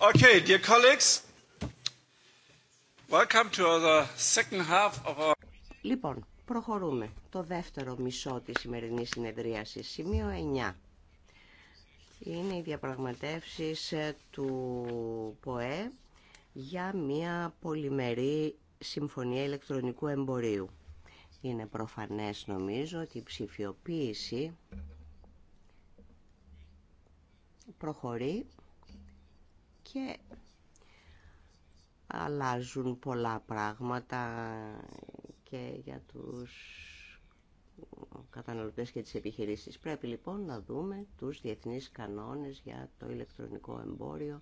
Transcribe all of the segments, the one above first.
Okay, dear to the second half of Λοιπόν, προχωρούμε. Το δεύτερο μισό της σημερινής συνεδρίασης, σημείο 9. Είναι οι διαπραγματεύσεις ε, του ΠΟΕ για μια πολυμερή συμφωνία ηλεκτρονικού εμπορίου. Είναι προφανές νομίζω ότι η ψηφιοποίηση προχωρεί και αλλάζουν πολλά πράγματα και για τους καταναλωτές και τις επιχειρήσεις. Πρέπει λοιπόν να δούμε τους διεθνείς κανόνες για το ηλεκτρονικό εμπόριο,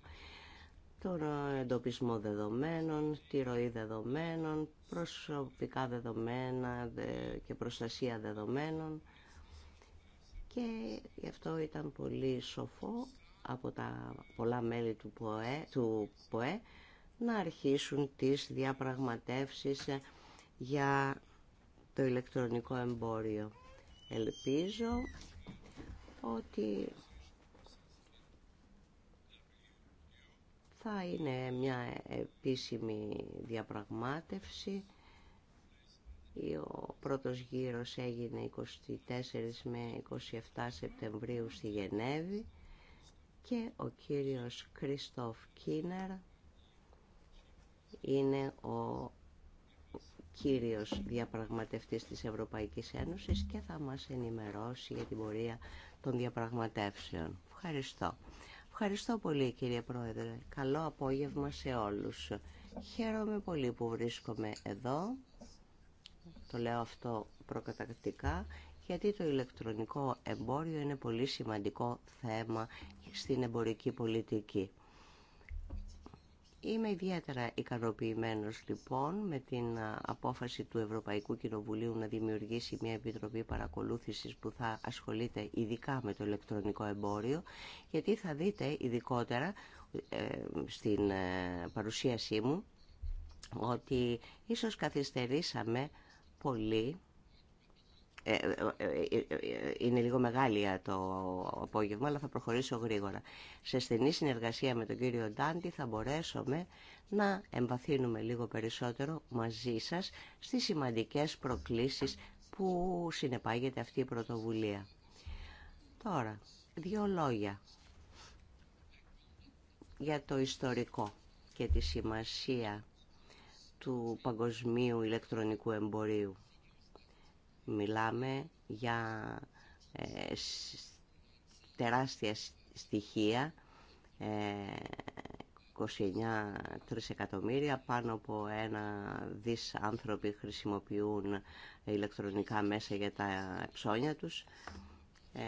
τον εντοπισμό δεδομένων, τη ροή δεδομένων, προσωπικά δεδομένα και προστασία δεδομένων και γι' αυτό ήταν πολύ σοφό από τα πολλά μέλη του ΠΟΕ, του ΠΟΕ να αρχίσουν τις διαπραγματεύσεις για το ηλεκτρονικό εμπόριο. Ελπίζω ότι θα είναι μια επίσημη διαπραγμάτευση. Ο πρώτος γύρος έγινε 24 με 27 Σεπτεμβρίου στη Γενέβη και ο κύριος Κριστόφ Κίνερ είναι ο κύριος διαπραγματευτής της Ευρωπαϊκής Ένωσης και θα μας ενημερώσει για την πορεία των διαπραγματεύσεων. Ευχαριστώ. Ευχαριστώ πολύ κύριε Πρόεδρε. Καλό απόγευμα σε όλους. Χαίρομαι πολύ που βρίσκομαι εδώ. Το λέω αυτό προκατακτικά γιατί το ηλεκτρονικό εμπόριο είναι πολύ σημαντικό θέμα στην εμπορική πολιτική. Είμαι ιδιαίτερα ικανοποιημένος λοιπόν με την απόφαση του Ευρωπαϊκού Κοινοβουλίου να δημιουργήσει μια επιτροπή παρακολούθησης που θα ασχολείται ειδικά με το ηλεκτρονικό εμπόριο γιατί θα δείτε ειδικότερα ε, στην ε, παρουσίασή μου ότι ίσως καθυστερήσαμε πολύ ε, ε, ε, είναι λίγο μεγάλη το απόγευμα, αλλά θα προχωρήσω γρήγορα. Σε στενή συνεργασία με τον κύριο Ντάντι θα μπορέσουμε να εμβαθύνουμε λίγο περισσότερο μαζί σας στις σημαντικές προκλήσεις που συνεπάγεται αυτή η πρωτοβουλία. Τώρα, δύο λόγια για το ιστορικό και τη σημασία του παγκοσμίου ηλεκτρονικού εμπορίου. Μιλάμε για ε, τεράστια στοιχεία, ε, 29 τρισεκατομμύρια, πάνω από ένα δις άνθρωποι χρησιμοποιούν ηλεκτρονικά μέσα για τα ψώνια τους. Ε,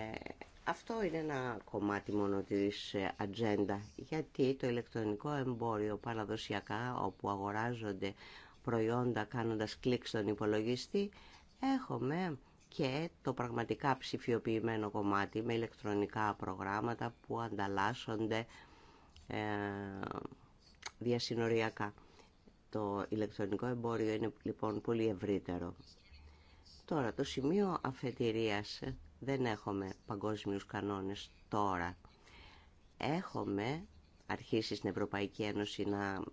αυτό είναι ένα κομμάτι μόνο της ε, ατζέντα, γιατί το ηλεκτρονικό εμπόριο παραδοσιακά, όπου αγοράζονται προϊόντα κάνοντας κλικ στον υπολογιστή, Έχουμε και το πραγματικά ψηφιοποιημένο κομμάτι με ηλεκτρονικά προγράμματα που ανταλλάσσονται ε, διασυνοριακά. Το ηλεκτρονικό εμπόριο είναι λοιπόν πολύ ευρύτερο. Τώρα, το σημείο αφετηρίας δεν έχουμε παγκόσμιους κανόνες τώρα. Έχουμε αρχίσει στην Ευρωπαϊκή Ένωση να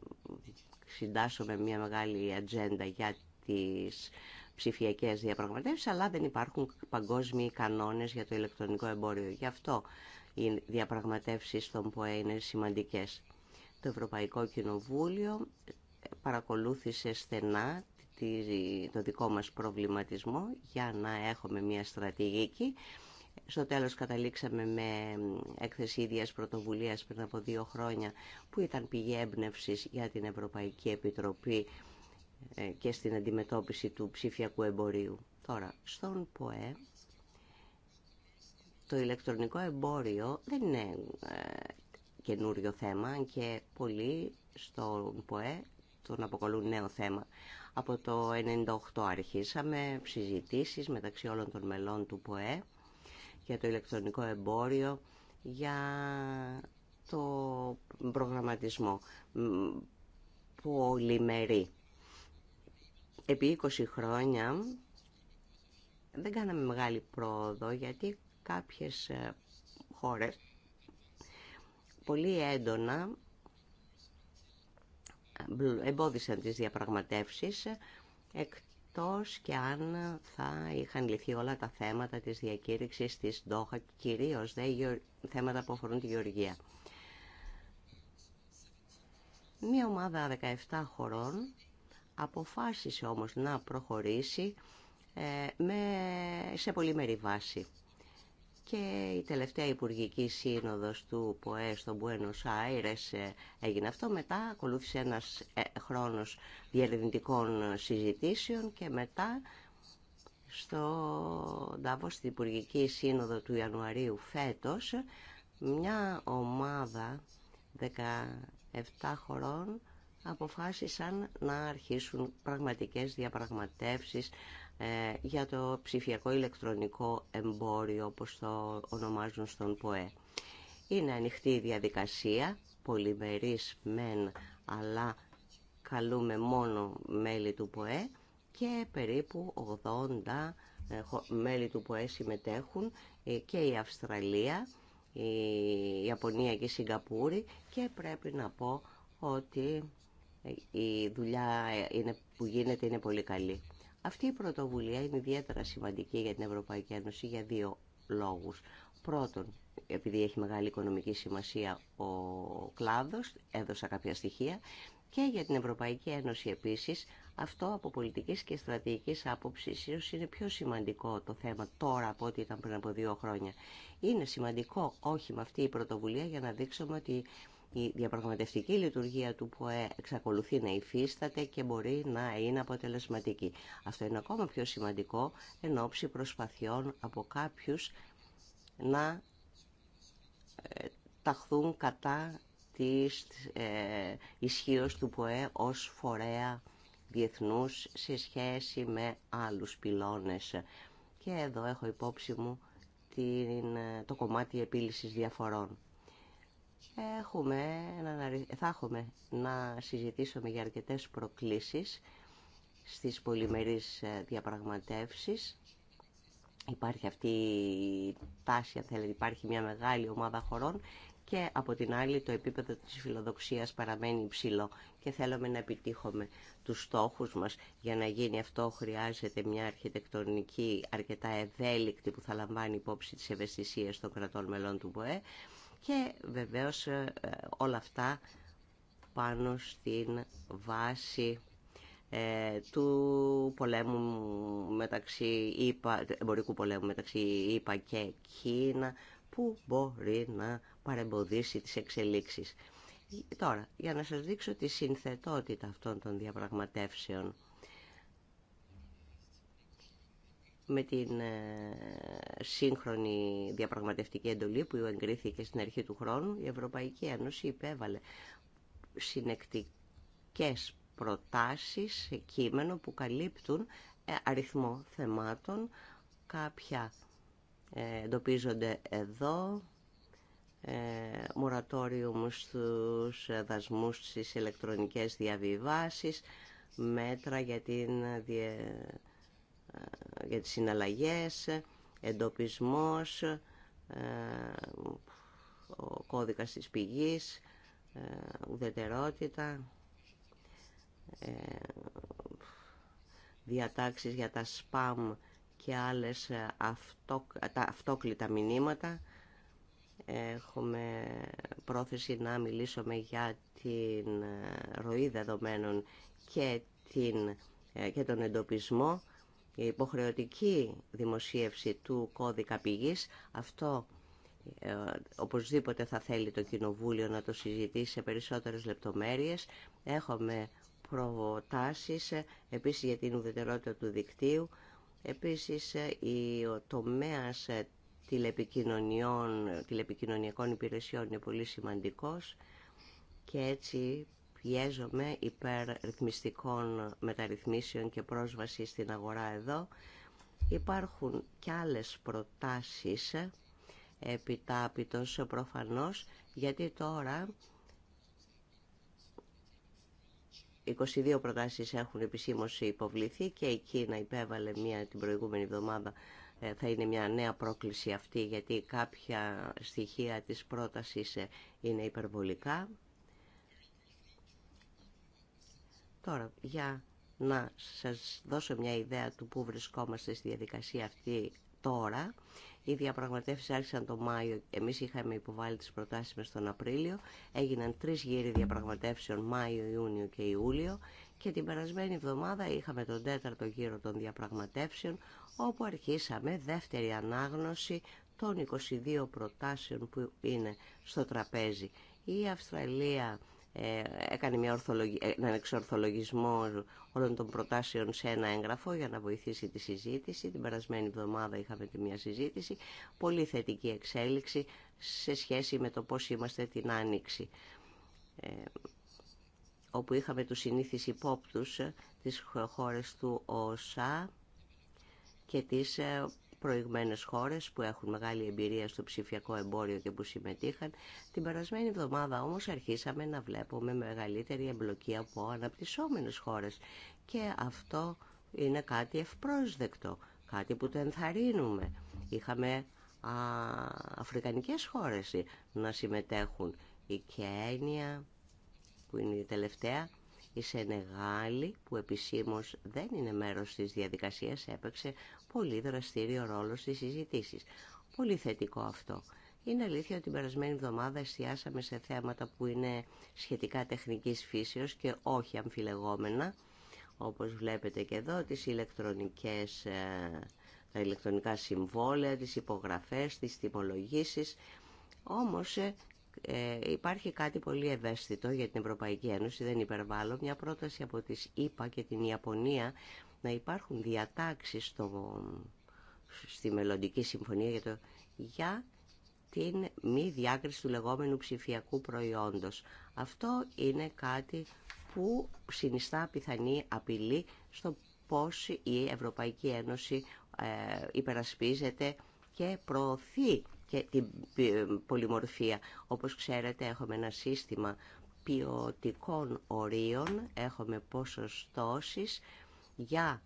συντάσσουμε μια μεγάλη ατζέντα για τις ψηφιακέ διαπραγματεύσεις, αλλά δεν υπάρχουν παγκόσμιοι κανόνες για το ηλεκτρονικό εμπόριο. Γι' αυτό οι διαπραγματεύσει στον ΠΟΕ είναι σημαντικές. Το Ευρωπαϊκό Κοινοβούλιο παρακολούθησε στενά το δικό μας προβληματισμό για να έχουμε μια στρατηγική. Στο τέλος καταλήξαμε με έκθεση ίδιας πρωτοβουλίας πριν από δύο χρόνια που ήταν πηγή έμπνευση για την Ευρωπαϊκή Επιτροπή ε, και στην αντιμετώπιση του ψηφιακού εμπορίου. Τώρα, στον ΠΟΕ το ηλεκτρονικό εμπόριο δεν είναι ε, καινούριο θέμα και πολλοί στον ΠΟΕ τον αποκολούν νέο θέμα. Από το 1998 αρχίσαμε συζητήσεις μεταξύ όλων των μελών του ΠΟΕ για το ηλεκτρονικό εμπόριο, για το προγραμματισμό πολυμερή επί 20 χρόνια δεν κάναμε μεγάλη πρόοδο γιατί κάποιες ε, χώρες πολύ έντονα ε, εμπόδισαν τις διαπραγματεύσεις ε, εκτός και αν θα είχαν λυθεί όλα τα θέματα της διακήρυξης της Ντόχα, κυρίως δε, θέματα που αφορούν τη Γεωργία. Μία ομάδα 17 χωρών Αποφάσισε όμως να προχωρήσει ε, με, σε πολυμερή βάση. Και η τελευταία Υπουργική Σύνοδος του ΠΟΕ στο Μπουένος Άιρες έγινε αυτό. Μετά ακολούθησε ένας ε, χρόνος διερευνητικών συζητήσεων και μετά στο Ντάβο στην Υπουργική Σύνοδο του Ιανουαρίου φέτος μια ομάδα 17 χωρών αποφάσισαν να αρχίσουν πραγματικές διαπραγματεύσεις ε, για το ψηφιακό ηλεκτρονικό εμπόριο, όπως το ονομάζουν στον ΠΟΕ. Είναι ανοιχτή η διαδικασία, πολυμερής μεν, αλλά καλούμε μόνο μέλη του ΠΟΕ και περίπου 80 ε, μέλη του ΠΟΕ συμμετέχουν ε, και η Αυστραλία, η Ιαπωνία και η Σιγκαπούρη και πρέπει να πω ότι η δουλειά είναι, που γίνεται είναι πολύ καλή. Αυτή η πρωτοβουλία είναι ιδιαίτερα σημαντική για την Ευρωπαϊκή Ένωση για δύο λόγους. Πρώτον, επειδή έχει μεγάλη οικονομική σημασία ο κλάδος, έδωσα κάποια στοιχεία, και για την Ευρωπαϊκή Ένωση επίσης, αυτό από πολιτικής και στρατηγικής άποψης ίσως είναι πιο σημαντικό το θέμα τώρα από ό,τι ήταν πριν από δύο χρόνια. Είναι σημαντικό όχι με αυτή η πρωτοβουλία για να δείξουμε ότι η διαπραγματευτική λειτουργία του ΠΟΕ εξακολουθεί να υφίσταται και μπορεί να είναι αποτελεσματική. Αυτό είναι ακόμα πιο σημαντικό εν ώψη προσπαθειών από κάποιους να ε, ταχθούν κατά της ε, του ΠΟΕ ως φορέα διεθνούς σε σχέση με άλλους πυλώνες. Και εδώ έχω υπόψη μου την, ε, το κομμάτι επίλυσης διαφορών. Έχουμε, θα έχουμε να συζητήσουμε για αρκετές προκλήσεις στις πολυμερείς ε, διαπραγματεύσεις. Υπάρχει αυτή η τάση, θέλετε, υπάρχει μια μεγάλη ομάδα χωρών και από την άλλη το επίπεδο της φιλοδοξίας παραμένει υψηλό και θέλουμε να επιτύχουμε τους στόχους μας. Για να γίνει αυτό χρειάζεται μια αρχιτεκτονική αρκετά ευέλικτη που θα λαμβάνει υπόψη τις ευαισθησίες των κρατών μελών του ΠΟΕ και βεβαίως ε, όλα αυτά πάνω στην βάση ε, του πολέμου μεταξύ ΙΠΑ, εμπορικού πολέμου μεταξύ ΙΠΑ και Κίνα που μπορεί να παρεμποδίσει τις εξελίξεις. Τώρα, για να σας δείξω τη συνθετότητα αυτών των διαπραγματεύσεων με την ε, σύγχρονη διαπραγματευτική εντολή που εγκρίθηκε στην αρχή του χρόνου, η Ευρωπαϊκή Ένωση υπέβαλε συνεκτικές προτάσεις σε κείμενο που καλύπτουν ε, αριθμό θεμάτων. Κάποια ε, εντοπίζονται εδώ, μορατόριο στους δασμούς στις ηλεκτρονικές διαβιβάσεις, μέτρα για την για τις συναλλαγές, εντοπισμός, ε, ο κώδικας της πηγής, ε, ουδετερότητα, ε, διατάξεις για τα spam και άλλες τα αυτόκλητα μηνύματα. Έχουμε πρόθεση να μιλήσουμε για την ροή δεδομένων και, την, και τον εντοπισμό η υποχρεωτική δημοσίευση του κώδικα πηγής, αυτό ε, οπωσδήποτε θα θέλει το Κοινοβούλιο να το συζητήσει σε περισσότερες λεπτομέρειες. Έχουμε προτάσεις ε, επίσης για την ουδετερότητα του δικτύου, επίσης ε, η, ο τομέας τηλεπικοινωνιών, τηλεπικοινωνιακών υπηρεσιών είναι πολύ σημαντικός και έτσι πιέζομαι υπέρ ρυθμιστικών μεταρρυθμίσεων και πρόσβαση στην αγορά εδώ. Υπάρχουν και άλλες προτάσεις επιτάπητος προφανώς, γιατί τώρα 22 προτάσεις έχουν επισήμως υποβληθεί και η Κίνα υπέβαλε μία την προηγούμενη εβδομάδα ε, θα είναι μια νέα πρόκληση αυτή γιατί κάποια στοιχεία της πρότασης ε, είναι υπερβολικά. Τώρα, για να σας δώσω μια ιδέα του πού βρισκόμαστε στη διαδικασία αυτή τώρα. Οι διαπραγματεύσεις άρχισαν τον Μάιο, εμείς είχαμε υποβάλει τις προτάσεις μας τον Απρίλιο. Έγιναν τρεις γύροι διαπραγματεύσεων Μάιο, Ιούνιο και Ιούλιο και την περασμένη εβδομάδα είχαμε τον τέταρτο γύρο των διαπραγματεύσεων όπου αρχίσαμε δεύτερη ανάγνωση των 22 προτάσεων που είναι στο τραπέζι. Η Αυστραλία ε, έκανε μια ε, έναν εξορθολογισμό όλων των προτάσεων σε ένα έγγραφο για να βοηθήσει τη συζήτηση. Την περασμένη εβδομάδα είχαμε τη μια συζήτηση, πολύ θετική εξέλιξη σε σχέση με το πώς είμαστε την Άνοιξη ε, όπου είχαμε τους συνήθεις υπόπτους της χώρες του ΟΣΑ και τις προηγμένες χώρες που έχουν μεγάλη εμπειρία στο ψηφιακό εμπόριο και που συμμετείχαν. Την περασμένη εβδομάδα όμως αρχίσαμε να βλέπουμε μεγαλύτερη εμπλοκή από αναπτυσσόμενες χώρες και αυτό είναι κάτι ευπρόσδεκτο, κάτι που το ενθαρρύνουμε. Είχαμε α, αφρικανικές χώρες να συμμετέχουν, η Κένια που είναι η τελευταία η Σενεγάλη, που επισήμως δεν είναι μέρος της διαδικασίας, έπαιξε πολύ δραστήριο ρόλο στις συζητήσεις. Πολύ θετικό αυτό. Είναι αλήθεια ότι την περασμένη εβδομάδα εστιάσαμε σε θέματα που είναι σχετικά τεχνικής φύσεως και όχι αμφιλεγόμενα, όπως βλέπετε και εδώ, τις ηλεκτρονικές, ε, τα ηλεκτρονικά συμβόλαια, τις υπογραφές, τις τυπολογήσεις. Όμως ε, ε, υπάρχει κάτι πολύ ευαίσθητο για την Ευρωπαϊκή Ένωση, δεν υπερβάλλω, μια πρόταση από τις ΗΠΑ και την Ιαπωνία να υπάρχουν διατάξεις στο, στη μελλοντική συμφωνία για, το, για την μη διάκριση του λεγόμενου ψηφιακού προϊόντος. Αυτό είναι κάτι που συνιστά πιθανή απειλή στο πώς η Ευρωπαϊκή Ένωση ε, υπερασπίζεται και προωθεί και την πολυμορφία. Όπως ξέρετε έχουμε ένα σύστημα ποιοτικών ορίων, έχουμε ποσοστώσεις για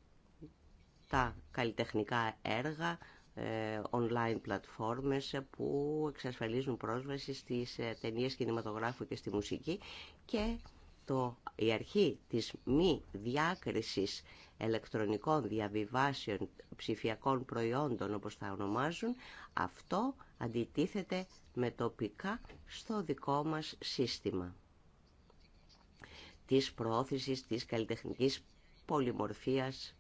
τα καλλιτεχνικά έργα, ε, online πλατφόρμες που εξασφαλίζουν πρόσβαση στις ε, ταινίες κινηματογράφου και στη μουσική και το, η αρχή της μη διάκρισης ηλεκτρονικών διαβιβάσεων ψηφιακών προϊόντων όπως τα ονομάζουν, αυτό αντιτίθεται με τοπικά στο δικό μας σύστημα της προώθησης της καλλιτεχνικής πολυμορφίας.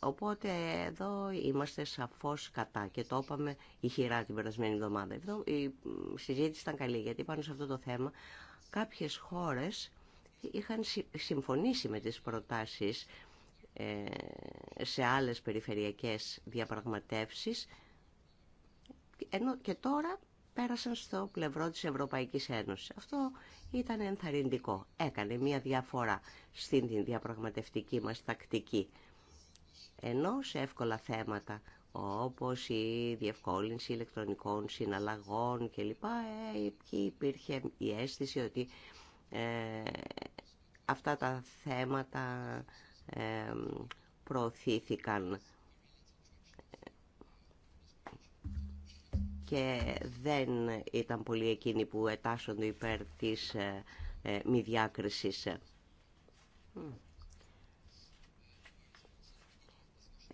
Οπότε εδώ είμαστε σαφώς κατά και το είπαμε ηχηρά την περασμένη εβδομάδα. Η συζήτηση ήταν καλή γιατί πάνω σε αυτό το θέμα κάποιες χώρες είχαν συμφωνήσει με τις προτάσεις ε, σε άλλες περιφερειακές διαπραγματεύσεις ενώ και τώρα πέρασαν στο πλευρό της Ευρωπαϊκής Ένωσης. Αυτό ήταν ενθαρρυντικό. Έκανε μια διαφορά στην διαπραγματευτική μας τακτική. Ενώ σε εύκολα θέματα όπως η διευκόλυνση ηλεκτρονικών συναλλαγών κλπ. Ε, εκεί υπήρχε η αίσθηση ότι ε, αυτά τα θέματα ε, προωθήθηκαν και δεν ήταν πολλοί εκείνοι που ετάσσονται υπέρ της ε, μη διάκρισης.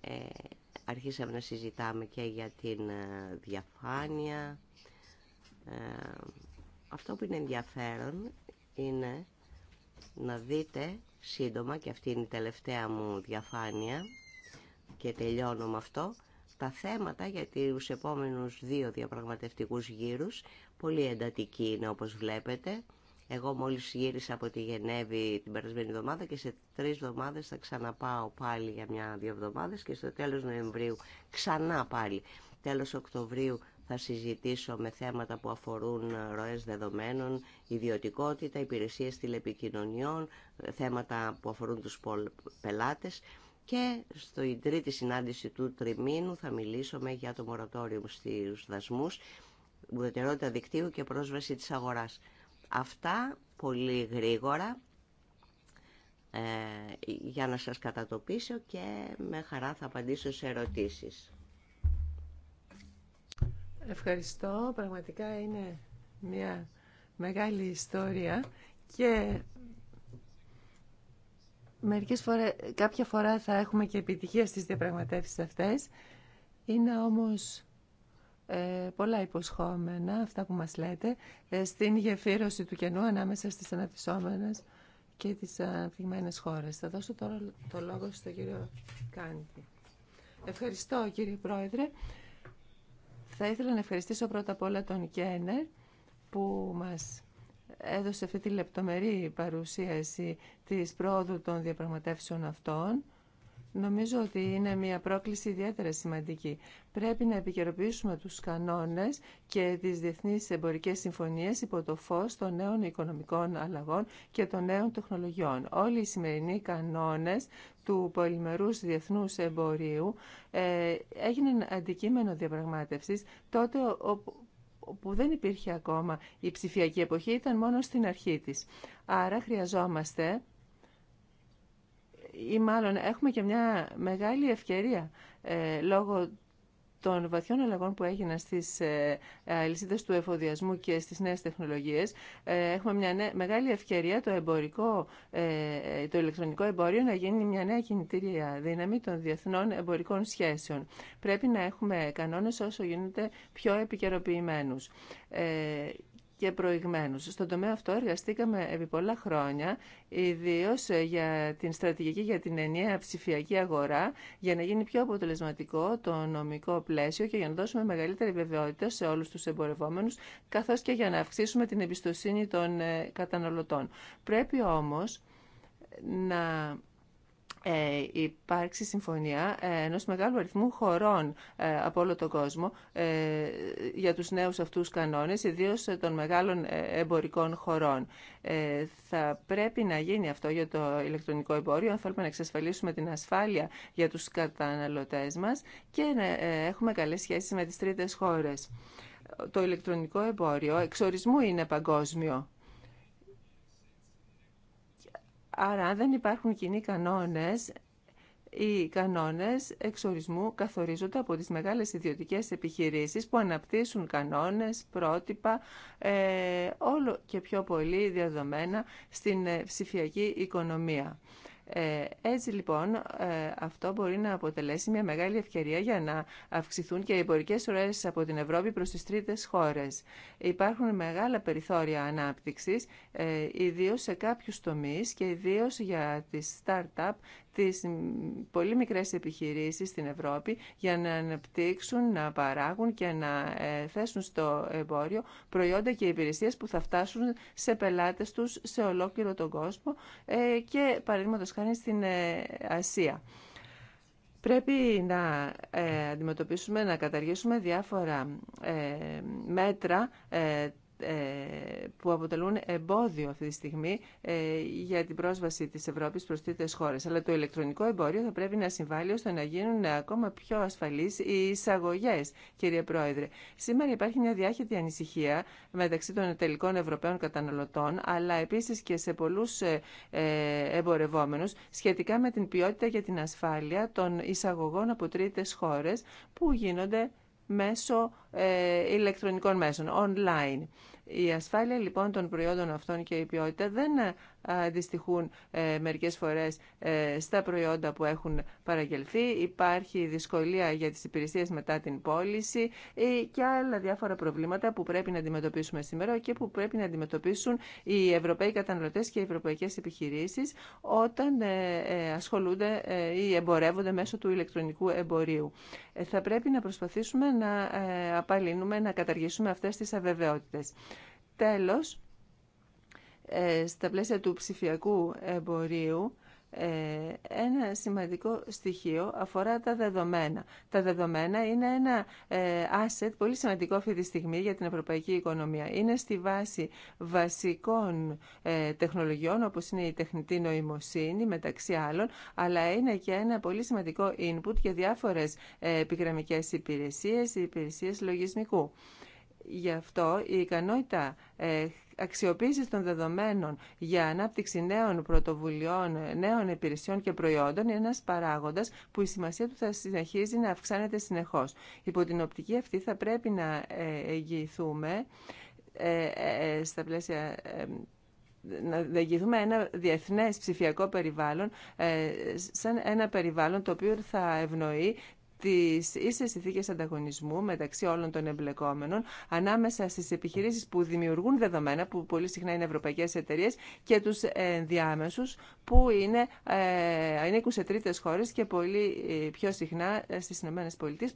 Ε, αρχίσαμε να συζητάμε και για την διαφάνεια. αυτό που είναι ενδιαφέρον είναι να δείτε σύντομα, και αυτή είναι η τελευταία μου διαφάνεια και τελειώνω με αυτό, τα θέματα για τους επόμενους δύο διαπραγματευτικούς γύρους. Πολύ εντατική είναι όπως βλέπετε. Εγώ μόλις γύρισα από τη Γενέβη την περασμένη εβδομάδα και σε τρεις εβδομάδες θα ξαναπάω πάλι για μια-δύο εβδομάδες και στο τέλος Νοεμβρίου ξανά πάλι. Τέλος Οκτωβρίου θα συζητήσω με θέματα που αφορούν ε, ροές δεδομένων, ιδιωτικότητα, υπηρεσίες τηλεπικοινωνιών, ε, θέματα που αφορούν τους πελάτες και στο τρίτη συνάντηση του τριμήνου θα μιλήσουμε για το μορατόριο στους δασμούς, ουδετερότητα δικτύου και πρόσβαση της αγοράς. Αυτά πολύ γρήγορα ε, για να σας κατατοπίσω και με χαρά θα απαντήσω σε ερωτήσεις. Ευχαριστώ. Πραγματικά είναι μια μεγάλη ιστορία και μερικές φορές, κάποια φορά θα έχουμε και επιτυχία στις διαπραγματεύσεις αυτές. Είναι όμως ε, πολλά υποσχόμενα αυτά που μας λέτε ε, στην γεφύρωση του κενού ανάμεσα στις αναπτυσσόμενες και τις αναπτυγμένες χώρες. Θα δώσω τώρα το λόγο στον κύριο Κάντη. Ευχαριστώ κύριε Πρόεδρε. Θα ήθελα να ευχαριστήσω πρώτα απ' όλα τον Κένερ που μας έδωσε αυτή τη λεπτομερή παρουσίαση της πρόοδου των διαπραγματεύσεων αυτών. Νομίζω ότι είναι μια πρόκληση ιδιαίτερα σημαντική. Πρέπει να επικαιροποιήσουμε τους κανόνες και τις διεθνείς εμπορικές συμφωνίες υπό το φως των νέων οικονομικών αλλαγών και των νέων τεχνολογιών. Όλοι οι σημερινοί κανόνες του πολυμερούς διεθνούς εμπορίου ε, έγιναν αντικείμενο διαπραγμάτευσης τότε που δεν υπήρχε ακόμα η ψηφιακή εποχή, ήταν μόνο στην αρχή της. Άρα χρειαζόμαστε ή μάλλον έχουμε και μια μεγάλη ευκαιρία ε, λόγω των βαθιών αλλαγών που έγιναν στις ε, αλυσίδες του εφοδιασμού και στις νέες τεχνολογίες, ε, έχουμε μια μεγάλη ευκαιρία το, εμπορικό, ε, το ηλεκτρονικό εμπόριο να γίνει μια νέα κινητήρια δύναμη των διεθνών εμπορικών σχέσεων. Πρέπει να έχουμε κανόνες όσο γίνεται πιο επικαιροποιημένους και προηγμένους. Στον τομέα αυτό εργαστήκαμε επί πολλά χρόνια, ιδίω για την στρατηγική για την ενιαία ψηφιακή αγορά, για να γίνει πιο αποτελεσματικό το νομικό πλαίσιο και για να δώσουμε μεγαλύτερη βεβαιότητα σε όλους τους εμπορευόμενους, καθώς και για να αυξήσουμε την εμπιστοσύνη των καταναλωτών. Πρέπει όμως να ε, υπάρξει συμφωνία ε, ενός μεγάλου αριθμού χωρών ε, από όλο τον κόσμο ε, για τους νέους αυτούς κανόνες, ιδίως των μεγάλων ε, εμπορικών χωρών. Ε, θα πρέπει να γίνει αυτό για το ηλεκτρονικό εμπόριο, αν θέλουμε να εξασφαλίσουμε την ασφάλεια για τους καταναλωτές μας και να έχουμε καλές σχέσεις με τις τρίτες χώρες. Το ηλεκτρονικό εμπόριο εξορισμού είναι παγκόσμιο Άρα, αν δεν υπάρχουν κοινοί κανόνες, οι κανόνες εξορισμού καθορίζονται από τις μεγάλες ιδιωτικές επιχειρήσεις που αναπτύσσουν κανόνες, πρότυπα, ε, όλο και πιο πολύ διαδομένα στην ε, ψηφιακή οικονομία. Ε, έτσι λοιπόν ε, αυτό μπορεί να αποτελέσει μια μεγάλη ευκαιρία για να αυξηθούν και οι εμπορικέ ροές από την Ευρώπη προς τις τρίτες χώρες. Υπάρχουν μεγάλα περιθώρια ανάπτυξης, ε, ιδίως σε κάποιους τομείς και ιδίως για τις start-up τις πολύ μικρές επιχειρήσεις στην Ευρώπη για να αναπτύξουν, να παράγουν και να ε, θέσουν στο εμπόριο προϊόντα και υπηρεσίες που θα φτάσουν σε πελάτες τους σε ολόκληρο τον κόσμο ε, και παραδείγματο χάρη στην ε, Ασία. Πρέπει να αντιμετωπίσουμε, να καταργήσουμε διάφορα μέτρα ε, που αποτελούν εμπόδιο αυτή τη στιγμή ε, για την πρόσβαση της Ευρώπης προς τρίτες χώρες. Αλλά το ηλεκτρονικό εμπόριο θα πρέπει να συμβάλλει ώστε να γίνουν ακόμα πιο ασφαλείς οι εισαγωγές, κύριε Πρόεδρε. Σήμερα υπάρχει μια διάχυτη ανησυχία μεταξύ των τελικών Ευρωπαίων καταναλωτών, αλλά επίσης και σε πολλούς ε, εμπορευόμενους σχετικά με την ποιότητα και την ασφάλεια των εισαγωγών από τρίτες χώρες που γίνονται μέσω ε, ηλεκτρονικών μέσων, online. Η ασφάλεια λοιπόν των προϊόντων αυτών και η ποιότητα δεν ε, αντιστοιχούν ε, μερικές φορές ε, στα προϊόντα που έχουν παραγγελθεί. Υπάρχει δυσκολία για τις υπηρεσίες μετά την πώληση και άλλα διάφορα προβλήματα που πρέπει να αντιμετωπίσουμε σήμερα και που πρέπει να αντιμετωπίσουν οι Ευρωπαίοι καταναλωτές και οι ευρωπαϊκές επιχειρήσεις όταν ασχολούνται ή εμπορεύονται μέσω του ηλεκτρονικού εμπορίου. Ε, θα πρέπει να προσπαθήσουμε να ε, απαλύνουμε, να καταργήσουμε αυτές τις αβεβαιότητες. Τέλος, ε, στα πλαίσια του ψηφιακού εμπορίου, ε, ένα σημαντικό στοιχείο αφορά τα δεδομένα. Τα δεδομένα είναι ένα ε, asset πολύ σημαντικό αυτή τη στιγμή για την ευρωπαϊκή οικονομία. Είναι στη βάση βασικών ε, τεχνολογιών όπως είναι η τεχνητή νοημοσύνη μεταξύ άλλων, αλλά είναι και ένα πολύ σημαντικό input για διάφορες επιγραμμικές υπηρεσίες, υπηρεσίες λογισμικού. Γι' αυτό η ικανότητα ε, αξιοποίηση των δεδομένων για ανάπτυξη νέων πρωτοβουλειών, νέων υπηρεσιών και προϊόντων είναι ένας παράγοντας που η σημασία του θα συνεχίζει να αυξάνεται συνεχώς. Υπό την οπτική αυτή θα πρέπει να ε, εγγυηθούμε ε, στα πλαίσια να διηγηθούμε ένα διεθνές ψηφιακό περιβάλλον σαν ένα περιβάλλον το οποίο θα ευνοεί τι ίσε συνθήκε ανταγωνισμού μεταξύ όλων των εμπλεκόμενων ανάμεσα στις επιχειρήσεις που δημιουργούν δεδομένα, που πολύ συχνά είναι ευρωπαϊκές εταιρείε και τους ενδιάμεσου, που είναι, ε, είναι 23 χώρες και πολύ ε, πιο συχνά ε, στις ΗΠΑ,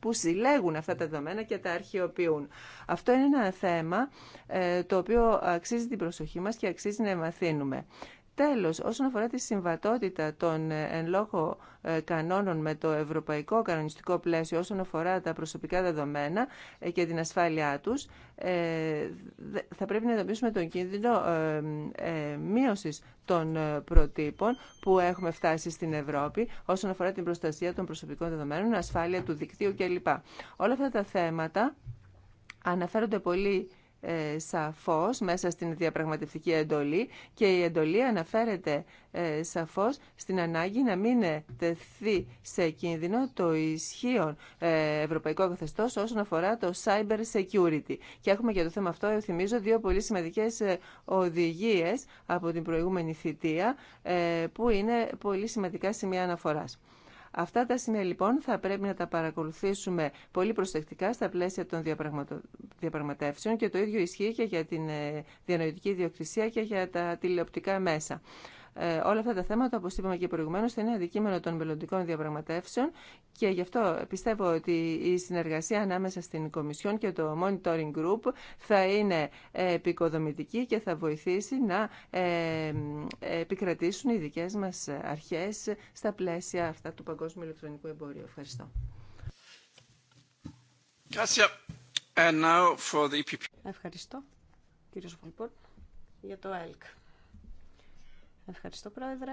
που συλλέγουν αυτά τα δεδομένα και τα αρχαιοποιούν. Αυτό είναι ένα θέμα ε, το οποίο αξίζει την προσοχή μα και αξίζει να μαθαίνουμε. Τέλος, όσον αφορά τη συμβατότητα των ε, εν λόγω ε, κανόνων με το ευρωπαϊκό κανονιστικό πλαίσιο όσον αφορά τα προσωπικά δεδομένα ε, και την ασφάλειά τους, θα πρέπει να εντοπίσουμε τον κίνδυνο μείωση των προτύπων που έχουμε φτάσει στην Ευρώπη όσον αφορά την προστασία των προσωπικών δεδομένων, ασφάλεια του δικτύου κλπ. Όλα αυτά τα θέματα αναφέρονται πολύ ε, σαφώς μέσα στην διαπραγματευτική εντολή και η εντολή αναφέρεται ε, σαφώς στην ανάγκη να μην τεθεί σε κίνδυνο το ισχύον ε, ευρωπαϊκό καθεστώς όσον αφορά το cyber security. Και έχουμε για το θέμα αυτό, θυμίζω, δύο πολύ σημαντικές οδηγίες από την προηγούμενη θητεία που είναι πολύ σημαντικά σημεία αναφοράς. Αυτά τα σημεία λοιπόν θα πρέπει να τα παρακολουθήσουμε πολύ προσεκτικά στα πλαίσια των διαπραγματεύσεων και το ίδιο ισχύει και για την ε, διανοητική ιδιοκτησία και για τα τηλεοπτικά μέσα. Ε, όλα αυτά τα θέματα, όπως είπαμε και προηγουμένως, θα είναι αντικείμενο των μελλοντικών διαπραγματεύσεων και γι' αυτό πιστεύω ότι η συνεργασία ανάμεσα στην Κομισιόν και το Monitoring Group θα είναι επικοδομητική και θα βοηθήσει να ε, επικρατήσουν οι δικέ μας αρχές στα πλαίσια αυτά του παγκόσμιου ηλεκτρονικού εμπόριου. Ευχαριστώ. E Ευχαριστώ, κύριε για το ΕΛΚ. Ευχαριστώ, Πρόεδρε.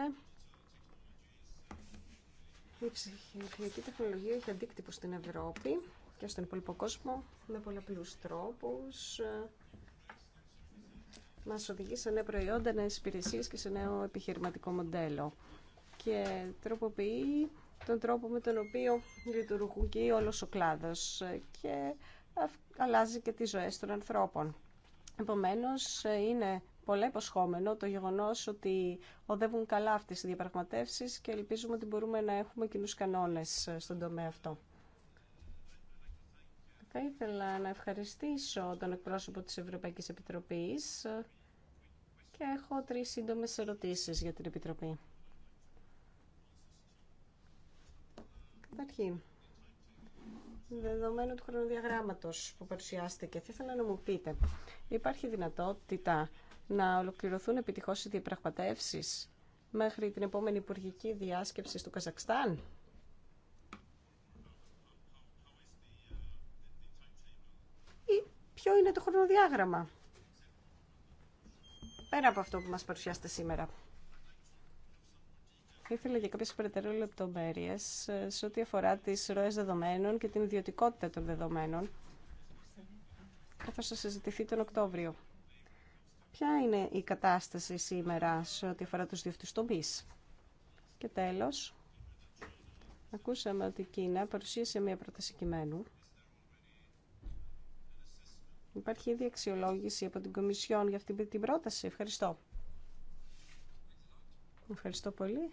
Η ψυχιακή τεχνολογία έχει αντίκτυπο στην Ευρώπη και στον υπόλοιπο κόσμο με πολλαπλού τρόπου μα οδηγεί σε νέα προϊόντα, νέες υπηρεσίε και σε νέο επιχειρηματικό μοντέλο. Και τροποποιεί τον τρόπο με τον οποίο λειτουργούν και όλος ο κλάδο. και αλλάζει και τι ζωέ των ανθρώπων. Επομένω, είναι πολλά υποσχόμενο το γεγονός ότι οδεύουν καλά αυτές οι διαπραγματεύσεις και ελπίζουμε ότι μπορούμε να έχουμε κοινού κανόνες στον τομέα αυτό. Θα ήθελα να ευχαριστήσω τον εκπρόσωπο της Ευρωπαϊκής Επιτροπής και έχω τρεις σύντομες ερωτήσεις για την Επιτροπή. Καταρχήν, δεδομένου του χρονοδιαγράμματος που παρουσιάστηκε, θα ήθελα να μου πείτε, υπάρχει δυνατότητα να ολοκληρωθούν επιτυχώς οι διαπραγματεύσεις μέχρι την επόμενη υπουργική διάσκεψη στο Καζακστάν. Ή ποιο είναι το χρονοδιάγραμμα πέρα από αυτό που μας παρουσιάσετε σήμερα. Θα ήθελα για κάποιες περαιτέρω λεπτομέρειες ε, σε ό,τι αφορά τις ροές δεδομένων και την ιδιωτικότητα των δεδομένων, καθώς θα συζητηθεί τον Οκτώβριο. Ποια είναι η κατάσταση σήμερα σε ό,τι αφορά τους διευθυντές Και τέλος, ακούσαμε ότι η Κίνα παρουσίασε μια πρόταση κειμένου. Υπάρχει ήδη αξιολόγηση από την Κομισιόν για αυτή την πρόταση. Ευχαριστώ. Ευχαριστώ πολύ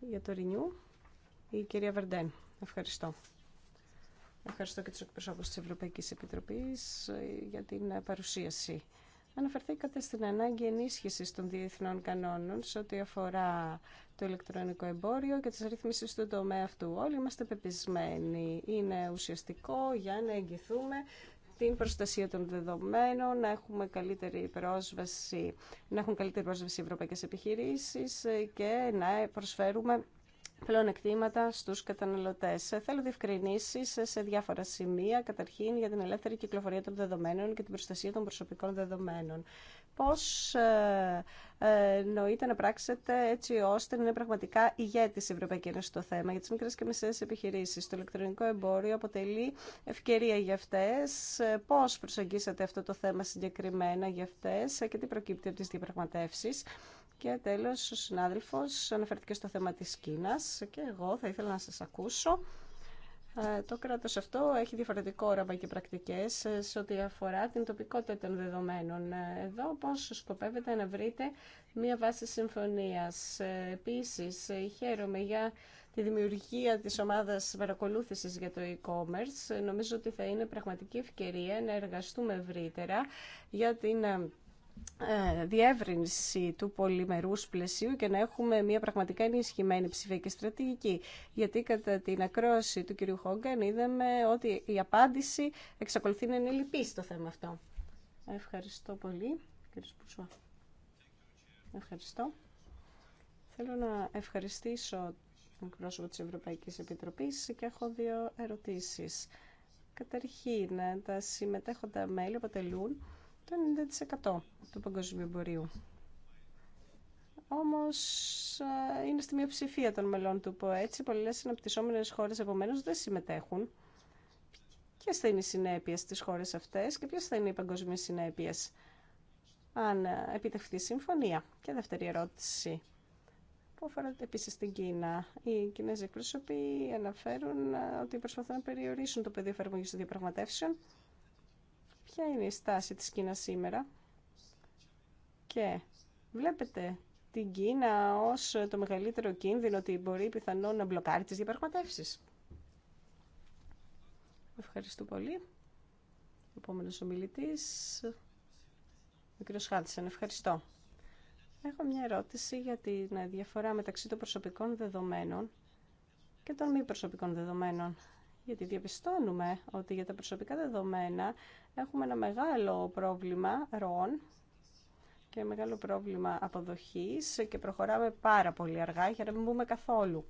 για το Ρηνιού. Η κυρία Βερντέν. Ευχαριστώ. Ευχαριστώ και τους εκπροσώπους της Ευρωπαϊκής Επιτροπής ε, για την παρουσίαση Αναφερθήκατε στην ανάγκη ενίσχυση των διεθνών κανόνων σε ό,τι αφορά το ηλεκτρονικό εμπόριο και τις ρυθμίσεις του τομέα αυτού. Όλοι είμαστε πεπισμένοι. Είναι ουσιαστικό για να εγγυθούμε την προστασία των δεδομένων, να έχουμε καλύτερη πρόσβαση, να έχουν καλύτερη πρόσβαση οι ευρωπαϊκές και να προσφέρουμε πλεονεκτήματα στου καταναλωτέ. Θέλω διευκρινήσει σε διάφορα σημεία, καταρχήν για την ελεύθερη κυκλοφορία των δεδομένων και την προστασία των προσωπικών δεδομένων. Πώς ε, ε, νοείται να πράξετε έτσι ώστε να είναι πραγματικά ηγέτη η Ευρωπαϊκή Ένωση στο θέμα για τι μικρέ και μεσαίε επιχειρήσει. Το ηλεκτρονικό εμπόριο αποτελεί ευκαιρία για αυτέ. Πώ προσεγγίσατε αυτό το θέμα συγκεκριμένα για αυτέ και τι προκύπτει από τι διαπραγματεύσει, και τέλος, ο συνάδελφο, αναφέρθηκε στο θέμα της κίνα. και εγώ θα ήθελα να σας ακούσω. Ε, το κράτο αυτό έχει διαφορετικό όραμα και πρακτικές ε, σε ό,τι αφορά την τοπικότητα των δεδομένων. Ε, εδώ πώ σκοπεύετε να βρείτε μία βάση συμφωνίας. Επίσης, χαίρομαι για τη δημιουργία της ομάδας παρακολούθησης για το e-commerce. Νομίζω ότι θα είναι πραγματική ευκαιρία να εργαστούμε ευρύτερα για την ε, διεύρυνση του πολυμερούς πλαισίου και να έχουμε μια πραγματικά ενισχυμένη ψηφιακή στρατηγική. Γιατί κατά την ακρόαση του κυρίου Χόγκαν είδαμε ότι η απάντηση εξακολουθεί να είναι λυπή στο θέμα αυτό. Ευχαριστώ πολύ. Ευχαριστώ. Θέλω να ευχαριστήσω τον πρόσωπο της Ευρωπαϊκής Επιτροπής και έχω δύο ερωτήσεις. Καταρχήν, τα συμμετέχοντα μέλη αποτελούν το 90% του παγκόσμιου εμπορίου. Όμω, ε, είναι στη μειοψηφία των μελών του ΠΟΕ, έτσι Πολλέ αναπτυσσόμενε χώρε επομένω δεν συμμετέχουν. Ποιε θα είναι οι συνέπειε στι χώρε αυτέ και ποιε θα είναι οι παγκόσμιε συνέπειε αν ε, επιτευχθεί η συμφωνία. Και δεύτερη ερώτηση που αφορά επίση στην Κίνα. Οι Κινέζοι εκπρόσωποι αναφέρουν ε, ότι προσπαθούν να περιορίσουν το πεδίο εφαρμογή των διαπραγματεύσεων ποια είναι η στάση της Κίνας σήμερα. Και βλέπετε την Κίνα ως το μεγαλύτερο κίνδυνο ότι μπορεί πιθανόν να μπλοκάρει τις διαπραγματεύσεις. Ευχαριστώ πολύ. Επόμενος ομιλητής, ο κύριος Χάντσεν. Ευχαριστώ. Έχω μια ερώτηση για τη διαφορά μεταξύ των προσωπικών δεδομένων και των μη προσωπικών δεδομένων. Γιατί διαπιστώνουμε ότι για τα προσωπικά δεδομένα έχουμε ένα μεγάλο πρόβλημα ροών και μεγάλο πρόβλημα αποδοχής και προχωράμε πάρα πολύ αργά για να μην μπούμε καθόλου.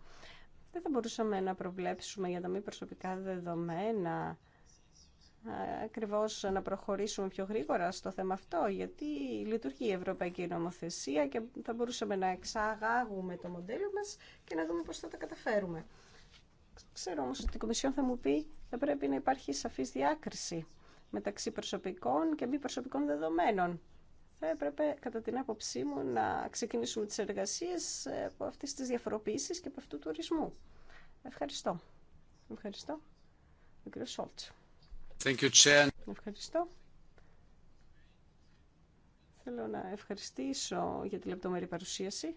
Δεν θα μπορούσαμε να προβλέψουμε για τα μη προσωπικά δεδομένα ακριβώς να προχωρήσουμε πιο γρήγορα στο θέμα αυτό, γιατί λειτουργεί η Ευρωπαϊκή Νομοθεσία και θα μπορούσαμε να εξαγάγουμε το μοντέλο μας και να δούμε πώς θα τα καταφέρουμε. Ξέρω όμως ότι η Κομισιόν θα μου πει θα πρέπει να υπάρχει σαφής διάκριση μεταξύ προσωπικών και μη προσωπικών δεδομένων. Θα έπρεπε, κατά την άποψή μου, να ξεκινήσουμε τις εργασίες ε, από αυτές τις διαφοροποίησεις και από αυτού του ορισμού. Ευχαριστώ. Ευχαριστώ. Thank you, Σόλτς. Ευχαριστώ. Θέλω να ευχαριστήσω για τη λεπτομερή παρουσίαση.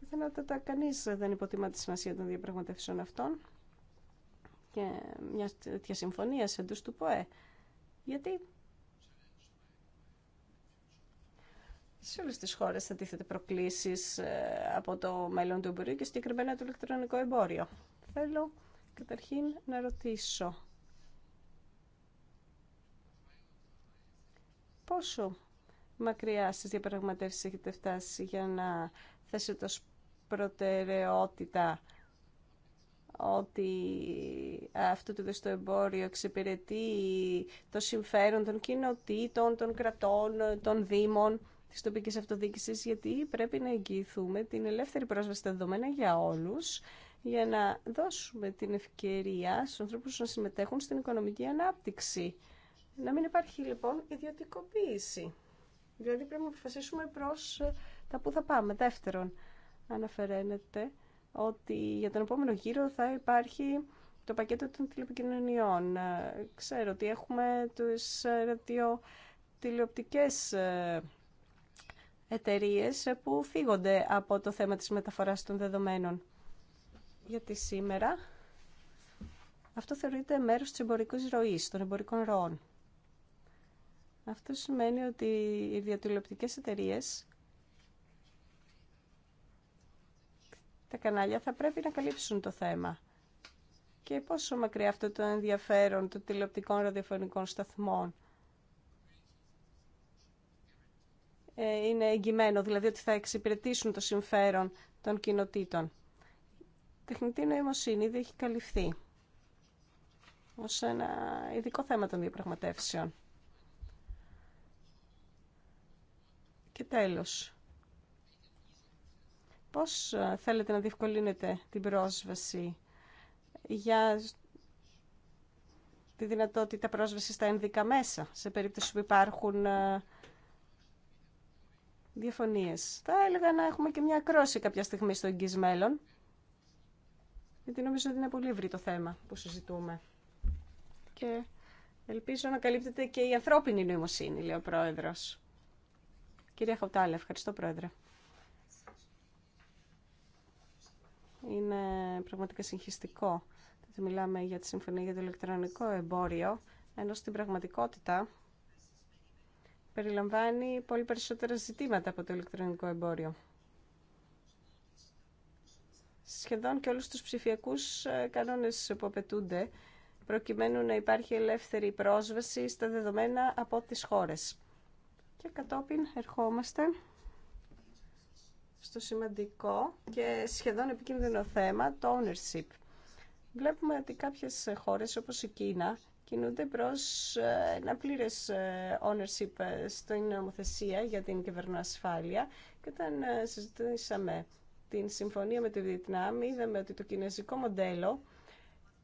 Πιθανότατα κανείς δεν υποτιμά τη σημασία των διαπραγματεύσεων αυτών μια τέτοια συμφωνία σε του ΠΟΕ. Γιατί σε όλες τις χώρες θα τίθεται προκλήσεις ε, από το μέλλον του εμπορίου και συγκεκριμένα το ηλεκτρονικό εμπόριο. Θέλω καταρχήν να ρωτήσω πόσο μακριά στις διαπραγματεύσει έχετε φτάσει για να θέσετε ως προτεραιότητα ότι αυτό το δεστό εμπόριο εξυπηρετεί το συμφέρον των κοινοτήτων, των κρατών, των δήμων της τοπικής αυτοδίκησης, γιατί πρέπει να εγγυηθούμε την ελεύθερη πρόσβαση στα δεδομένα για όλους, για να δώσουμε την ευκαιρία στους ανθρώπους να συμμετέχουν στην οικονομική ανάπτυξη. Να μην υπάρχει λοιπόν ιδιωτικοποίηση. Δηλαδή πρέπει να αποφασίσουμε προς τα που θα πάμε. Δεύτερον, αναφεραίνεται ότι για τον επόμενο γύρο θα υπάρχει το πακέτο των τηλεπικοινωνιών. Ε, ξέρω ότι έχουμε τους ε, ραδιοτηλεοπτικές ε, εταιρείε που φύγονται από το θέμα της μεταφοράς των δεδομένων. Γιατί σήμερα αυτό θεωρείται μέρος της εμπορικής ροής, των εμπορικών ροών. Αυτό σημαίνει ότι οι διατηλεοπτικές εταιρείε τα κανάλια θα πρέπει να καλύψουν το θέμα. Και πόσο μακριά αυτό το ενδιαφέρον των τηλεοπτικών ραδιοφωνικών σταθμών ε, είναι εγγυμένο, δηλαδή ότι θα εξυπηρετήσουν το συμφέρον των κοινοτήτων. Η τεχνητή νοημοσύνη δεν έχει καλυφθεί ως ένα ειδικό θέμα των διαπραγματεύσεων. Και τέλος, Πώς ε, θέλετε να διευκολύνετε την πρόσβαση για τη δυνατότητα πρόσβαση στα ενδικά μέσα, σε περίπτωση που υπάρχουν ε, διαφωνίες. Θα έλεγα να έχουμε και μια κρόση κάποια στιγμή στο εγγύς μέλλον, γιατί νομίζω ότι είναι πολύ ευρύ το θέμα που συζητούμε. Και ελπίζω να καλύπτεται και η ανθρώπινη νοημοσύνη, λέει ο Πρόεδρος. Κυρία Χαουτάλε, ευχαριστώ Πρόεδρε. Είναι πραγματικά συγχυστικό. Μιλάμε για τη Συμφωνία για το ηλεκτρονικό εμπόριο, ενώ στην πραγματικότητα περιλαμβάνει πολύ περισσότερα ζητήματα από το ηλεκτρονικό εμπόριο. Σχεδόν και όλους τους ψηφιακούς ε, κανόνες που απαιτούνται, προκειμένου να υπάρχει ελεύθερη πρόσβαση στα δεδομένα από τις χώρες. Και κατόπιν ερχόμαστε στο σημαντικό και σχεδόν επικίνδυνο θέμα, το ownership. Βλέπουμε ότι κάποιες χώρες όπως η Κίνα κινούνται προς ε, ένα πλήρες ε, ownership ε, στην νομοθεσία για την κυβερνοασφάλεια και όταν συζητήσαμε την συμφωνία με τη Βιετνάμ είδαμε ότι το κινέζικο μοντέλο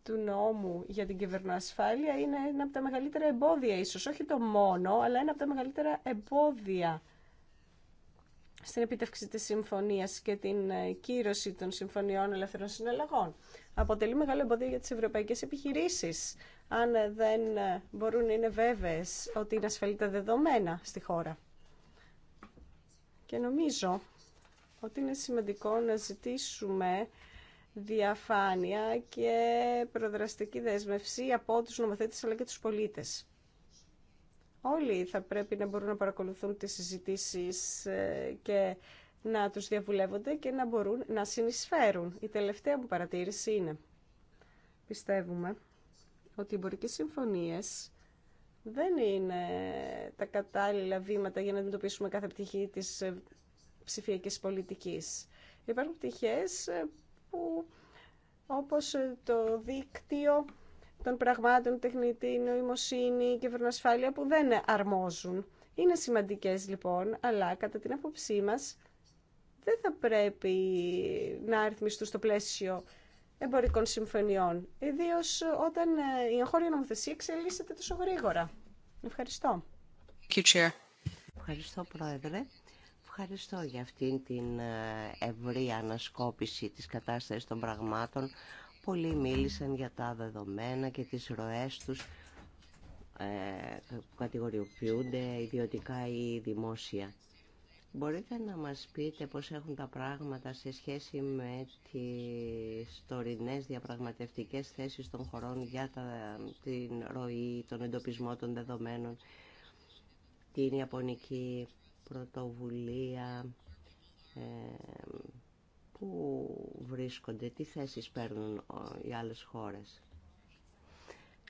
του νόμου για την κυβερνοασφάλεια είναι ένα από τα μεγαλύτερα εμπόδια ίσως, όχι το μόνο, αλλά ένα από τα μεγαλύτερα εμπόδια στην επίτευξη της συμφωνίας και την ε, κύρωση των συμφωνιών ελεύθερων συναλλαγών. Αποτελεί μεγάλο εμποδίο για τις ευρωπαϊκές επιχειρήσεις, αν ε, δεν ε, μπορούν να είναι βέβαιες ότι είναι ασφαλή τα δεδομένα στη χώρα. Και νομίζω ότι είναι σημαντικό να ζητήσουμε διαφάνεια και προδραστική δέσμευση από τους νομοθέτες αλλά και τους πολίτες όλοι θα πρέπει να μπορούν να παρακολουθούν τις συζητήσεις ε, και να τους διαβουλεύονται και να μπορούν να συνεισφέρουν. Η τελευταία μου παρατήρηση είναι, πιστεύουμε, ότι οι εμπορικέ συμφωνίες δεν είναι τα κατάλληλα βήματα για να αντιμετωπίσουμε κάθε πτυχή της ε, ψηφιακής πολιτικής. Υπάρχουν πτυχές ε, που, όπως το δίκτυο των πραγμάτων, τεχνητή νοημοσύνη και βρονασφάλεια που δεν αρμόζουν. Είναι σημαντικές λοιπόν, αλλά κατά την άποψή μας δεν θα πρέπει να αριθμιστούν στο πλαίσιο εμπορικών συμφωνιών, ιδίω όταν ε, η εγχώρια νομοθεσία εξελίσσεται τόσο γρήγορα. Ευχαριστώ. Ευχαριστώ, Πρόεδρε. Ευχαριστώ για αυτήν την ε, ευρή ανασκόπηση της κατάστασης των πραγμάτων Πολλοί μίλησαν για τα δεδομένα και τις ροές τους που ε, κατηγοριοποιούνται ιδιωτικά ή δημόσια. Μπορείτε να μας πείτε πώς έχουν τα πράγματα σε σχέση με τις τωρινές διαπραγματευτικές θέσεις των χωρών για τα, την ροή, τον εντοπισμό των δεδομένων, την Ιαπωνική πρωτοβουλία, ε, Πού βρίσκονται, τι θέσεις παίρνουν οι άλλες χώρες.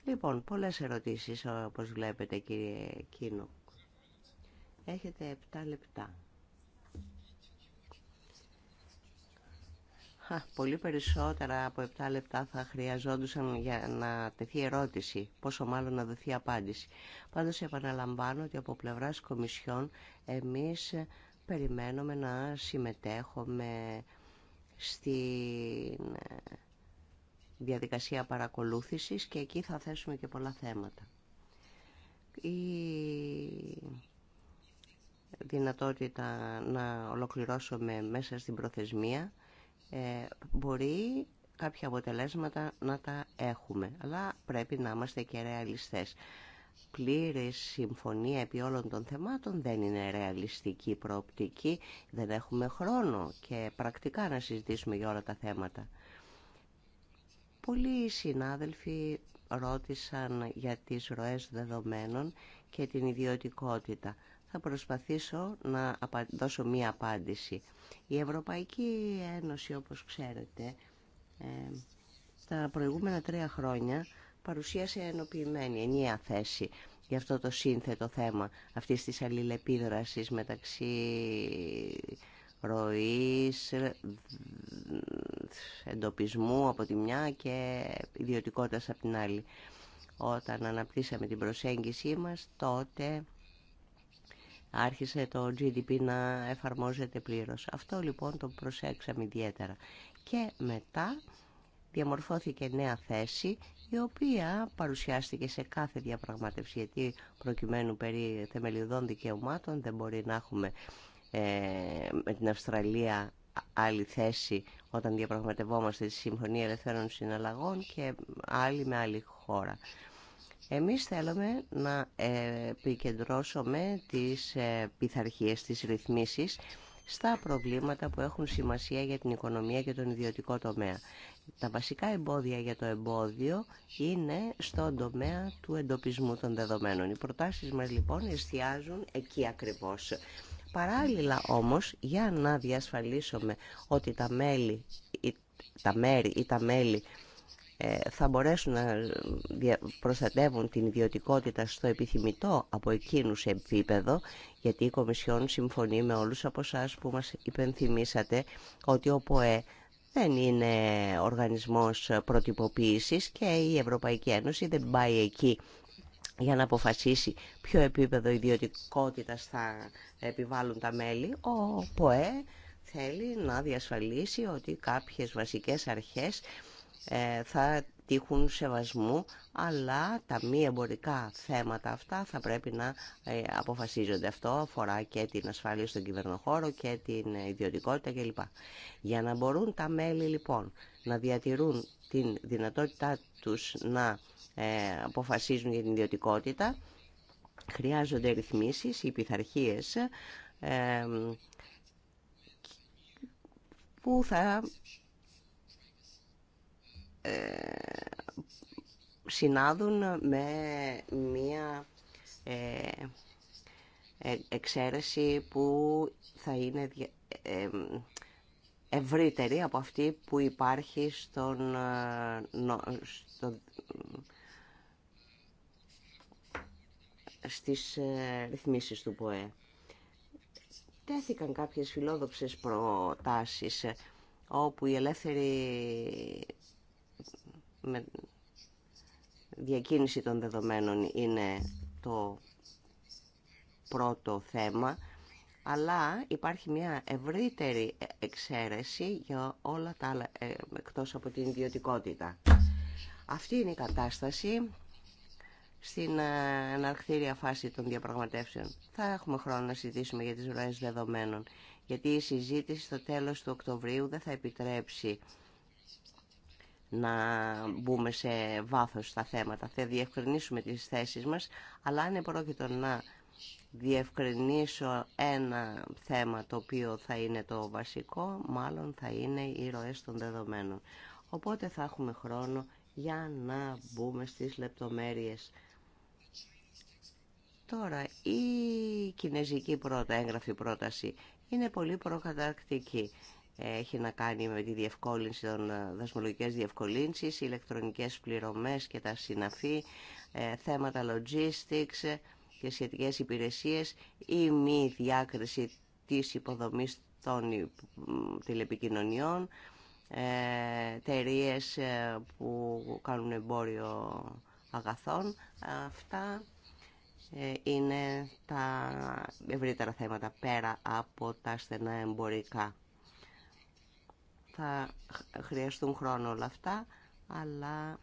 Λοιπόν, πολλές ερωτήσεις όπως βλέπετε κύριε Κίνο. Έχετε 7 λεπτά. πολύ περισσότερα από 7 λεπτά θα χρειαζόντουσαν για να τεθεί ερώτηση, πόσο μάλλον να δοθεί απάντηση. Πάντως επαναλαμβάνω ότι από πλευράς Κομισιόν εμείς περιμένουμε να συμμετέχουμε στην ε, διαδικασία παρακολούθησης και εκεί θα θέσουμε και πολλά θέματα. Η δυνατότητα να ολοκληρώσουμε μέσα στην προθεσμία ε, μπορεί κάποια αποτελέσματα να τα έχουμε, αλλά πρέπει να είμαστε και ρεαλιστές. Πλήρη συμφωνία επί όλων των θεμάτων δεν είναι ρεαλιστική προοπτική, δεν έχουμε χρόνο και πρακτικά να συζητήσουμε για όλα τα θέματα. Πολλοί συνάδελφοι ρώτησαν για τις ροές δεδομένων και την ιδιωτικότητα. Θα προσπαθήσω να δώσω μία απάντηση. Η Ευρωπαϊκή Ένωση, όπως ξέρετε, ε, τα προηγούμενα τρία χρόνια παρουσίασε ενοποιημένη ενιαία θέση για αυτό το σύνθετο θέμα αυτής της αλληλεπίδρασης μεταξύ ροής, εντοπισμού από τη μια και ιδιωτικότητας από την άλλη. Όταν αναπτύσσαμε την προσέγγιση μας, τότε άρχισε το GDP να εφαρμόζεται πλήρως. Αυτό λοιπόν το προσέξαμε ιδιαίτερα. Και μετά διαμορφώθηκε νέα θέση η οποία παρουσιάστηκε σε κάθε διαπραγμάτευση γιατί προκειμένου περί θεμελιωδών δικαιωμάτων δεν μπορεί να έχουμε ε, με την Αυστραλία άλλη θέση όταν διαπραγματευόμαστε τη Συμφωνία Ελευθέρων Συναλλαγών και άλλη με άλλη χώρα. Εμείς θέλουμε να επικεντρώσουμε τις ε, πειθαρχίες, τις ρυθμίσεις στα προβλήματα που έχουν σημασία για την οικονομία και τον ιδιωτικό τομέα. Τα βασικά εμπόδια για το εμπόδιο είναι στον τομέα του εντοπισμού των δεδομένων. Οι προτάσεις μας λοιπόν εστιάζουν εκεί ακριβώς. Παράλληλα όμως, για να διασφαλίσουμε ότι τα, μέλη, τα μέρη ή τα μέλη ε, θα μπορέσουν να προστατεύουν την ιδιωτικότητα στο επιθυμητό από εκείνους επίπεδο, γιατί η Κομισιόν συμφωνεί με όλους από εσά που μας υπενθυμίσατε ότι ο ΠΟΕ δεν είναι οργανισμός προτυποποίησης και η Ευρωπαϊκή Ένωση δεν πάει εκεί για να αποφασίσει ποιο επίπεδο ιδιωτικότητας θα επιβάλλουν τα μέλη. Ο ΠΟΕ θέλει να διασφαλίσει ότι κάποιες βασικές αρχές ε, θα τύχουν σεβασμού, αλλά τα μη εμπορικά θέματα αυτά θα πρέπει να ε, αποφασίζονται. Αυτό αφορά και την ασφάλεια στον κυβερνοχώρο και την ε, ιδιωτικότητα κλπ. Για να μπορούν τα μέλη λοιπόν να διατηρούν την δυνατότητά τους να αποφασίζουν για την ιδιωτικότητα, χρειάζονται ρυθμίσεις ή πειθαρχίες που θα ε, συνάδουν με μία ε, ε, εξαίρεση που θα είναι ευρύτερη από αυτή που υπάρχει στον, στο, στις ρυθμίσεις του ΠΟΕ. Τέθηκαν κάποιες φιλόδοξες προτάσεις όπου η ελεύθερη διακίνηση των δεδομένων είναι το πρώτο θέμα, αλλά υπάρχει μια ευρύτερη εξαίρεση για όλα τα άλλα, ε, εκτός από την ιδιωτικότητα. Αυτή είναι η κατάσταση στην ε, εναρκτήρια φάση των διαπραγματεύσεων. Θα έχουμε χρόνο να συζητήσουμε για τις ροές δεδομένων, γιατί η συζήτηση στο τέλος του Οκτωβρίου δεν θα επιτρέψει να μπούμε σε βάθος στα θέματα. Θα διευκρινίσουμε τις θέσεις μας, αλλά αν επρόκειτο να διευκρινίσω ένα θέμα το οποίο θα είναι το βασικό, μάλλον θα είναι οι ροές των δεδομένων. Οπότε θα έχουμε χρόνο για να μπούμε στις λεπτομέρειες. Τώρα, η κινέζικη πρώτα, έγγραφη πρόταση είναι πολύ προκαταρκτική έχει να κάνει με τη διευκόλυνση των ε, δασμολογικές διευκολύνσεις, ηλεκτρονικές πληρωμές και τα συναφή, ε, θέματα logistics ε, και σχετικές υπηρεσίες ή μη διάκριση της υποδομής των τηλεπικοινωνιών, εταιρείε που κάνουν εμπόριο αγαθών. Αυτά είναι τα ευρύτερα θέματα πέρα από τα στενά εμπορικά. Θα χρειαστούν χρόνο όλα αυτά, αλλά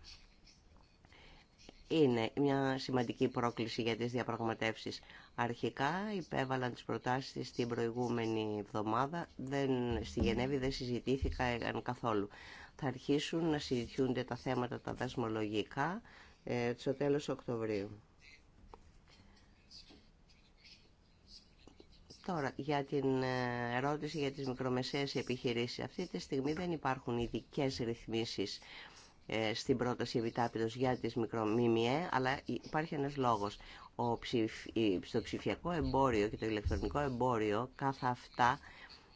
είναι μια σημαντική πρόκληση για τις διαπραγματεύσεις. Αρχικά υπέβαλαν τις προτάσεις την προηγούμενη εβδομάδα. Δεν, στη Γενέβη δεν συζητήθηκαν καθόλου. Θα αρχίσουν να συζητιούνται τα θέματα τα δασμολογικά ε, στο τέλος Οκτωβρίου. Τώρα, για την ε, ερώτηση για τις μικρομεσαίες επιχειρήσεις. Αυτή τη στιγμή δεν υπάρχουν ειδικέ ρυθμίσεις ε, στην πρόταση επιτάπητος για τις μικρομήμιε, αλλά υπάρχει ένας λόγος. Ο ψηφ... ψηφιακό εμπόριο και το ηλεκτρονικό εμπόριο, κάθε αυτά,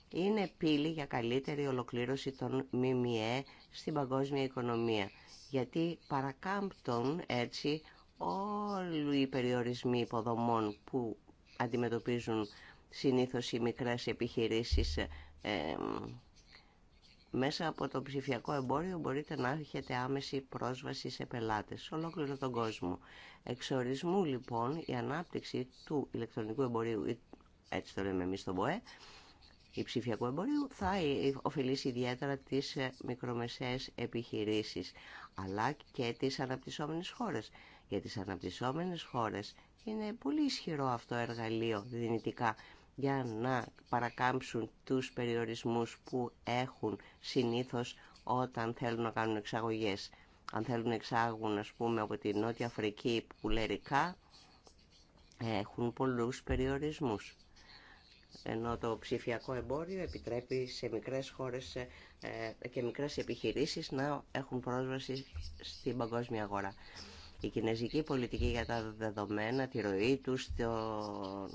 είναι πύλη για καλύτερη ολοκλήρωση των ΜΜΕ στην παγκόσμια οικονομία. Γιατί παρακάμπτουν έτσι όλοι οι περιορισμοί υποδομών που αντιμετωπίζουν συνήθως οι μικρές επιχειρήσεις ε, μέσα από το ψηφιακό εμπόριο μπορείτε να έχετε άμεση πρόσβαση σε πελάτες σε ολόκληρο τον κόσμο. Εξορισμού λοιπόν η ανάπτυξη του ηλεκτρονικού εμπορίου, έτσι το λέμε εμείς στον ΠΟΕ, η ψηφιακού εμπορίου θα ε, ωφελήσει ιδιαίτερα τις ε, μικρομεσαίες επιχειρήσεις αλλά και τις αναπτυσσόμενες χώρες. Για τις αναπτυσσόμενες χώρες είναι πολύ ισχυρό αυτό εργαλείο δυνητικά για να παρακάμψουν τους περιορισμούς που έχουν συνήθως όταν θέλουν να κάνουν εξαγωγές. Αν θέλουν να εξάγουν, ας πούμε, από τη Νότια Αφρική πουλερικά, έχουν πολλούς περιορισμούς. Ενώ το ψηφιακό εμπόριο επιτρέπει σε μικρές χώρες ε, ε, και μικρές επιχειρήσεις να έχουν πρόσβαση στην παγκόσμια αγορά. Η κινέζικη πολιτική για τα δεδομένα, τη ροή τους, το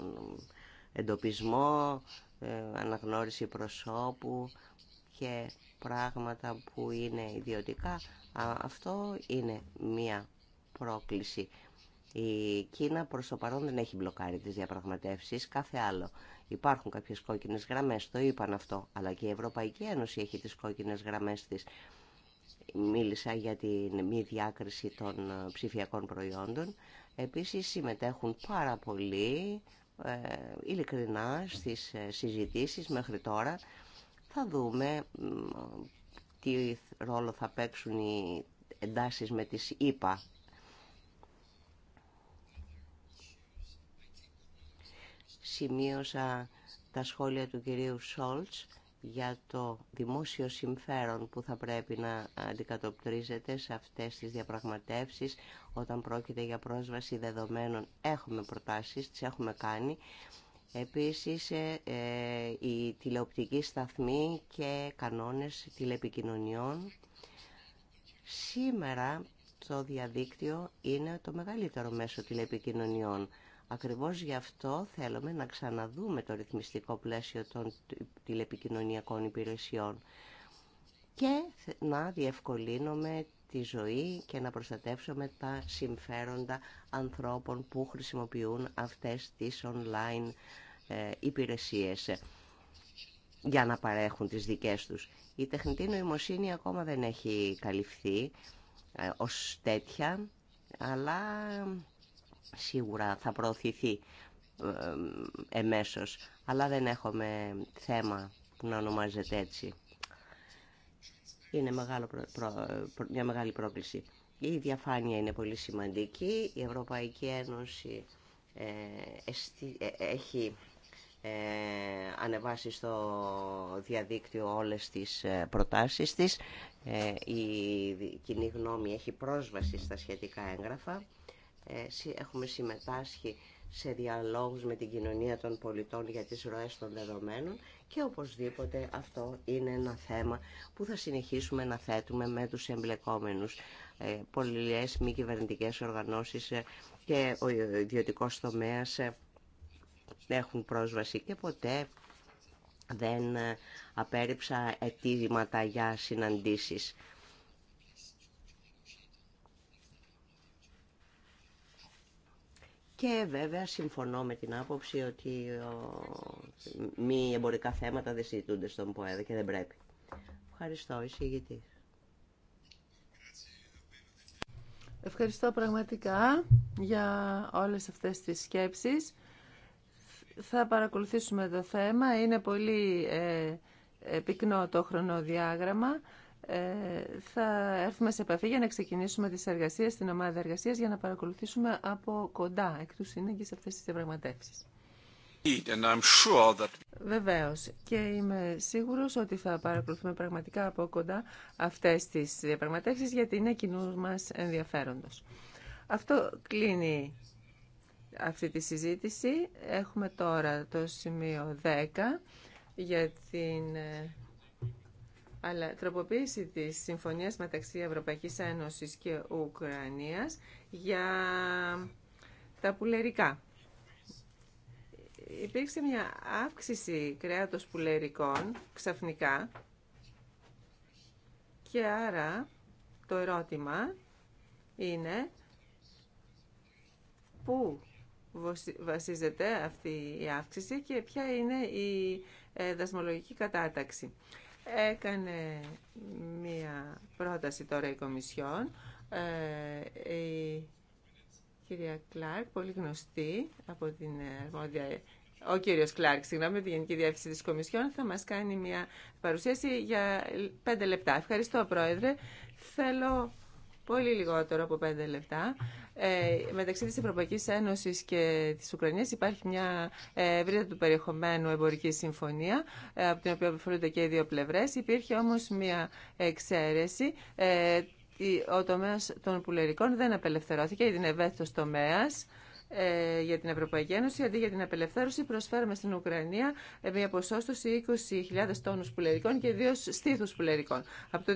εντοπισμό, ε, αναγνώριση προσώπου και πράγματα που είναι ιδιωτικά. Αυτό είναι μία πρόκληση. Η Κίνα προς το παρόν δεν έχει μπλοκάρει τις διαπραγματεύσεις, κάθε άλλο. Υπάρχουν κάποιες κόκκινες γραμμές, το είπαν αυτό, αλλά και η Ευρωπαϊκή Ένωση έχει τις κόκκινες γραμμές της. Μίλησα για την μη διάκριση των ε, ψηφιακών προϊόντων. Επίσης συμμετέχουν πάρα πολλοί ε, ειλικρινά στις ε, συζητήσεις μέχρι τώρα. Θα δούμε τι ρόλο θα παίξουν οι εντάσεις με τις ΙΠΑ. Σημείωσα τα σχόλια του κυρίου Σόλτς για το δημόσιο συμφέρον που θα πρέπει να αντικατοπτρίζεται σε αυτές τις διαπραγματεύσεις όταν πρόκειται για πρόσβαση δεδομένων. Έχουμε προτάσεις, τις έχουμε κάνει. Επίσης, ε, ε, η τηλεοπτική σταθμή και κανόνες τηλεπικοινωνιών. Σήμερα το διαδίκτυο είναι το μεγαλύτερο μέσο τηλεπικοινωνιών. Ακριβώς γι' αυτό θέλουμε να ξαναδούμε το ρυθμιστικό πλαίσιο των τηλεπικοινωνιακών υπηρεσιών και να διευκολύνουμε τη ζωή και να προστατεύσουμε τα συμφέροντα ανθρώπων που χρησιμοποιούν αυτές τις online ε, υπηρεσίες για να παρέχουν τις δικές τους. Η τεχνητή νοημοσύνη ακόμα δεν έχει καλυφθεί ε, ως τέτοια, αλλά σίγουρα θα προωθηθεί ε, εμέσως, αλλά δεν έχουμε θέμα που να ονομάζεται έτσι. Είναι μεγάλο μια μεγάλη πρόκληση. Η διαφάνεια είναι πολύ σημαντική. Η Ευρωπαϊκή Ένωση ε, ε, έχει ανεβάσει στο διαδίκτυο όλες τις προτάσεις της. η κοινή γνώμη έχει πρόσβαση στα σχετικά έγγραφα. Ε, έχουμε συμμετάσχει σε διαλόγους με την κοινωνία των πολιτών για τις ροές των δεδομένων και οπωσδήποτε αυτό είναι ένα θέμα που θα συνεχίσουμε να θέτουμε με τους εμπλεκόμενους ε, πολλές μη κυβερνητικέ οργανώσεις ε, και ο ιδιωτικό τομέα έχουν πρόσβαση και ποτέ δεν απέρριψα αιτήματα για συναντήσεις. Και βέβαια συμφωνώ με την άποψη ότι ο... μη εμπορικά θέματα δεν συζητούνται στον ΠΟΕΔΑ και δεν πρέπει. Ευχαριστώ, εισηγητή. Ευχαριστώ πραγματικά για όλες αυτές τις σκέψεις. Θα παρακολουθήσουμε το θέμα. Είναι πολύ ε, ε, πυκνό το χρονοδιάγραμμα. Ε, θα έρθουμε σε επαφή για να ξεκινήσουμε τις εργασίες στην ομάδα εργασίας για να παρακολουθήσουμε από κοντά εκ του σύνεγγυς αυτές τις διαπραγματεύσεις. Sure Βεβαίω. Και είμαι σίγουρο ότι θα παρακολουθούμε πραγματικά από κοντά αυτέ τι διαπραγματεύσει γιατί είναι κοινού μα ενδιαφέροντο. Αυτό κλείνει αυτή τη συζήτηση. Έχουμε τώρα το σημείο 10 για την ε, αλλά τροποποίηση της συμφωνίας μεταξύ Ευρωπαϊκής Ένωσης και Ουκρανίας για τα πουλερικά. Υπήρξε μια αύξηση κρέατος πουλερικών ξαφνικά και άρα το ερώτημα είναι πού βασίζεται αυτή η αύξηση και ποια είναι η ε, δασμολογική κατάταξη. Έκανε μία πρόταση τώρα η Κομισιόν. Ε, η κυρία Κλάρκ, πολύ γνωστή από την αρμόδια ο κύριο Κλάρκ, συγγνώμη, τη Γενική Διεύθυνση της Κομισιόν, θα μας κάνει μια παρουσίαση για πέντε λεπτά. Ευχαριστώ, Πρόεδρε. Θέλω πολύ λιγότερο από πέντε λεπτά. Ε, μεταξύ της Ευρωπαϊκής Ένωσης και της Ουκρανίας υπάρχει μια ε, ευρύτερη του περιεχομένου εμπορική συμφωνία, ε, από την οποία αποφελούνται και οι δύο πλευρές. Υπήρχε όμως μια εξαίρεση ε, ο τομέας των πουλερικών δεν απελευθερώθηκε, είναι ευαίσθητος τομέας. Ε, για την Ευρωπαϊκή Ένωση. Αντί για την απελευθέρωση, προσφέρουμε στην Ουκρανία ε, μια ποσόστοση 20.000 τόνου πουλερικών και δύο στήθου πουλερικών. Από το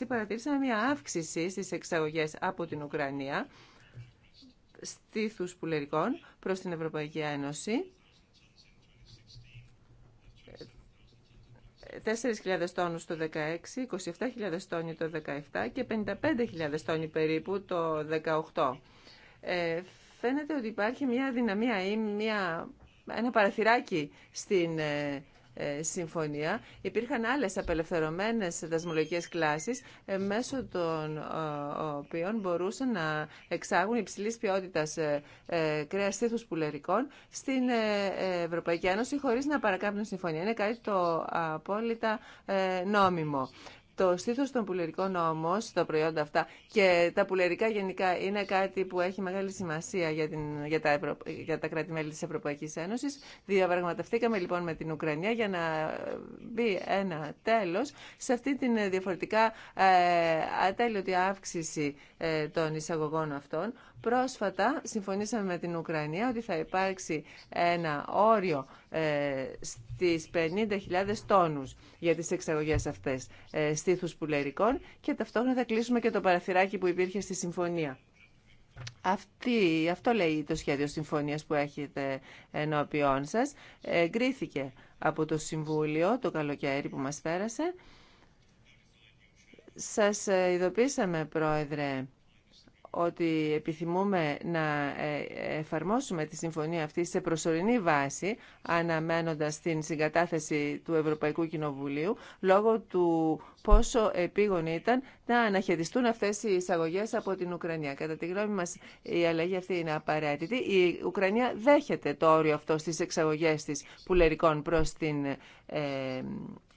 2016 παρατηρήσαμε μια αύξηση στι εξαγωγέ από την Ουκρανία στήθου πουλερικών προ την Ευρωπαϊκή Ένωση. 4.000 τόνους το 2016, 27.000 τόνοι το 2017 και 55.000 τόνοι περίπου το 2018 φαίνεται ότι υπάρχει μια δυναμία ή μια, ένα παραθυράκι στην ε, ε, συμφωνία. Υπήρχαν άλλες απελευθερωμένες δασμολογικές κλάσεις ε, μέσω των οποίων μπορούσαν να εξάγουν υψηλής ποιότητας κρέας στήθους πουλερικών στην Ευρωπαϊκή Ένωση χωρίς να παρακάμπτουν συμφωνία. Είναι κάτι το απόλυτα νόμιμο. Το στήθος των πουλερικών όμως, τα προϊόντα αυτά και τα πουλερικά γενικά είναι κάτι που έχει μεγάλη σημασία για, την, για τα, Ευρω... για τα κράτη-μέλη της Ευρωπαϊκής Ένωσης. Διαπραγματευτήκαμε λοιπόν με την Ουκρανία για να μπει ένα τέλος σε αυτή την διαφορετικά ε, ατέλειωτη αύξηση ε, των εισαγωγών αυτών Πρόσφατα συμφωνήσαμε με την Ουκρανία ότι θα υπάρξει ένα όριο ε, στις 50.000 τόνους για τις εξαγωγές αυτές ε, στήθους πουλερικών και ταυτόχρονα θα κλείσουμε και το παραθυράκι που υπήρχε στη συμφωνία. Αυτή, αυτό λέει το σχέδιο συμφωνίας που έχετε ενώπιόν σας. Εγκρίθηκε από το Συμβούλιο το καλοκαίρι που μας πέρασε. Σας ε, ειδοποίησαμε, Πρόεδρε, ότι επιθυμούμε να ε, εφαρμόσουμε τη συμφωνία αυτή σε προσωρινή βάση, αναμένοντας την συγκατάθεση του Ευρωπαϊκού Κοινοβουλίου, λόγω του πόσο επίγονη ήταν να αναχαιριστούν αυτές οι εισαγωγές από την Ουκρανία. Κατά τη γνώμη μας η αλλαγή αυτή είναι απαραίτητη. Η Ουκρανία δέχεται το όριο αυτό στις εξαγωγές της πουλερικών προς την ε,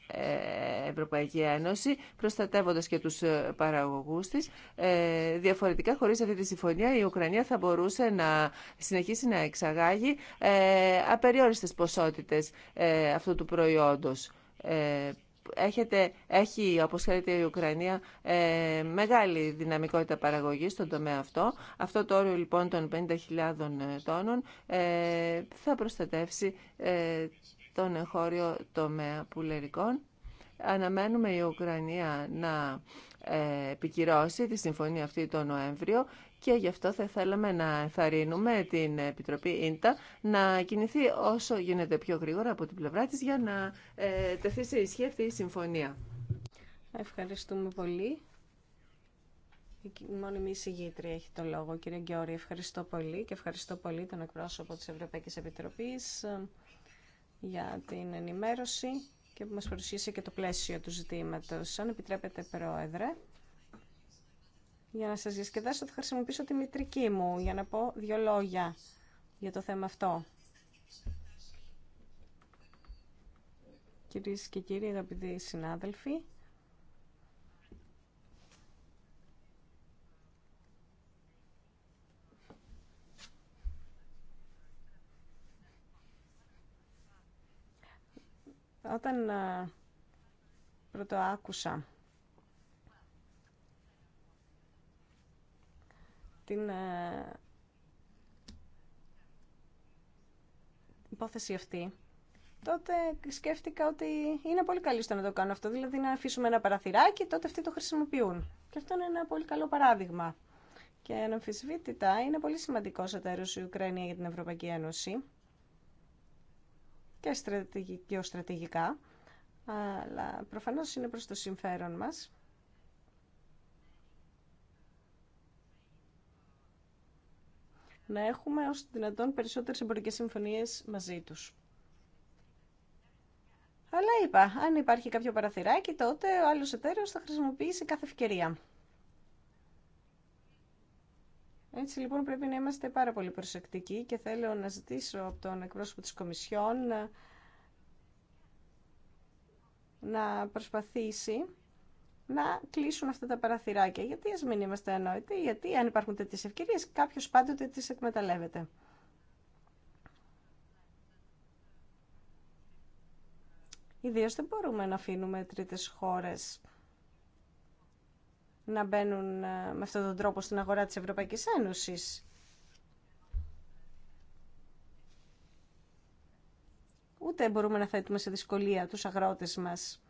ε, Ευρωπαϊκή Ένωση, προστατεύοντα και τους ε, παραγωγούς της. Ε, διαφορετικά, χωρί αυτή τη συμφωνία, η Ουκρανία θα μπορούσε να συνεχίσει να εξαγάγει απεριόριστες ποσότητες αυτού του προϊόντος. Έχετε, έχει, όπως ξέρετε, η Ουκρανία μεγάλη δυναμικότητα παραγωγής στον τομέα αυτό. Αυτό το όριο λοιπόν των 50.000 τόνων θα προστατεύσει ε, τον εγχώριο τομέα πουλερικών. Αναμένουμε η Ουκρανία να ε, επικυρώσει τη συμφωνία αυτή τον Νοέμβριο και γι' αυτό θα θέλαμε να ενθαρρύνουμε την Επιτροπή Ίντα να κινηθεί όσο γίνεται πιο γρήγορα από την πλευρά της για να ε, τεθεί σε ισχύ αυτή η συμφωνία. Ευχαριστούμε πολύ. Η μόνιμη εισηγήτρια έχει το λόγο. Κύριε Γκιώρη. ευχαριστώ πολύ και ευχαριστώ πολύ τον εκπρόσωπο της Ευρωπαϊκής Επιτροπής για την ενημέρωση και που μας παρουσίασε και το πλαίσιο του ζητήματος. Αν επιτρέπετε, Πρόεδρε, για να σας διασκεδάσω θα χρησιμοποιήσω τη μητρική μου για να πω δύο λόγια για το θέμα αυτό. Κυρίες και κύριοι, αγαπητοί συνάδελφοι, Όταν ε, πρώτο άκουσα ε, την υπόθεση αυτή, τότε σκέφτηκα ότι είναι πολύ καλή στο να το κάνω αυτό. Δηλαδή να αφήσουμε ένα παραθυράκι, τότε αυτοί το χρησιμοποιούν. Και αυτό είναι ένα πολύ καλό παράδειγμα. Και αναμφισβήτητα είναι πολύ σημαντικό εταίρο η Ουκρανία για την Ευρωπαϊκή Ένωση και στρατηγικά, αλλά προφανώς είναι προς το συμφέρον μας. να έχουμε ως δυνατόν περισσότερες εμπορικές συμφωνίες μαζί τους. Αλλά είπα, αν υπάρχει κάποιο παραθυράκι, τότε ο άλλος εταίρος θα χρησιμοποιήσει κάθε ευκαιρία. Έτσι λοιπόν πρέπει να είμαστε πάρα πολύ προσεκτικοί και θέλω να ζητήσω από τον εκπρόσωπο της Κομισιόν να προσπαθήσει να κλείσουν αυτά τα παραθυράκια. Γιατί ας μην είμαστε ανόητοι, γιατί αν υπάρχουν τέτοιες ευκαιρίες κάποιος πάντοτε τις εκμεταλλεύεται. Ιδίως δεν μπορούμε να αφήνουμε τρίτες χώρες να μπαίνουν ε, με αυτόν τον τρόπο στην αγορά της Ευρωπαϊκής Ένωσης. Ούτε μπορούμε να θέτουμε σε δυσκολία τους αγρότες μας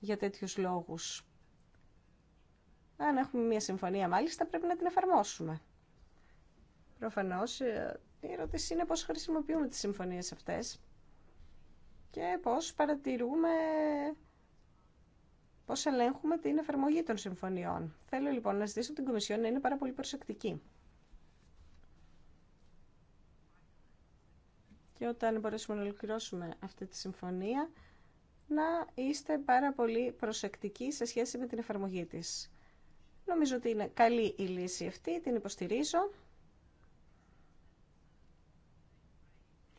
για τέτοιους λόγους. Αν έχουμε μια συμφωνία μάλιστα πρέπει να την εφαρμόσουμε. Προφανώς ε, η ερώτηση είναι πώς χρησιμοποιούμε τις συμφωνίες αυτές και πώς παρατηρούμε Πώ ελέγχουμε την εφαρμογή των συμφωνιών. Θέλω λοιπόν να ζητήσω την Κομισιόν να είναι πάρα πολύ προσεκτική. Και όταν μπορέσουμε να ολοκληρώσουμε αυτή τη συμφωνία, να είστε πάρα πολύ προσεκτικοί σε σχέση με την εφαρμογή της. Νομίζω ότι είναι καλή η λύση αυτή, την υποστηρίζω.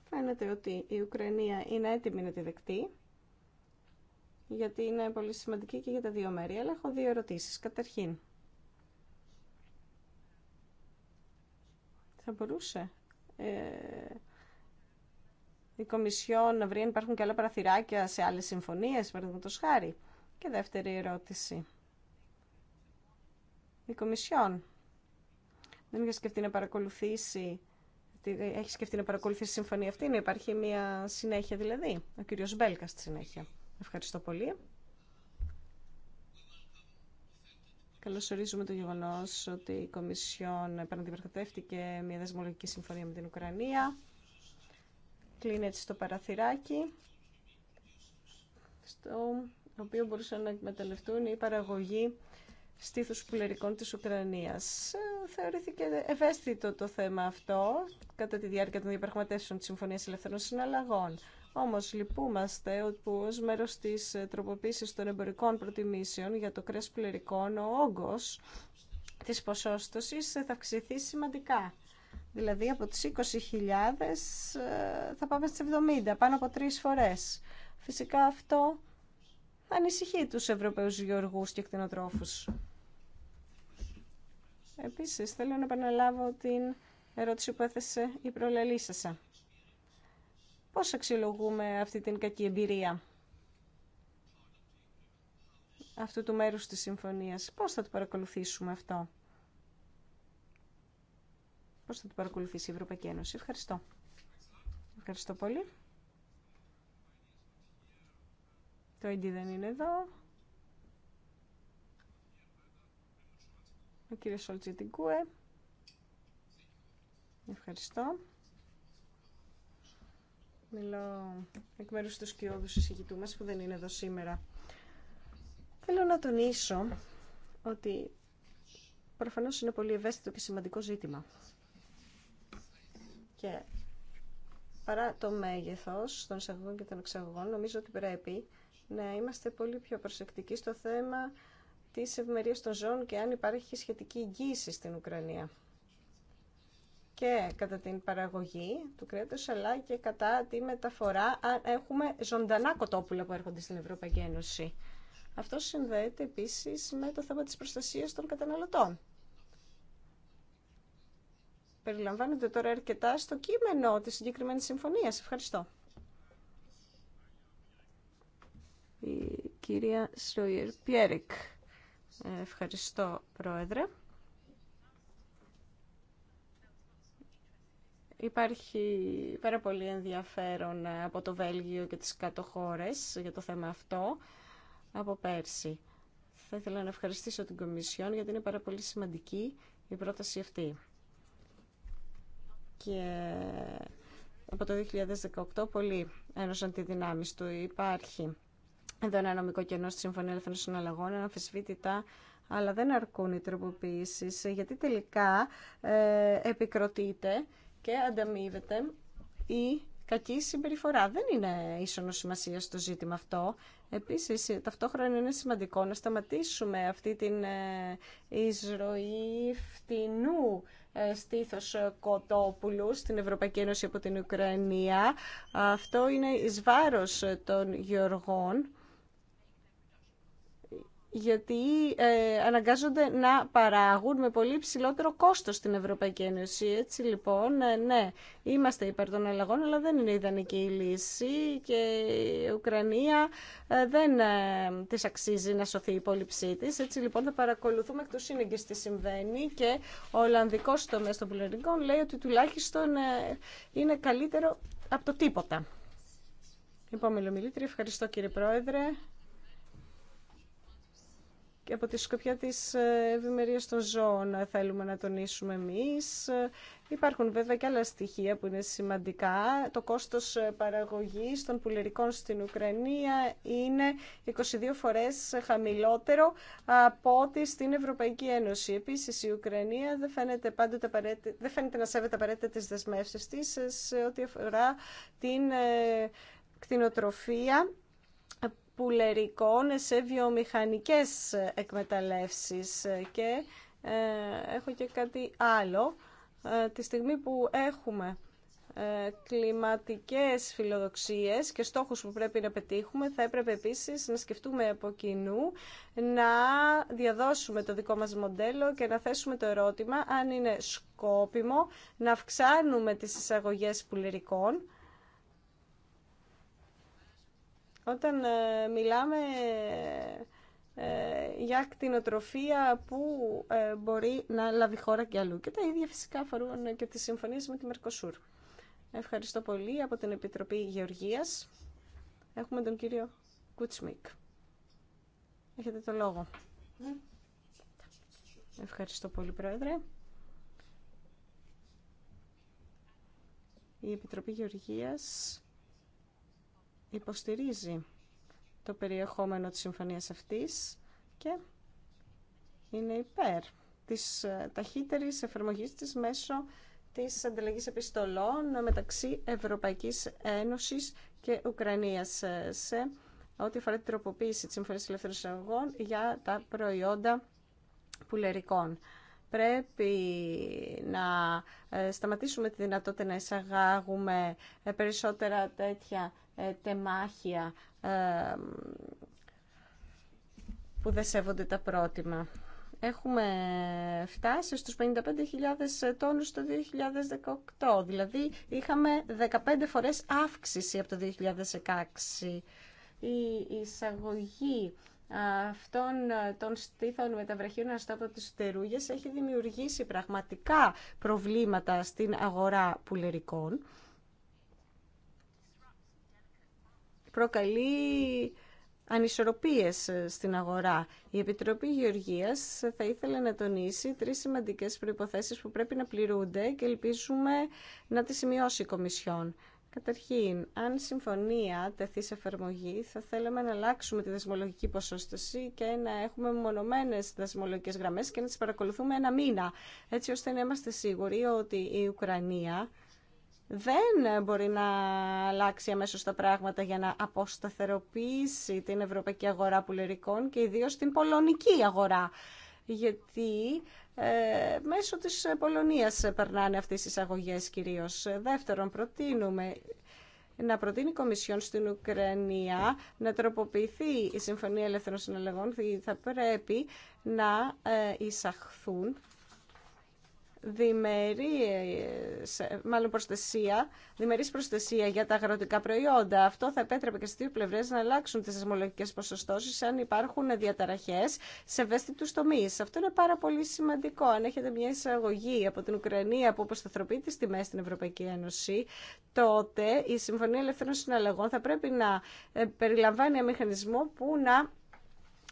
Φαίνεται ότι η Ουκρανία είναι έτοιμη να τη δεκτεί γιατί είναι πολύ σημαντική και για τα δύο μέρη. Αλλά έχω δύο ερωτήσεις. Καταρχήν, θα μπορούσε ε, η Κομισιόν να βρει αν υπάρχουν και άλλα παραθυράκια σε άλλες συμφωνίες, παραδείγματο χάρη. Και δεύτερη ερώτηση. Η Κομισιόν δεν είχε σκεφτεί να παρακολουθήσει έχει σκεφτεί να παρακολουθήσει τη συμφωνία αυτή, να υπάρχει μια συνέχεια δηλαδή. Ο κύριος Μπέλκα στη συνέχεια. Ευχαριστώ πολύ. Καλωσορίζουμε το γεγονό ότι η Κομισιόν επαναδιαπραγματεύτηκε μια δεσμολογική συμφωνία με την Ουκρανία. Κλείνει έτσι το παραθυράκι, στο οποίο μπορούσαν να εκμεταλλευτούν οι παραγωγή στήθους πουλερικών της Ουκρανίας. Θεωρήθηκε ευαίσθητο το θέμα αυτό κατά τη διάρκεια των διαπραγματεύσεων της Συμφωνίας Ελευθερών Συναλλαγών. Όμως λυπούμαστε που ως μέρος της ε, τροποποίησης των εμπορικών προτιμήσεων για το κρέας πληρικών ο όγκος της ποσόστοσης ε, θα αυξηθεί σημαντικά. Δηλαδή από τις 20.000 ε, θα πάμε στις 70, πάνω από τρεις φορές. Φυσικά αυτό ανησυχεί τους Ευρωπαίους γεωργούς και κτηνοτρόφους. Επίσης θέλω να επαναλάβω την ερώτηση που έθεσε η προλαλήσασα. Πώς αξιολογούμε αυτή την κακή εμπειρία αυτού του μέρους της συμφωνίας. Πώς θα το παρακολουθήσουμε αυτό. Πώς θα το παρακολουθήσει η Ευρωπαϊκή Ένωση. Ευχαριστώ. Ευχαριστώ πολύ. Το ID δεν είναι εδώ. Ο κύριος Σολτζή Ευχαριστώ. Μιλώ εκ μέρους του σκιώδου συζητητού μας που δεν είναι εδώ σήμερα. Θέλω να τονίσω ότι προφανώς είναι πολύ ευαίσθητο και σημαντικό ζήτημα. Και παρά το μέγεθος των εισαγωγών και των εξαγωγών, νομίζω ότι πρέπει να είμαστε πολύ πιο προσεκτικοί στο θέμα της ευμερίας των ζώων και αν υπάρχει σχετική εγγύηση στην Ουκρανία και κατά την παραγωγή του κρέατος αλλά και κατά τη μεταφορά αν έχουμε ζωντανά κοτόπουλα που έρχονται στην Ευρωπαϊκή Ένωση. Αυτό συνδέεται επίσης με το θέμα της προστασίας των καταναλωτών. Περιλαμβάνονται τώρα αρκετά στο κείμενο της συγκεκριμένης συμφωνίας. Ευχαριστώ. Η κυρία Σροϊερ Πιέρικ. Ευχαριστώ, Πρόεδρε. Υπάρχει πάρα πολύ ενδιαφέρον από το Βέλγιο και τις κάτω χώρες για το θέμα αυτό από πέρσι. Θα ήθελα να ευχαριστήσω την Κομισιόν γιατί είναι πάρα πολύ σημαντική η πρόταση αυτή. Και από το 2018 πολλοί ένωσαν τη δυνάμει του. Υπάρχει εδώ ένα νομικό κενό στη Συμφωνία Ελεύθερων Συναλλαγών, αναφεσβήτητα, αλλά δεν αρκούν οι τροποποιήσεις, γιατί τελικά ε, επικροτείται και ανταμείβεται η κακή συμπεριφορά. Δεν είναι ίσονο σημασία στο ζήτημα αυτό. Επίσης, ταυτόχρονα είναι σημαντικό να σταματήσουμε αυτή την ε, εισρωή φτηνού ε, στήθος κοτόπουλου στην Ευρωπαϊκή Ένωση από την Ουκρανία. Αυτό είναι εις βάρος των γεωργών γιατί ε, αναγκάζονται να παράγουν με πολύ ψηλότερο κόστος στην Ευρωπαϊκή Ένωση. Έτσι λοιπόν, ε, ναι, είμαστε υπέρ των αλλαγών, αλλά δεν είναι ιδανική η λύση και η Ουκρανία ε, δεν της αξίζει να σωθεί η υπόλοιψή τη. Έτσι λοιπόν θα παρακολουθούμε εκ του σύνεγγυς τι συμβαίνει και ο Ολλανδικός τομέας των πουλερικών λέει ότι τουλάχιστον είναι καλύτερο από το τίποτα. Επόμενη μιλήτρια, ευχαριστώ κύριε Πρόεδρε και από τη σκοπιά της ε, ευημερία των ζώων θέλουμε να τονίσουμε εμείς. Υπάρχουν βέβαια και άλλα στοιχεία που είναι σημαντικά. Το κόστος ε, παραγωγής των πουλερικών στην Ουκρανία είναι 22 φορές χαμηλότερο από ό,τι στην Ευρωπαϊκή Ένωση. Επίσης η Ουκρανία δεν φαίνεται, πάντοτε δεν φαίνεται να σέβεται απαραίτητα τις δεσμεύσεις της σε ό,τι αφορά την ε, κτηνοτροφία πουλερικών σε βιομηχανικές εκμεταλλεύσεις και ε, έχω και κάτι άλλο. Ε, τη στιγμή που έχουμε ε, κλιματικές φιλοδοξίες και στόχους που πρέπει να πετύχουμε, θα έπρεπε επίσης να σκεφτούμε από κοινού να διαδώσουμε το δικό μας μοντέλο και να θέσουμε το ερώτημα αν είναι σκόπιμο να αυξάνουμε τις εισαγωγές πουλερικών όταν ε, μιλάμε ε, για κτηνοτροφία που ε, μπορεί να λάβει χώρα και αλλού. Και τα ίδια φυσικά αφορούν και τις συμφωνίες με τη Μερκοσούρ. Ευχαριστώ πολύ από την Επιτροπή Γεωργίας. Έχουμε τον κύριο Κουτσμίκ. Έχετε το λόγο. Ευχαριστώ πολύ, Πρόεδρε. Η Επιτροπή Γεωργίας υποστηρίζει το περιεχόμενο της συμφωνίας αυτής και είναι υπέρ της ε, ταχύτερης εφαρμογής της μέσω της ανταλλαγής επιστολών μεταξύ Ευρωπαϊκής Ένωσης και Ουκρανίας ε, σε ό,τι αφορά την τροποποίηση της Συμφωνίας Ελεύθερων Συναγωγών για τα προϊόντα πουλερικών. Πρέπει να ε, σταματήσουμε τη δυνατότητα να εισαγάγουμε περισσότερα τέτοια ε, τεμάχια ε, που δεν σέβονται τα πρότυμα. Έχουμε φτάσει στους 55.000 τόνους το 2018, δηλαδή είχαμε 15 φορές αύξηση από το 2016. Η εισαγωγή αυτών των στήθων με τα βραχίωνα από έχει δημιουργήσει πραγματικά προβλήματα στην αγορά πουλερικών προκαλεί ανισορροπίες ε, στην αγορά. Η Επιτροπή Γεωργίας ε, θα ήθελε να τονίσει τρεις σημαντικές προϋποθέσεις που πρέπει να πληρούνται και ελπίζουμε να τις σημειώσει η Κομισιόν. Καταρχήν, αν συμφωνία τεθεί σε εφαρμογή, θα θέλαμε να αλλάξουμε τη δεσμολογική ποσόσταση και να έχουμε μονομένε δεσμολογικέ γραμμέ και να τι παρακολουθούμε ένα μήνα, έτσι ώστε να είμαστε σίγουροι ότι η Ουκρανία δεν μπορεί να αλλάξει αμέσω τα πράγματα για να αποσταθεροποιήσει την ευρωπαϊκή αγορά πουλερικών και ιδίως την πολωνική αγορά. Γιατί ε, μέσω της Πολωνίας περνάνε αυτές οι εισαγωγές κυρίως. Δεύτερον, προτείνουμε να προτείνει η Κομισιόν στην Ουκρανία να τροποποιηθεί η Συμφωνία Ελεύθερων Συναλλαγών, θα πρέπει να ε, εισαχθούν διμερείς, ε, μάλλον προστασία, διμερείς για τα αγροτικά προϊόντα. Αυτό θα επέτρεπε και στις δύο πλευρές να αλλάξουν τις ασμολογικές ποσοστώσεις αν υπάρχουν διαταραχές σε ευαίσθητους τομείς. Αυτό είναι πάρα πολύ σημαντικό. Αν έχετε μια εισαγωγή από την Ουκρανία που αποσταθροποιεί τις τιμές στην Ευρωπαϊκή Ένωση, τότε η Συμφωνία Ελευθερών Συναλλαγών θα πρέπει να ε, περιλαμβάνει ένα μηχανισμό που να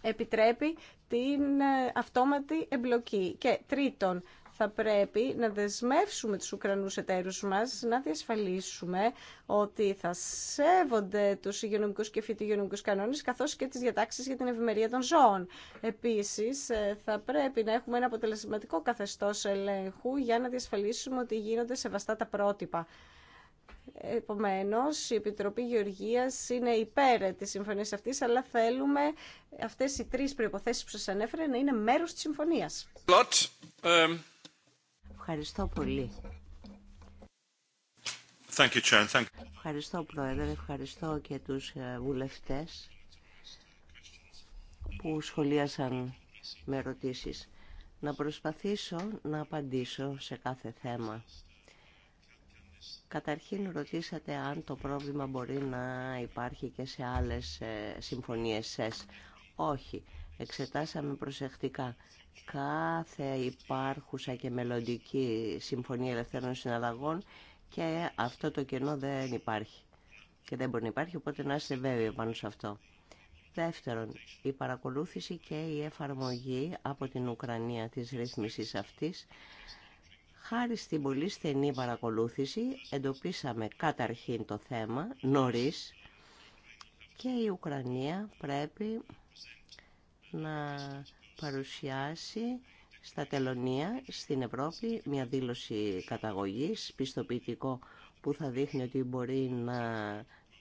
επιτρέπει την ε, αυτόματη εμπλοκή. Και τρίτον, θα πρέπει να δεσμεύσουμε τους Ουκρανούς εταίρους μας, να διασφαλίσουμε ότι θα σέβονται τους υγειονομικούς και φυτογειονομικούς κανόνες, καθώς και τις διατάξεις για την ευημερία των ζώων. Επίσης, ε, θα πρέπει να έχουμε ένα αποτελεσματικό καθεστώς ελέγχου για να διασφαλίσουμε ότι γίνονται σεβαστά τα πρότυπα. Επομένως, η Επιτροπή Γεωργίας είναι υπέρ της συμφωνίας αυτής, αλλά θέλουμε αυτές οι τρεις προϋποθέσεις που σας ανέφερα να είναι μέρος της συμφωνίας. Ε, Ευχαριστώ πολύ. Thank you, Thank Ευχαριστώ, Πρόεδρε. Ευχαριστώ και τους ε, βουλευτές που σχολίασαν με ερωτήσεις. Να προσπαθήσω να απαντήσω σε κάθε θέμα. Καταρχήν ρωτήσατε αν το πρόβλημα μπορεί να υπάρχει και σε άλλες ε, συμφωνίες ΣΕΣ. Όχι εξετάσαμε προσεκτικά κάθε υπάρχουσα και μελλοντική Συμφωνία Ελευθερών Συναλλαγών και αυτό το κενό δεν υπάρχει. Και δεν μπορεί να υπάρχει, οπότε να είστε βέβαιοι πάνω σε αυτό. Δεύτερον, η παρακολούθηση και η εφαρμογή από την Ουκρανία της ρύθμισης αυτής. Χάρη στην πολύ στενή παρακολούθηση εντοπίσαμε καταρχήν το θέμα νωρίς και η Ουκρανία πρέπει να παρουσιάσει στα τελωνία στην Ευρώπη μια δήλωση καταγωγής, πιστοποιητικό που θα δείχνει ότι μπορεί να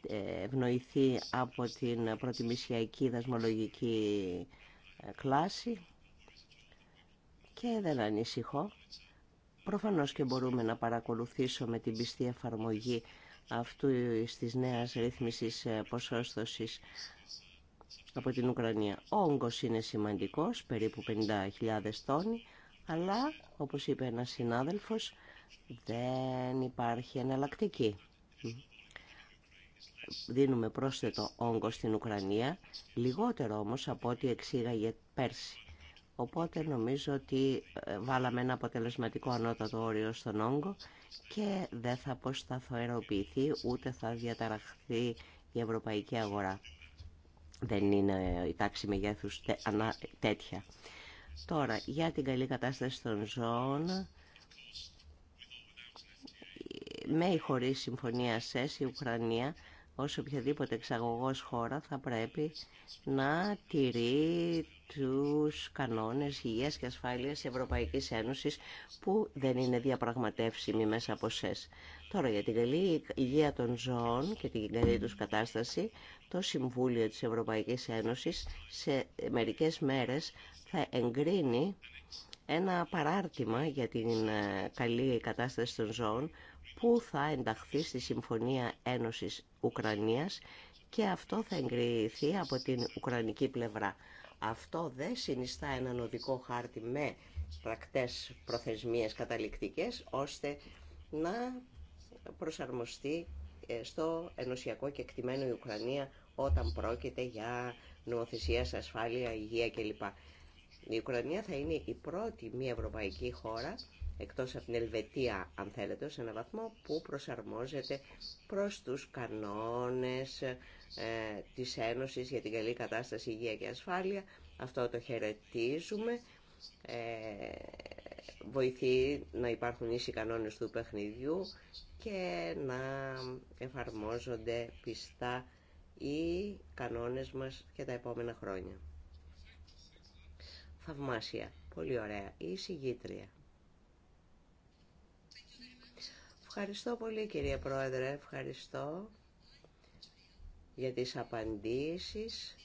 ε, ευνοηθεί από την προτιμησιακή δασμολογική ε, κλάση και δεν ανησυχώ. Προφανώς και μπορούμε να παρακολουθήσουμε την πιστή εφαρμογή αυτού της νέας ρύθμισης ε, ποσόστοσης από την Ουκρανία. Ο όγκος είναι σημαντικός, περίπου 50.000 τόνοι, αλλά, όπως είπε ένας συνάδελφος, δεν υπάρχει εναλλακτική. Δίνουμε πρόσθετο όγκο στην Ουκρανία, λιγότερο όμως από ό,τι εξήγαγε πέρσι. Οπότε νομίζω ότι ε, βάλαμε ένα αποτελεσματικό ανώτατο όριο στον όγκο και δεν θα αποσταθοεροποιηθεί ούτε θα διαταραχθεί η ευρωπαϊκή αγορά. Δεν είναι η τάξη μεγέθους ανά, τέτοια. Τώρα, για την καλή κατάσταση των ζώων, με ή χωρίς συμφωνία ΣΕΣ, η Ουκρανία, ως οποιαδήποτε εξαγωγός χώρα, θα πρέπει να τηρεί τους κανόνες υγείας και ασφάλειας Ευρωπαϊκής Ένωσης, που δεν είναι διαπραγματεύσιμοι μέσα από ΣΕΣ. Τώρα για την καλή υγεία των ζώων και την καλή τους κατάσταση, το Συμβούλιο της Ευρωπαϊκής Ένωσης σε μερικές μέρες θα εγκρίνει ένα παράρτημα για την ε, καλή κατάσταση των ζώων που θα ενταχθεί στη Συμφωνία Ένωσης Ουκρανίας και αυτό θα εγκριθεί από την Ουκρανική πλευρά. Αυτό δεν συνιστά έναν οδικό χάρτη με πρακτές προθεσμίες καταληκτικές, ώστε να προσαρμοστεί ε, στο ενωσιακό εκτιμένο η Ουκρανία όταν πρόκειται για νομοθεσία ασφάλεια, υγεία κλπ. Η Ουκρανία θα είναι η πρώτη μη ευρωπαϊκή χώρα, εκτός από την Ελβετία αν θέλετε, σε έναν βαθμό που προσαρμόζεται προς τους κανόνες ε, της Ένωσης για την καλή κατάσταση υγεία και ασφάλεια. Αυτό το χαιρετίζουμε. Ε, βοηθεί να υπάρχουν ίσοι κανόνες του παιχνιδιού και να εφαρμόζονται πιστά οι κανόνες μας και τα επόμενα χρόνια. Θαυμάσια. Πολύ ωραία. Η συγγήτρια. Ευχαριστώ πολύ κυρία Πρόεδρε. Ευχαριστώ για τις απαντήσεις.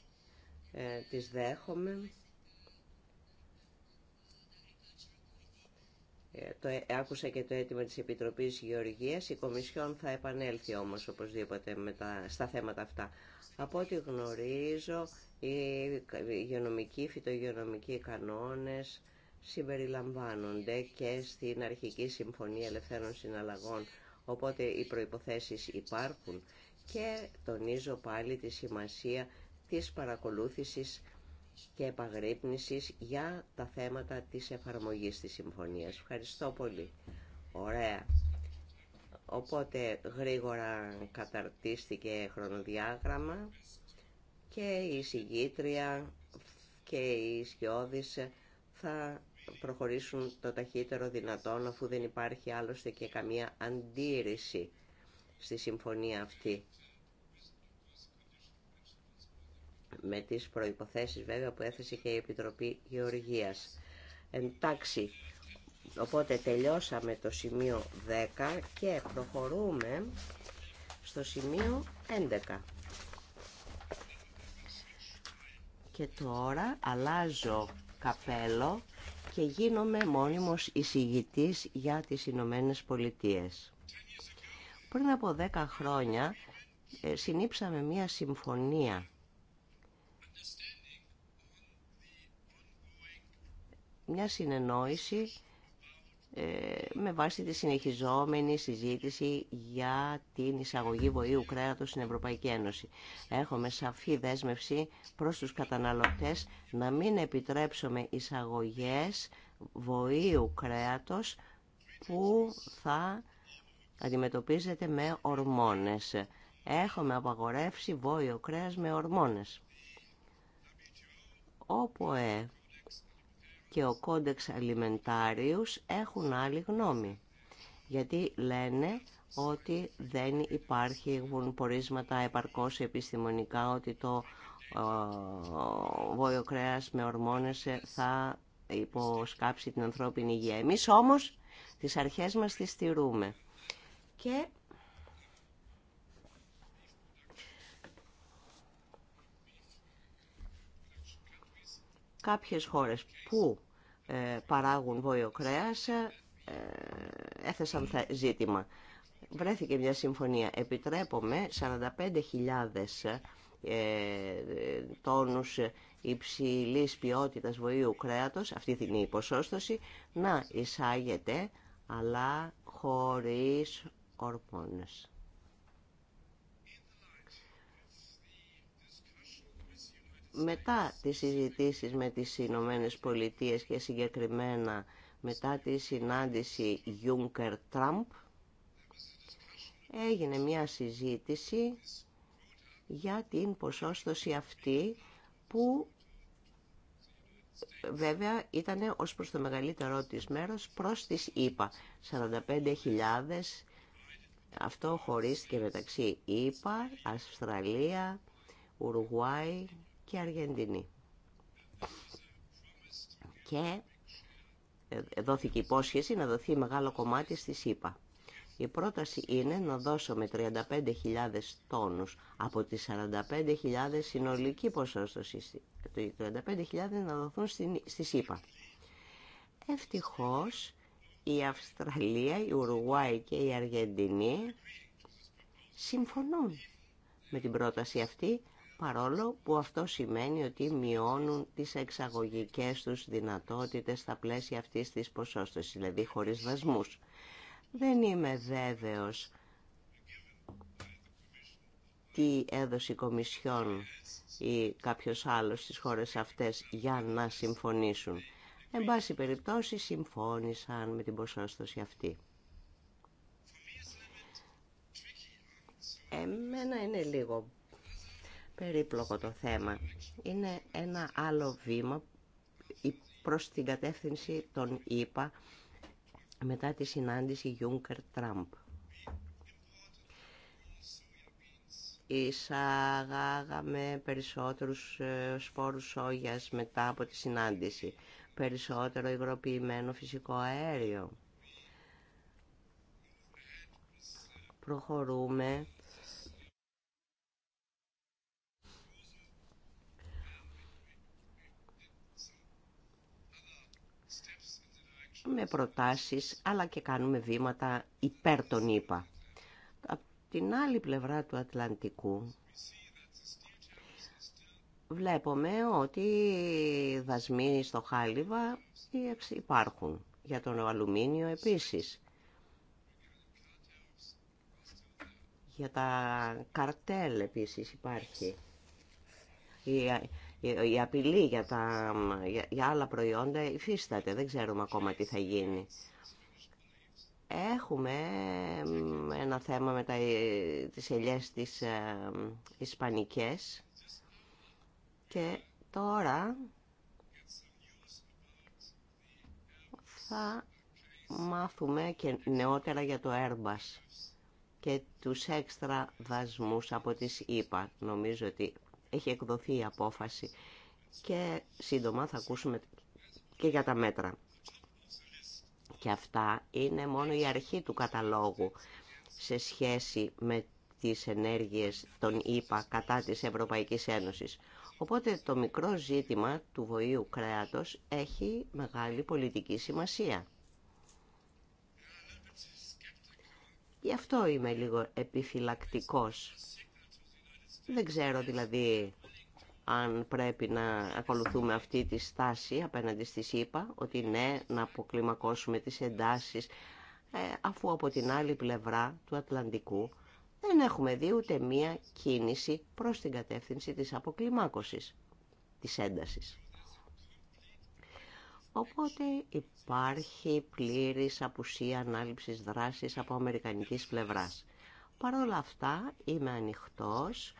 Ε, τις δέχομαι. Ε, το ε, άκουσα και το αίτημα της Επιτροπής Γεωργίας. Η Κομισιόν θα επανέλθει όμως οπωσδήποτε με τα, στα θέματα αυτά. Από ό,τι γνωρίζω, οι υγειονομικοί, φυτογειονομικοί κανόνες συμπεριλαμβάνονται και στην Αρχική Συμφωνία Ελευθέρων Συναλλαγών, οπότε οι προϋποθέσεις υπάρχουν και τονίζω πάλι τη σημασία της παρακολούθησης και επαγρύπνησης για τα θέματα της εφαρμογής της συμφωνίας. Ευχαριστώ πολύ. Ωραία. Οπότε γρήγορα καταρτίστηκε χρονοδιάγραμμα και η συγγήτρια και οι Σκιώδης θα προχωρήσουν το ταχύτερο δυνατόν αφού δεν υπάρχει άλλωστε και καμία αντίρρηση στη συμφωνία αυτή. με τις προϋποθέσεις βέβαια που έθεσε και η Επιτροπή Γεωργίας. Εντάξει, οπότε τελειώσαμε το σημείο 10 και προχωρούμε στο σημείο 11. Και τώρα αλλάζω καπέλο και γίνομαι μόνιμος εισηγητής για τις Ηνωμένε Πολιτείες. Πριν από 10 χρόνια ε, συνήψαμε μία συμφωνία μια συνεννόηση ε, με βάση τη συνεχιζόμενη συζήτηση για την εισαγωγή βοήου κρέατος στην Ευρωπαϊκή Ένωση. Έχουμε σαφή δέσμευση προς τους καταναλωτές να μην επιτρέψουμε εισαγωγές βοήου κρέατος που θα αντιμετωπίζεται με ορμόνες. Έχουμε απαγορεύσει βόηο κρέας με ορμόνες όπου ε, και ο Κόντεξ Αλιμεντάριους έχουν άλλη γνώμη. Γιατί λένε ότι δεν υπάρχουν πορίσματα επαρκώς επιστημονικά ότι το ε, βόλιο κρέας με ορμόνες ε, θα υποσκάψει την ανθρώπινη υγεία. Εμείς όμως τις αρχές μας τις στηρούμε. Και Κάποιες χώρες που ε, παράγουν βόλιο κρέας ε, έθεσαν ζήτημα. Βρέθηκε μια συμφωνία. επιτρέπομε 45.000 ε, τόνους υψηλής ποιότητας βοήου κρέατος, αυτή την η να εισάγεται αλλά χωρίς ορμόνες. μετά τις συζητήσεις με τις Ηνωμένε Πολιτείε και συγκεκριμένα μετά τη συνάντηση Juncker-Trump έγινε μια συζήτηση για την ποσόστοση αυτή που βέβαια ήταν ως προς το μεγαλύτερό της μέρος προς τις ΗΠΑ. 45.000 αυτό χωρίστηκε μεταξύ ΗΠΑ, Αυστραλία, Ουρουγουάι και Αργεντινή. Και ε, δόθηκε υπόσχεση να δοθεί μεγάλο κομμάτι στη ΣΥΠΑ. Η πρόταση είναι να δώσουμε 35.000 τόνους από τις 45.000 συνολική ποσόστοση. 35.000 να δοθούν στη ΣΥΠΑ. Ευτυχώς η Αυστραλία, η Ουρουάη και η Αργεντινή συμφωνούν με την πρόταση αυτή παρόλο που αυτό σημαίνει ότι μειώνουν τις εξαγωγικές τους δυνατότητες στα πλαίσια αυτής της ποσόστοσης, δηλαδή χωρίς δασμούς. Δεν είμαι βέβαιος τι έδωσε η ή κάποιος άλλος στις χώρες αυτές για να συμφωνήσουν. Εν πάση περιπτώσει συμφώνησαν με την ποσόστοση αυτή. Εμένα είναι λίγο περίπλοκο το θέμα. Είναι ένα άλλο βήμα προς την κατεύθυνση των ΗΠΑ μετά τη συναντηση Γιούγκερ Τραμπ. Εισαγάγαμε περισσότερους ε, σπόρους σόγιας μετά από τη συνάντηση, περισσότερο υγροποιημένο φυσικό αέριο. Προχωρούμε με προτάσεις αλλά και κάνουμε βήματα υπέρ των ΗΠΑ. Από την άλλη πλευρά του Ατλαντικού βλέπουμε ότι δασμοί στο χάλιβα υπάρχουν για τον αλουμίνιο επίσης. Για τα καρτέλ επίσης υπάρχει η απειλή για, τα, για άλλα προϊόντα υφίσταται. Δεν ξέρουμε ακόμα τι θα γίνει. Έχουμε ένα θέμα με τα, τις ελιές τις ε, ισπανικές και τώρα θα μάθουμε και νεότερα για το Airbus και τους έξτρα δασμούς από τις ΗΠΑ. Νομίζω ότι έχει εκδοθεί η απόφαση και σύντομα θα ακούσουμε και για τα μέτρα. Και αυτά είναι μόνο η αρχή του καταλόγου σε σχέση με τις ενέργειες των ΙΠΑ κατά της Ευρωπαϊκής Ένωσης. Οπότε το μικρό ζήτημα του βοήου κρέατος έχει μεγάλη πολιτική σημασία. Γι' αυτό είμαι λίγο επιφυλακτικός δεν ξέρω δηλαδή αν πρέπει να ακολουθούμε αυτή τη στάση απέναντι στη ΣΥΠΑ, ότι ναι, να αποκλιμακώσουμε τις εντάσεις, ε, αφού από την άλλη πλευρά του Ατλαντικού δεν έχουμε δει ούτε μία κίνηση προς την κατεύθυνση της αποκλιμάκωσης της έντασης. Οπότε υπάρχει πλήρης απουσία ανάληψης δράσης από αμερικανικής πλευράς. Παρ' όλα αυτά είμαι ανοιχτός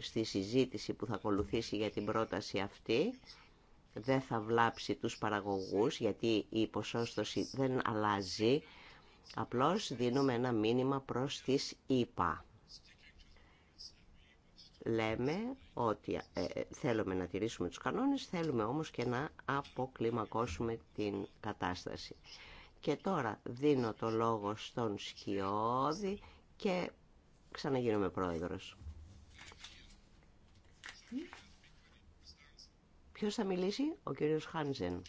στη συζήτηση που θα ακολουθήσει για την πρόταση αυτή δεν θα βλάψει τους παραγωγούς γιατί η ποσόστοση δεν αλλάζει απλώς δίνουμε ένα μήνυμα προς τις ΙΠΑ λέμε ότι ε, ε, θέλουμε να τηρήσουμε τους κανόνες θέλουμε όμως και να αποκλιμακώσουμε την κατάσταση και τώρα δίνω το λόγο στον Σκιώδη και ξαναγίνομαι πρόεδρος Ποιος θα μιλήσει? Ο κύριος Χάνζεν.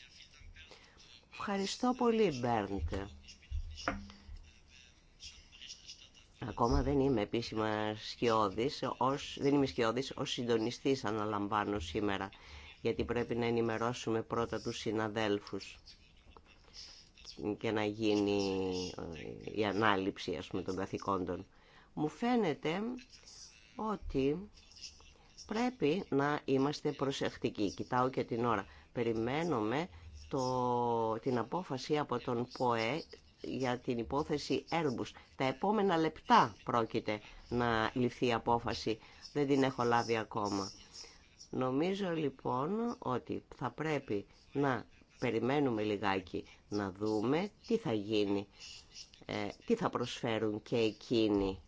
Ευχαριστώ πολύ, Μπέρντ. Ακόμα δεν είμαι επίσημα σκιώδης, ως, δεν είμαι σκιώδης, ως συντονιστής αναλαμβάνω σήμερα, γιατί πρέπει να ενημερώσουμε πρώτα τους συναδέλφους και να γίνει ε, η ανάληψη ας πούμε, των καθηκόντων. Μου φαίνεται ότι Πρέπει να είμαστε προσεκτικοί. Κοιτάω και την ώρα. Περιμένουμε το, την απόφαση από τον ΠΟΕ για την υπόθεση Airbus. Τα επόμενα λεπτά πρόκειται να ληφθεί η απόφαση. Δεν την έχω λάβει ακόμα. Νομίζω λοιπόν ότι θα πρέπει να περιμένουμε λιγάκι να δούμε τι θα γίνει, ε, τι θα προσφέρουν και εκείνοι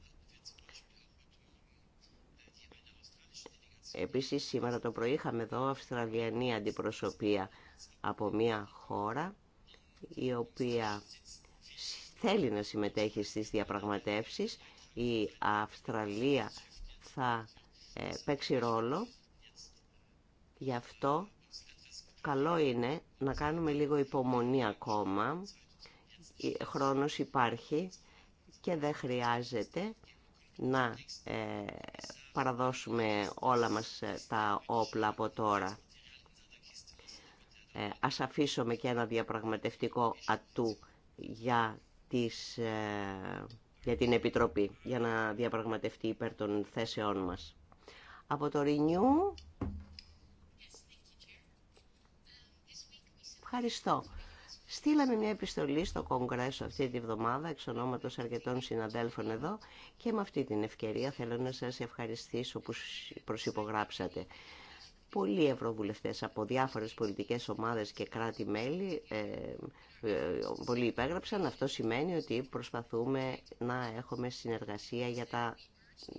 Επίσης σήμερα το πρωί είχαμε εδώ Αυστραλιανή αντιπροσωπεία από μια χώρα η οποία θέλει να συμμετέχει στις διαπραγματεύσεις. Η Αυστραλία θα ε, παίξει ρόλο. Γι' αυτό καλό είναι να κάνουμε λίγο υπομονή ακόμα. Χρόνος υπάρχει και δεν χρειάζεται να ε, παραδώσουμε όλα μας ε, τα όπλα από τώρα. Ε, ας αφήσουμε και ένα διαπραγματευτικό ατού για, ε, για την Επιτροπή, για να διαπραγματευτεί υπέρ των θέσεών μας. Από το Ρινιού... Ευχαριστώ. Στείλαμε μια επιστολή στο Κογκρέσο αυτή τη βδομάδα εξ ονόματος αρκετών συναδέλφων εδώ και με αυτή την ευκαιρία θέλω να σας ευχαριστήσω που προσυπογράψατε. Πολλοί ευρωβουλευτές από διάφορες πολιτικές ομάδες και κράτη-μέλη ε, ε, πολλοί υπέγραψαν. Αυτό σημαίνει ότι προσπαθούμε να έχουμε συνεργασία για τα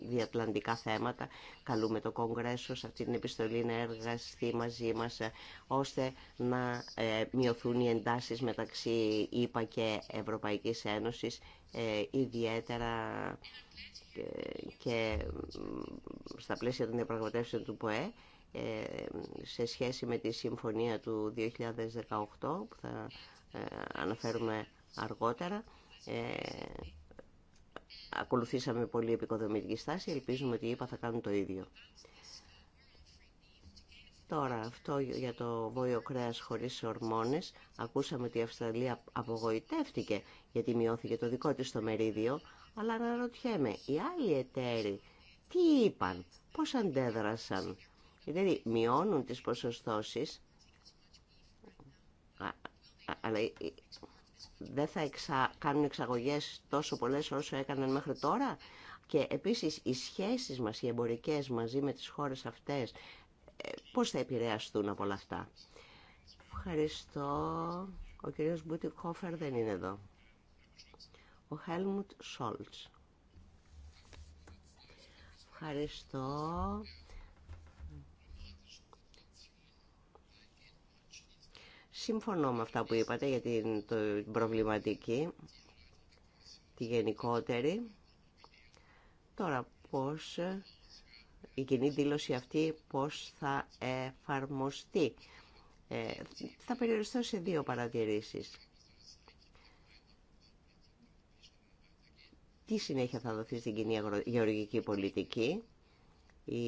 διατλαντικά θέματα. Καλούμε το Κογκρέσο σε αυτή την επιστολή να εργαστεί μαζί μας ε, ώστε να ε, μειωθούν οι εντάσεις μεταξύ ΙΠΑ και Ευρωπαϊκής Ένωσης ε, ιδιαίτερα και στα πλαίσια των διαπραγματεύσεων του ΠΟΕ σε σχέση με τη συμφωνία του 2018 που θα αναφέρουμε αργότερα ακολουθήσαμε πολύ επικοδομητική στάση, ελπίζουμε ότι οι θα κάνουν το ίδιο. Τώρα, αυτό για το βόλιο κρέας χωρίς ορμόνες, ακούσαμε ότι η Αυστραλία απογοητεύτηκε γιατί μειώθηκε το δικό της το μερίδιο, αλλά αναρωτιέμαι, οι άλλοι εταίροι τι είπαν, πώς αντέδρασαν, δηλαδή μειώνουν τις ποσοστώσεις, αλλά δεν θα κάνουν εξαγωγές τόσο πολλές όσο έκαναν μέχρι τώρα. Και επίσης οι σχέσεις μας, οι εμπορικές μαζί με τις χώρες αυτές, ε, πώς θα επηρεαστούν από όλα αυτά. Ευχαριστώ. Ο κύριος Κόφερ δεν είναι εδώ. Ο Χέλμουτ Σόλτς. Ευχαριστώ. Συμφωνώ με αυτά που είπατε για την, το, προβληματική, τη γενικότερη. Τώρα πώς η κοινή δήλωση αυτή πώς θα εφαρμοστεί. Ε, θα περιοριστώ σε δύο παρατηρήσεις. Τι συνέχεια θα δοθεί στην κοινή γεωργική πολιτική. Η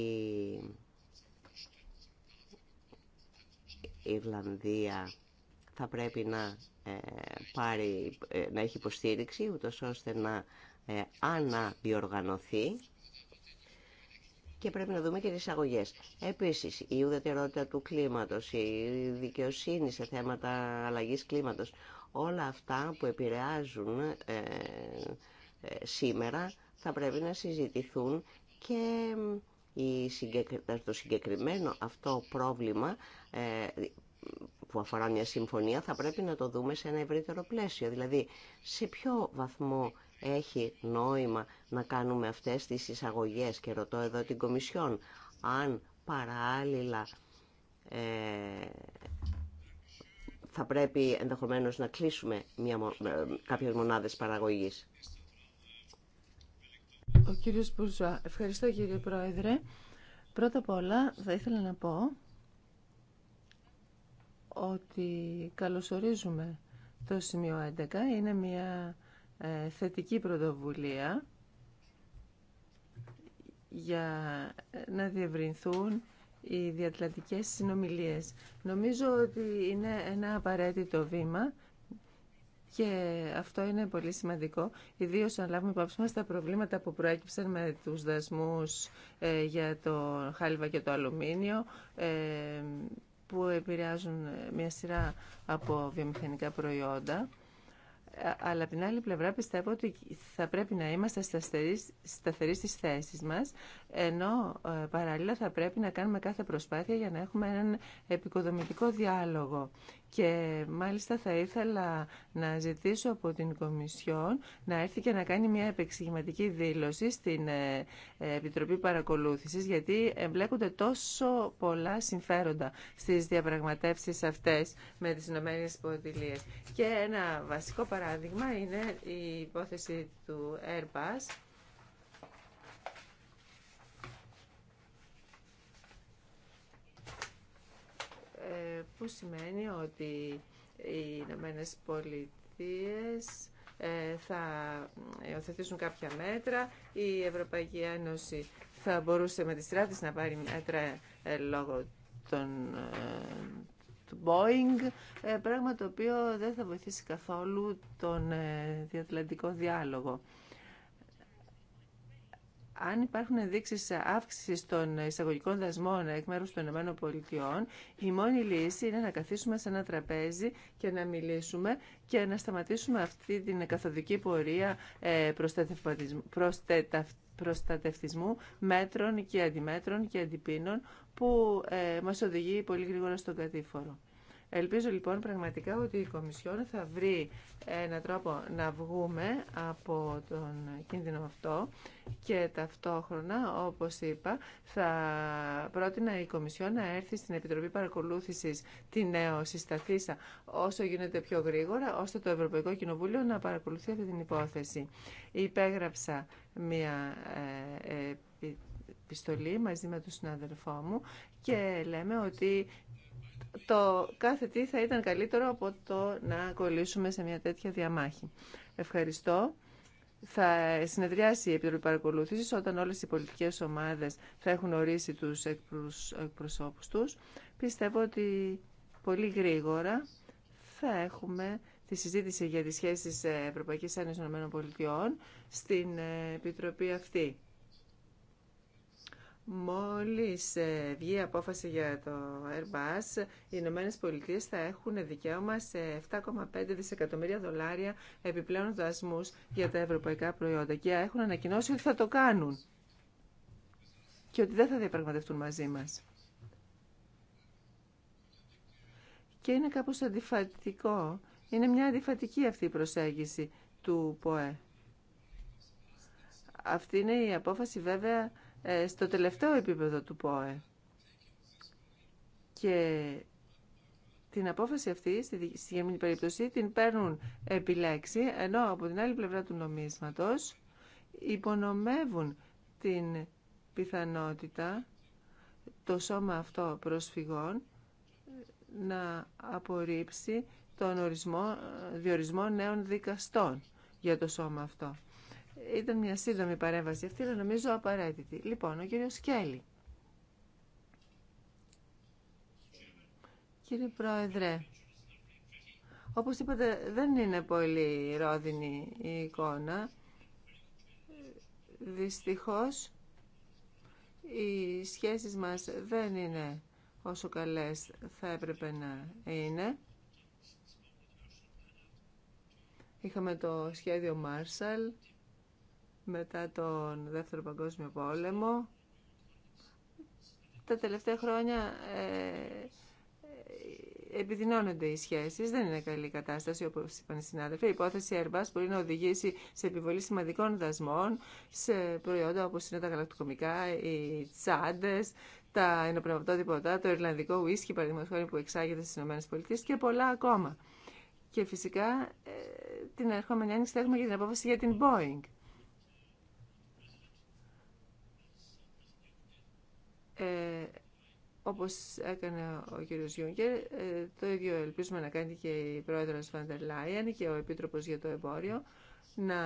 Ιρλανδία θα πρέπει να, ε, πάρει, ε, να έχει υποστήριξη, ούτως ώστε να ε, αναδιοργανωθεί και πρέπει να δούμε και τις αγωγές. Επίσης, η ουδετερότητα του κλίματος, η δικαιοσύνη σε θέματα αλλαγής κλίματος, όλα αυτά που επηρεάζουν σήμερα θα πρέπει να συζητηθούν και η το συγκεκριμένο αυτό πρόβλημα που αφορά μια συμφωνία θα πρέπει να το δούμε σε ένα ευρύτερο πλαίσιο. Δηλαδή, σε ποιο βαθμό έχει νόημα να κάνουμε αυτές τις εισαγωγές και ρωτώ εδώ την Κομισιόν αν παράλληλα ε, θα πρέπει ενδεχομένως να κλείσουμε μια, ε, κάποιες μονάδες παραγωγής. Ο κύριος Μπουζά. Ευχαριστώ κύριε Πρόεδρε. Πρώτα απ' όλα θα ήθελα να πω ότι καλωσορίζουμε το σημείο 11. Είναι μια ε, θετική πρωτοβουλία για ε, να διευρυνθούν οι διατλαντικές συνομιλίες. Νομίζω ότι είναι ένα απαραίτητο βήμα και αυτό είναι πολύ σημαντικό, ιδίως αν λάβουμε υπόψη μας τα προβλήματα που προέκυψαν με τους δασμούς ε, για το χάλιβα και το αλουμίνιο, που επηρεάζουν ε, μια σειρά από βιομηχανικά προϊόντα. Ε, αλλά από την άλλη πλευρά πιστεύω ότι θα πρέπει να είμαστε σταθεροί στις θέσεις μας ενώ ε, παράλληλα θα πρέπει να κάνουμε κάθε προσπάθεια για να έχουμε έναν επικοδομητικό διάλογο. Και μάλιστα θα ήθελα να ζητήσω από την Κομισιόν να έρθει και να κάνει μια επεξηγηματική δήλωση στην ε, ε, Επιτροπή Παρακολούθησης, γιατί εμπλέκονται τόσο πολλά συμφέροντα στις διαπραγματεύσεις αυτές με τις ΗΠΑ. Και ένα βασικό παράδειγμα είναι η υπόθεση του Airbus, που σημαίνει ότι οι Ηνωμένε Πολιτείε ε, θα υιοθετήσουν κάποια μέτρα. Η Ευρωπαϊκή Ένωση θα μπορούσε με τη σειρά να πάρει μέτρα ε, λόγω των, ε, του Boeing, πράγμα το οποίο δεν θα βοηθήσει καθόλου τον διατλαντικό διάλογο αν υπάρχουν ενδείξει αύξηση των εισαγωγικών δασμών εκ μέρου των ΗΠΑ, η μόνη λύση είναι να καθίσουμε σε ένα τραπέζι και να μιλήσουμε και να σταματήσουμε αυτή την καθοδική πορεία ε, προστατευτισμού μέτρων και αντιμέτρων και αντιπίνων που ε, μας οδηγεί πολύ γρήγορα στον κατήφορο. Ελπίζω λοιπόν πραγματικά ότι η Κομισιόν θα βρει έναν τρόπο να βγούμε από τον κίνδυνο αυτό και ταυτόχρονα, όπως είπα, θα πρότεινα η Κομισιόν να έρθει στην Επιτροπή Παρακολούθησης τη νέο συσταθήσα όσο γίνεται πιο γρήγορα, ώστε το Ευρωπαϊκό Κοινοβούλιο να παρακολουθεί αυτή την υπόθεση. Υπέγραψα μια ε, επιστολή μαζί με τον συναδελφό μου και λέμε ότι το κάθε τι θα ήταν καλύτερο από το να κολλήσουμε σε μια τέτοια διαμάχη. Ευχαριστώ. Θα συνεδριάσει η Επιτροπή παρακολούθηση όταν όλες οι πολιτικές ομάδες θα έχουν ορίσει τους εκπροσώπους τους. Πιστεύω ότι πολύ γρήγορα θα έχουμε τη συζήτηση για τις σχέσεις Ευρωπαϊκής Ένωσης ΗΠΑ στην ε, Επιτροπή αυτή. Μόλις ε, βγει η απόφαση για το Airbus, οι Ηνωμένε Πολιτείε θα έχουν δικαίωμα σε 7,5 δισεκατομμύρια δολάρια επιπλέον δασμούς για τα ευρωπαϊκά προϊόντα και έχουν ανακοινώσει ότι θα το κάνουν και ότι δεν θα διαπραγματευτούν μαζί μας. Και είναι κάπως αντιφατικό. Είναι μια αντιφατική αυτή η προσέγγιση του ΠΟΕ. Αυτή είναι η απόφαση βέβαια ε, στο τελευταίο επίπεδο του ΠΟΕ. Και την απόφαση αυτή, στη συγκεκριμένη περίπτωση, την παίρνουν επιλέξει, ενώ από την άλλη πλευρά του νομίσματος υπονομεύουν την πιθανότητα το σώμα αυτό προσφυγών να απορρίψει τον ορισμό, διορισμό νέων δικαστών για το σώμα αυτό. Ήταν μια σύντομη παρέμβαση αυτή, αλλά νομίζω απαραίτητη. Λοιπόν, ο κύριο Κέλλη. Κύριε Πρόεδρε, όπως είπατε δεν είναι πολύ ρόδινη η εικόνα. Δυστυχώς οι σχέσεις μας δεν είναι όσο καλές θα έπρεπε να είναι. Είχαμε το σχέδιο Marshall μετά τον Δεύτερο Παγκόσμιο Πόλεμο. Τα τελευταία χρόνια ε, ε επιδεινώνονται οι σχέσεις, δεν είναι καλή κατάσταση όπως είπαν οι συνάδελφοι. Η υπόθεση Airbus μπορεί να οδηγήσει σε επιβολή σημαντικών δασμών σε προϊόντα όπως είναι τα γαλακτοκομικά, οι τσάντες, τα ενοπνευματότυποτά, το Ιρλανδικό ουίσκι παραδείγματος που εξάγεται στις ΗΠΑ και πολλά ακόμα. Και φυσικά ε, την ερχόμενη άνοιξη θα έχουμε και την απόφαση για την Boeing. Ε, όπως έκανε ο κύριος Γιούγκερ, ε, το ίδιο ελπίζουμε να κάνει και η πρόεδρος Βαντερ Λάιεν και ο Επίτροπος για το Εμπόριο, να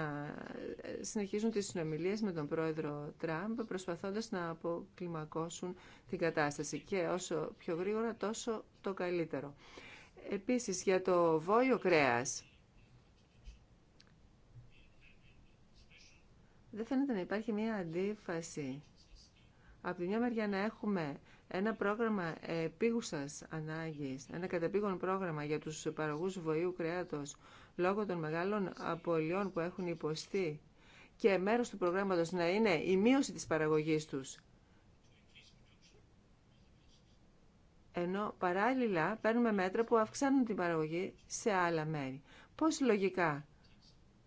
ε, συνεχίζουν τις συνομιλίες με τον πρόεδρο Τραμπ, προσπαθώντας να αποκλιμακώσουν την κατάσταση και όσο πιο γρήγορα τόσο το καλύτερο. Επίσης, για το βόλιο κρέας, δεν φαίνεται να υπάρχει μια αντίφαση από τη μια μεριά να έχουμε ένα πρόγραμμα επίγουσας ανάγκης, ένα κατεπήγον πρόγραμμα για τους παραγωγούς βοήου κρέατος λόγω των μεγάλων απολειών που έχουν υποστεί και μέρος του προγράμματος να είναι η μείωση της παραγωγής τους. Ενώ παράλληλα παίρνουμε μέτρα που αυξάνουν την παραγωγή σε άλλα μέρη. Πώς λογικά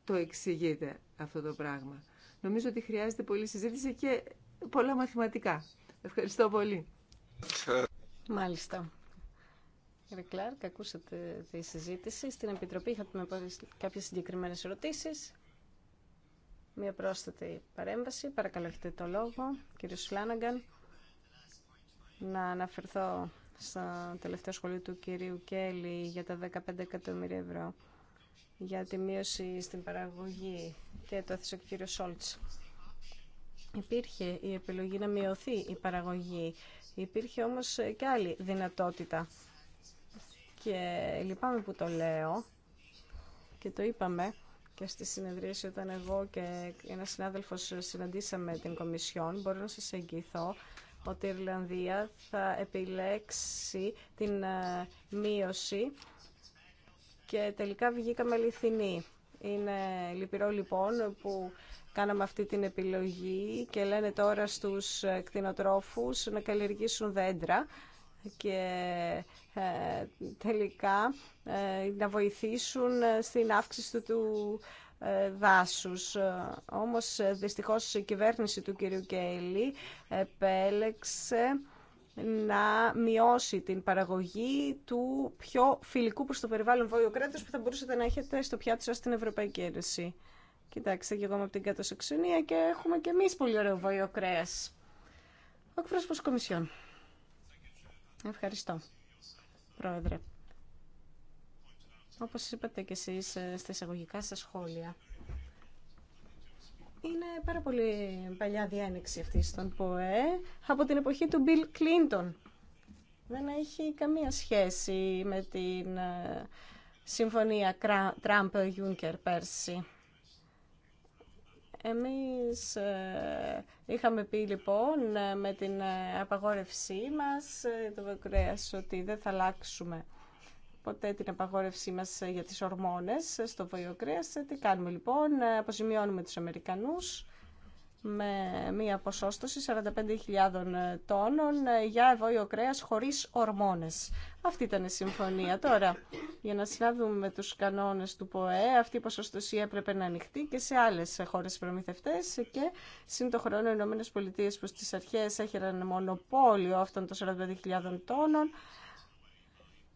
το εξηγείτε αυτό το πράγμα. Νομίζω ότι χρειάζεται πολλή συζήτηση και πολλά μαθηματικά. Ευχαριστώ πολύ. Μάλιστα. Κύριε Κλάρκ, ακούσατε τη συζήτηση. Στην Επιτροπή είχατε κάποιες συγκεκριμένες ερωτήσεις. Μία πρόσθετη παρέμβαση. Παρακαλώ, έχετε το λόγο. Κύριο Σλάναγκαν, να αναφερθώ στο τελευταίο σχολείο του κυρίου Κέλλη για τα 15 εκατομμύρια ευρώ για τη μείωση στην παραγωγή και το έθεσε ο κύριος Σόλτς. Υπήρχε η επιλογή να μειωθεί η παραγωγή. Υπήρχε όμως και άλλη δυνατότητα. Και λυπάμαι που το λέω και το είπαμε και στη συνεδρίαση όταν εγώ και ένας συνάδελφος συναντήσαμε την Κομισιόν. Μπορώ να σας εγγυηθώ ότι η Ιρλανδία θα επιλέξει την ε, μείωση και τελικά βγήκαμε αληθινοί. Είναι λυπηρό λοιπόν που κάναμε αυτή την επιλογή και λένε τώρα στους κτηνοτρόφους να καλλιεργήσουν δέντρα και ε, τελικά ε, να βοηθήσουν στην αύξηση του ε, δάσους. Όμως δυστυχώς η κυβέρνηση του κυρίου Κέιλι επέλεξε να μειώσει την παραγωγή του πιο φιλικού προς το περιβάλλον βόλιο κράτος που θα μπορούσατε να έχετε στο πιάτο σας στην Ευρωπαϊκή Ένωση. Κοιτάξτε, και εγώ είμαι από την κάτω και έχουμε και εμείς πολύ ωραίο βόλιο κρέα. Ο εκπρόσωπο Κομισιόν. Ευχαριστώ, Πρόεδρε. Όπως είπατε και εσείς ε, στα εισαγωγικά σας σχόλια, είναι πάρα πολύ παλιά διένεξη αυτή στον ΠΟΕ από την εποχή του Μπιλ Κλίντον. Δεν έχει καμία σχέση με την ε, συμφωνία Τραμπ-Γιούνκερ πέρσι. Εμείς ε, είχαμε πει λοιπόν ε, με την ε, απαγόρευσή μας το κρέας ότι δεν θα αλλάξουμε ποτέ την απαγόρευσή μας για τις ορμόνες στο βοηοκρέας. Τι κάνουμε λοιπόν, αποζημιώνουμε τους Αμερικανούς με μία ποσόστοση 45.000 ε, τόνων ε, για βόλιο κρέας χωρίς ορμόνες. Αυτή ήταν η συμφωνία. Τώρα, για να συνάδουμε με τους κανόνες του ΠΟΕ, αυτή η ποσοστοσία έπρεπε να ανοιχτεί και σε άλλες ε, χώρες προμηθευτές και σύν το χρόνο οι ΗΠΑ που στις αρχές έχεραν μονοπόλιο αυτών των 45.000 τόνων,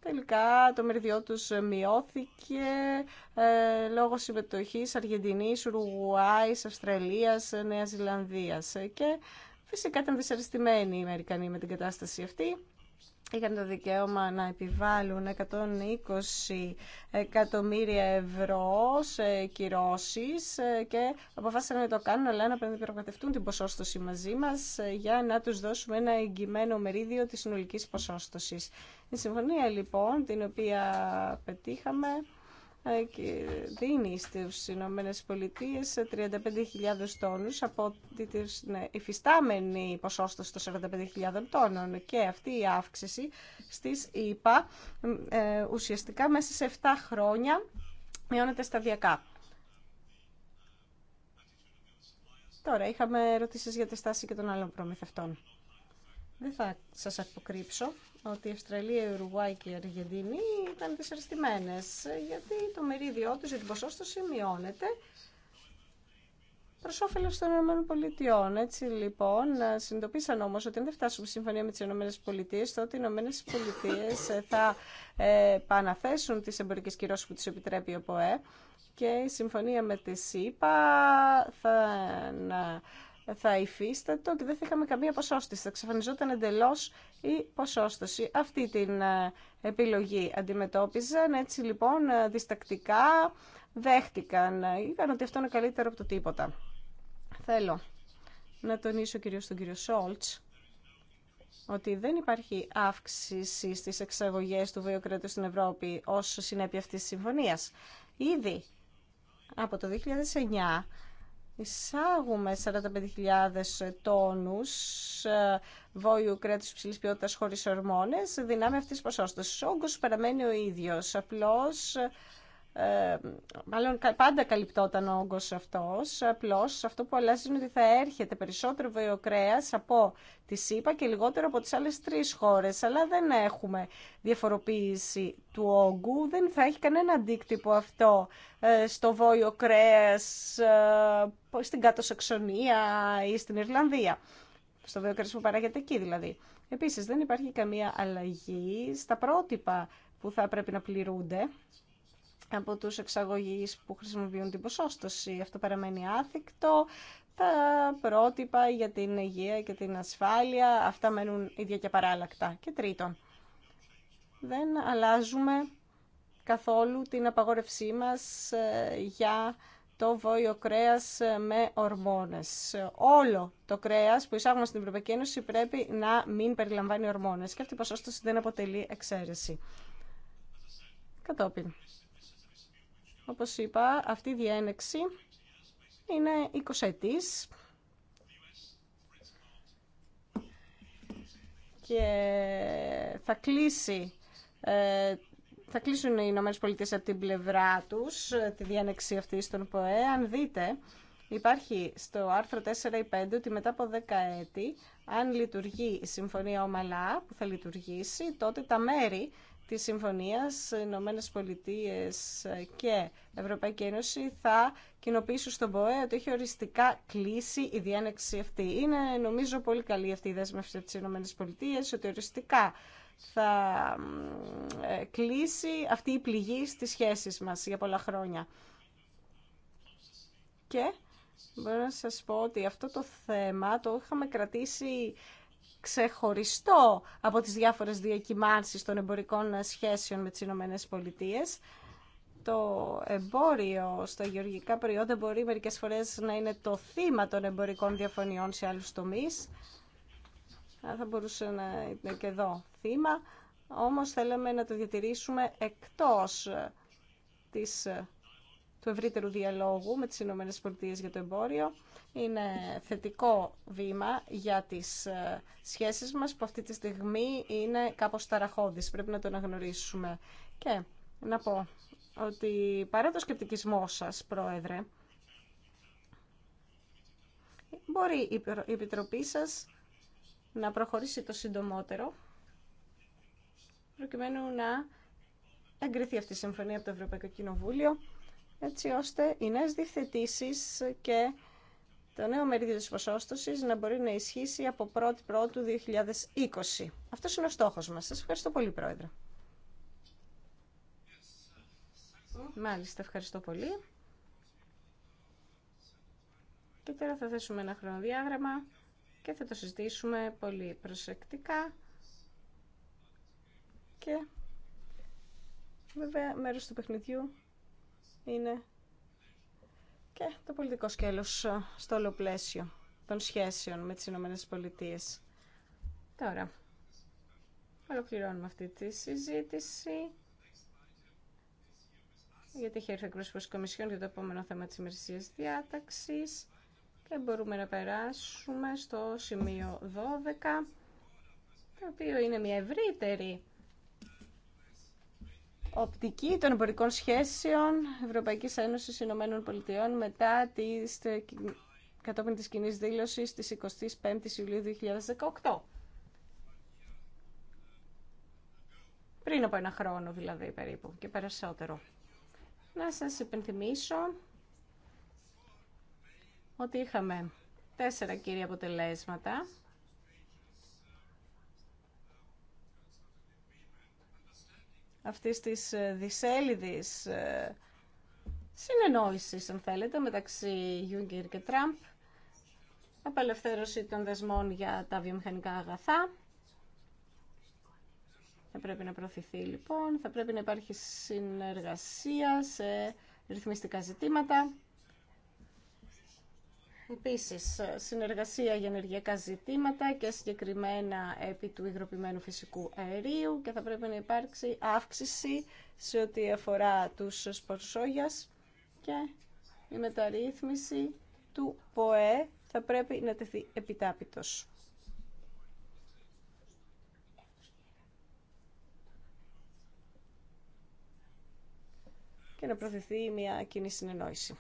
Τελικά το μεριδιό τους μειώθηκε ε, λόγω συμμετοχής Αργεντινής, Ουρουγουάης, Αυστραλίας, Νέας Ζηλανδίας. Και φυσικά ήταν δυσαρεστημένοι οι Αμερικανοί με την κατάσταση αυτή είχαν το δικαίωμα να επιβάλλουν 120 εκατομμύρια ευρώ σε κυρώσεις ε, και αποφάσισαν να το κάνουν αλλά να πραγματευτούν την ποσόστοση μαζί μας ε, για να τους δώσουμε ένα εγγυημένο μερίδιο της συνολικής ποσόστοσης. Η συμφωνία λοιπόν την οποία πετύχαμε ε, δίνει στις Ηνωμένες Πολιτείες 35.000 τόνους από την ναι, υφιστάμενη ποσόστοση των 45.000 τόνων και αυτή η αύξηση στις ΙΠΑ ε, ουσιαστικά μέσα σε 7 χρόνια μειώνεται σταδιακά. Τώρα είχαμε ερωτήσεις για τη στάση και των άλλων προμηθευτών. Δεν θα σας αποκρύψω ότι η Αυστραλία, η Ουρουάη και η Αργεντινή ήταν δυσαρεστημένες γιατί το μερίδιό τους για την ποσόστοση μειώνεται προ όφελο των ΗΠΑ. Έτσι λοιπόν, συνειδητοποίησαν όμω ότι αν δεν φτάσουμε συμφωνία με τι ΗΠΑ, τότε οι ΗΠΑ ε, θα ε, επαναθέσουν τι εμπορικέ κυρώσει που του επιτρέπει ο ΠΟΕ και η συμφωνία με τη ΣΥΠΑ θα θα υφίστατο και δεν θα είχαμε καμία ποσόστηση. Θα εξαφανιζόταν εντελώ η ποσόστοση. Αυτή την ε, επιλογή αντιμετώπιζαν. Έτσι λοιπόν ε, διστακτικά δέχτηκαν. Είπαν ότι αυτό είναι καλύτερο από το τίποτα. Θέλω να τονίσω κυρίως τον κύριο Σόλτς ότι δεν υπάρχει αύξηση στις εξαγωγές του βιοκρατού στην Ευρώπη ως συνέπεια αυτής της συμφωνίας. Ήδη από το 2009 εισάγουμε 45.000 τόνους ε, βόλιου κρέατος υψηλής ποιότητας χωρίς ορμόνες, δυνάμει αυτής της ποσότητας. Ο όγκος παραμένει ο ίδιος, απλώς μάλλον πάντα καλυπτόταν ο όγκο αυτός, απλώ αυτό που αλλάζει είναι ότι θα έρχεται περισσότερο κρέα από τη ΣΥΠΑ και λιγότερο από τι άλλε τρει χώρε, αλλά δεν έχουμε διαφοροποίηση του όγκου, δεν θα έχει κανένα αντίκτυπο αυτό ε, στο βόλιο κρέα ε, στην κάτω Σαξονία ή στην Ιρλανδία. Στο κρέα που παράγεται εκεί δηλαδή. Επίσης δεν υπάρχει καμία αλλαγή στα πρότυπα που θα πρέπει να πληρούνται από τους εξαγωγείς που χρησιμοποιούν την ποσόστοση. Αυτό παραμένει άθικτο. Τα πρότυπα για την υγεία και την ασφάλεια, αυτά μένουν ίδια και παράλλακτα. Και τρίτον, δεν αλλάζουμε καθόλου την απαγόρευσή μας ε, για το βόλιο κρέας ε, με ορμόνες. Όλο το κρέας που εισάγουμε στην Ευρωπαϊκή Ένωση πρέπει να μην περιλαμβάνει ορμόνες και αυτή η ποσόστοση δεν αποτελεί εξαίρεση. Κατόπιν. Όπως είπα, αυτή η διένεξη είναι 20 ετής. και θα κλείσει ε, θα κλείσουν οι Ηνωμένες Πολιτείες από την πλευρά τους ε, τη διένεξη αυτή στον ΠΟΕ. Αν δείτε, υπάρχει στο άρθρο 4 ή 5 ότι μετά από 10 έτη, αν λειτουργεί η συμφωνία ομαλά που θα λειτουργήσει, τότε τα μέρη Τη Συμφωνίας Ηνωμένε Πολιτείε και Ευρωπαϊκή Ένωση θα κοινοποιήσουν στον ΠΟΕ ότι έχει οριστικά κλείσει η διένεξη αυτή. Είναι νομίζω πολύ καλή αυτή η δέσμευση της Ηνωμένε Πολιτείε, ότι οριστικά θα ε, κλείσει αυτή η πληγή στις σχέσεις μας για πολλά χρόνια. Και μπορώ να σας πω ότι αυτό το θέμα το είχαμε κρατήσει ξεχωριστό από τις διάφορες διακυμάνσεις των εμπορικών σχέσεων με τις Ηνωμένες Πολιτείες. Το εμπόριο στα γεωργικά προϊόντα μπορεί μερικές φορές να είναι το θύμα των εμπορικών διαφωνιών σε άλλους τομείς. Θα μπορούσε να είναι και εδώ θύμα, όμως θέλαμε να το διατηρήσουμε εκτός της του ευρύτερου διαλόγου με τις Ηνωμένες Πολιτείες για το εμπόριο. Είναι θετικό βήμα για τις ε, σχέσεις μας που αυτή τη στιγμή είναι κάπως ταραχώδης. Πρέπει να το αναγνωρίσουμε. Και να πω ότι παρά το σκεπτικισμό σας, Πρόεδρε, μπορεί η Επιτροπή σας να προχωρήσει το συντομότερο προκειμένου να εγκριθεί αυτή η συμφωνία από το Ευρωπαϊκό Κοινοβούλιο έτσι ώστε οι νέες διευθετήσεις και το νέο μερίδιο της ποσόστοσης να μπορεί να ισχύσει από 1η Πρώτου 2020. Αυτός είναι ο στόχος μας. Σας ευχαριστώ πολύ, Πρόεδρε. Μάλιστα, ευχαριστώ πολύ. Και τώρα θα θέσουμε ένα χρονοδιάγραμμα και θα το συζητήσουμε πολύ προσεκτικά. Και βέβαια μέρος του παιχνιδιού είναι και το πολιτικό σκέλος ε, στο όλο πλαίσιο των σχέσεων με τις Ηνωμένες Πολιτείες. Τώρα, ολοκληρώνουμε αυτή τη συζήτηση. Γιατί έχει έρθει εκπρόσωπος Κομισιόν για το επόμενο θέμα της ημερησίας διάταξης. Και μπορούμε να περάσουμε στο σημείο 12, το οποίο είναι μια ευρύτερη οπτική των εμπορικών σχέσεων Ευρωπαϊκής Ένωσης Ηνωμένων Πολιτειών μετά της κατόπιν της κοινή δήλωσης της 25ης Ιουλίου 2018. Πριν από ένα χρόνο δηλαδή περίπου και περισσότερο. Να σας υπενθυμίσω ότι είχαμε τέσσερα κύρια αποτελέσματα αυτής της ε, δυσέλιδης ε, συνεννόησης, αν θέλετε, μεταξύ Γιούγκερ και Τραμπ, απελευθέρωση των δεσμών για τα βιομηχανικά αγαθά. Θα πρέπει να προωθηθεί λοιπόν, θα πρέπει να υπάρχει συνεργασία σε ρυθμιστικά ζητήματα. Επίσης, συνεργασία για ενεργειακά ζητήματα και συγκεκριμένα επί του υγροποιημένου φυσικού αερίου και θα πρέπει να υπάρξει αύξηση σε ό,τι αφορά τους σπορσόγιας και η μεταρρύθμιση του ΠΟΕ θα πρέπει να τεθεί επιτάπητος. και να προθεθεί μια κοινή συνεννόηση.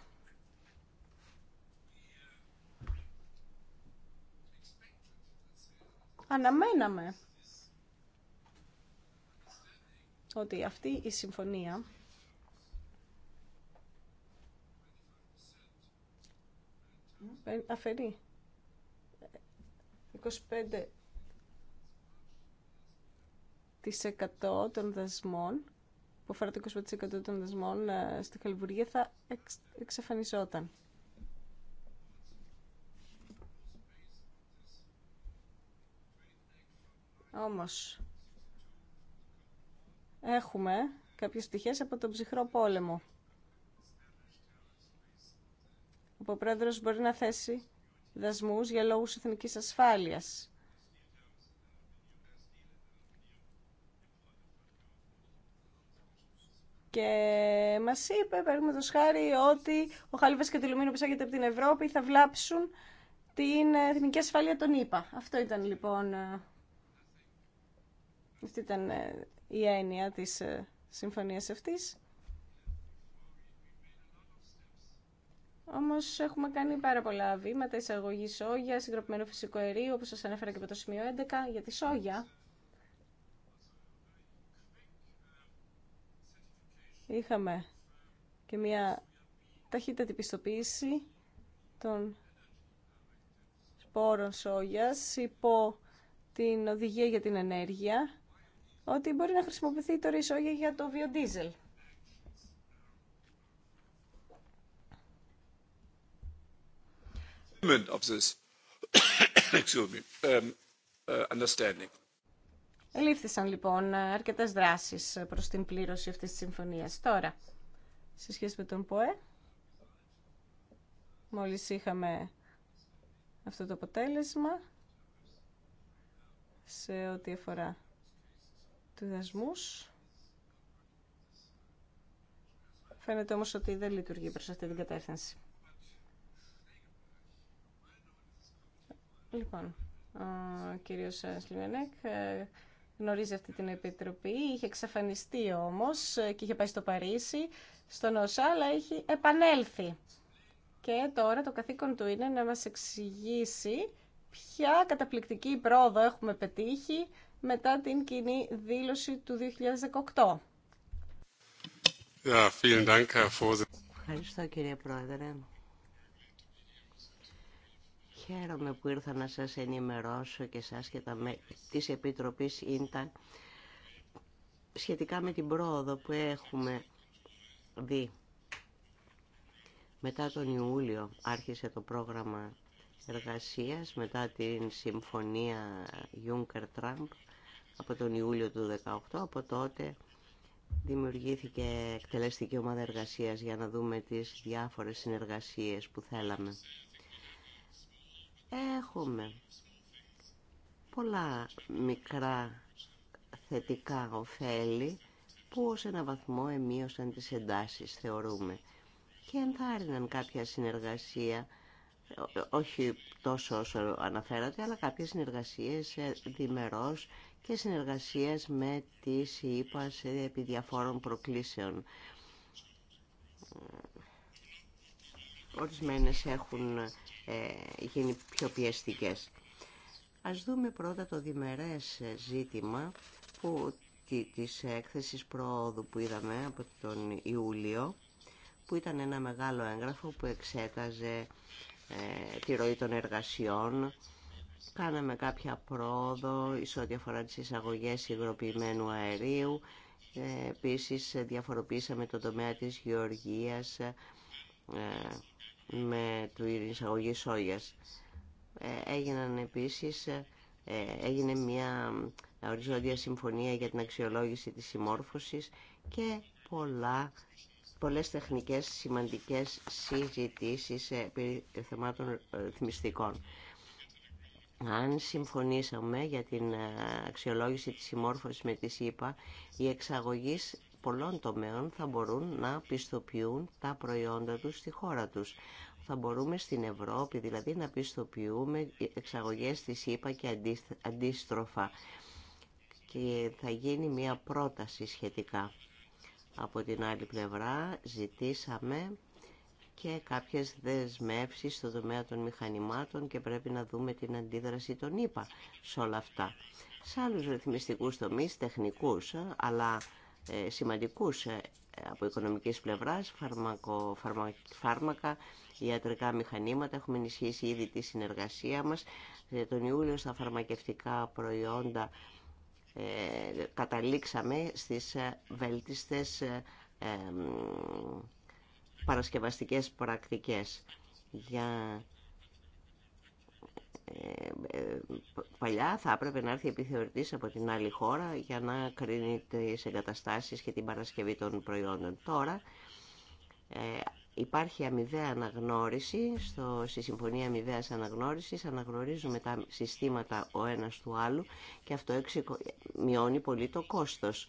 αναμέναμε ότι αυτή η συμφωνία αφαιρεί 25% των δασμών που αφορά το 25% των δασμών ε, στη Χαλβουργία θα εξαφανιζόταν. Όμως, έχουμε κάποιες στοιχές από τον ψυχρό πόλεμο. Ο πρόεδρος μπορεί να θέσει δασμούς για λόγους εθνικής ασφάλειας. Και μα είπε, το σχάρι ότι ο Χαλίβα και το Λουμίνο που από την Ευρώπη θα βλάψουν την εθνική ασφάλεια των ΗΠΑ. Αυτό ήταν λοιπόν αυτή ήταν ε, η έννοια της ε, συμφωνίας αυτής. Όμως έχουμε κάνει πάρα πολλά βήματα εισαγωγή σόγια, συγκροπημένο φυσικό αερίο, όπως σας ανέφερα και από το σημείο 11, για τη σόγια. Είχαμε και μια ταχύτατη πιστοποίηση των σπόρων σόγιας υπό την οδηγία για την ενέργεια ότι μπορεί να χρησιμοποιηθεί το ρησόγειο για το βιοντίζελ. Um, uh, Ελήφθησαν λοιπόν αρκετές δράσεις προς την πλήρωση αυτής της συμφωνίας. Τώρα, σε σχέση με τον ΠΟΕ, μόλις είχαμε αυτό το αποτέλεσμα σε ό,τι αφορά του Φαίνεται όμως ότι δεν λειτουργεί προς αυτή την κατεύθυνση. Λοιπόν, ο κύριος Σλιμενέκ ε, γνωρίζει αυτή την επιτροπή, είχε εξαφανιστεί όμως και είχε πάει στο Παρίσι, στον ΩΣΑ, αλλά έχει επανέλθει. Και τώρα το καθήκον του είναι να μας εξηγήσει ποια καταπληκτική πρόοδο έχουμε πετύχει μετά την κοινή δήλωση του 2018. Ja, vielen Dank, Herr Ευχαριστώ κύριε Πρόεδρε. Χαίρομαι που ήρθα να σας ενημερώσω και σας και τα με... της Επιτροπής Ίντα σχετικά με την πρόοδο που έχουμε δει. Μετά τον Ιούλιο άρχισε το πρόγραμμα εργασίας μετά την συμφωνία Juncker-Trump από τον Ιούλιο του 2018. Από τότε δημιουργήθηκε εκτελεστική ομάδα εργασίας για να δούμε τις διάφορες συνεργασίες που θέλαμε. Έχουμε πολλά μικρά θετικά ωφέλη που ως ένα βαθμό εμείωσαν τις εντάσεις θεωρούμε και ενθάρρυναν κάποια συνεργασία όχι τόσο όσο αναφέρατε αλλά κάποιες συνεργασίες ε, διμερώς και συνεργασίες με τις ΙΠΑ επί διαφόρων προκλήσεων. Ορισμένες έχουν ε, γίνει πιο πιεστικές. Ας δούμε πρώτα το διμερές ζήτημα που, της έκθεσης προόδου που είδαμε από τον Ιούλιο που ήταν ένα μεγάλο έγγραφο που εξέταζε ε, τη ροή των εργασιών Κάναμε κάποια πρόοδο σε ό,τι αφορά τις εισαγωγές υγροποιημένου αερίου. Ε, επίσης διαφοροποίησαμε το τομέα της γεωργίας ε, με την εισαγωγή σόγιας. Ε, έγιναν επίσης, έγινε μια οριζόντια συμφωνία για την αξιολόγηση της συμμόρφωσης και πολλά, πολλές τεχνικές σημαντικές συζητήσεις περί θεμάτων ρυθμιστικών αν συμφωνήσαμε για την ε, αξιολόγηση της συμμόρφωσης με τη ΣΥΠΑ, οι εξαγωγείς πολλών τομέων θα μπορούν να πιστοποιούν τα προϊόντα τους στη χώρα τους. Θα μπορούμε στην Ευρώπη δηλαδή να πιστοποιούμε εξαγωγές της ΣΥΠΑ και αντίστροφα. Και θα γίνει μια πρόταση σχετικά. Από την άλλη πλευρά ζητήσαμε και κάποιες δεσμεύσεις στο τομέα των μηχανημάτων και πρέπει να δούμε την αντίδραση των ήπα σε όλα αυτά. Σε άλλους ρυθμιστικούς τομείς, τεχνικούς, αλλά ε, σημαντικούς ε, από οικονομικής πλευράς, φάρμακα, ιατρικά μηχανήματα. Έχουμε ενισχύσει ήδη τη συνεργασία μας. Ε, τον Ιούλιο στα φαρμακευτικά προϊόντα ε, καταλήξαμε στις ε, βέλτιστες παρασκευαστικές πρακτικές. Για... Ε, ε, παλιά θα έπρεπε να έρθει επιθεωρητής από την άλλη χώρα για να κρίνει τις εγκαταστάσεις και την παρασκευή των προϊόντων. Τώρα ε, υπάρχει αμοιβαία αναγνώριση, στο, στη Συμφωνία Αμοιβαίας Αναγνώρισης αναγνωρίζουμε τα συστήματα ο ένας του άλλου και αυτό εξικο... μειώνει πολύ το κόστος.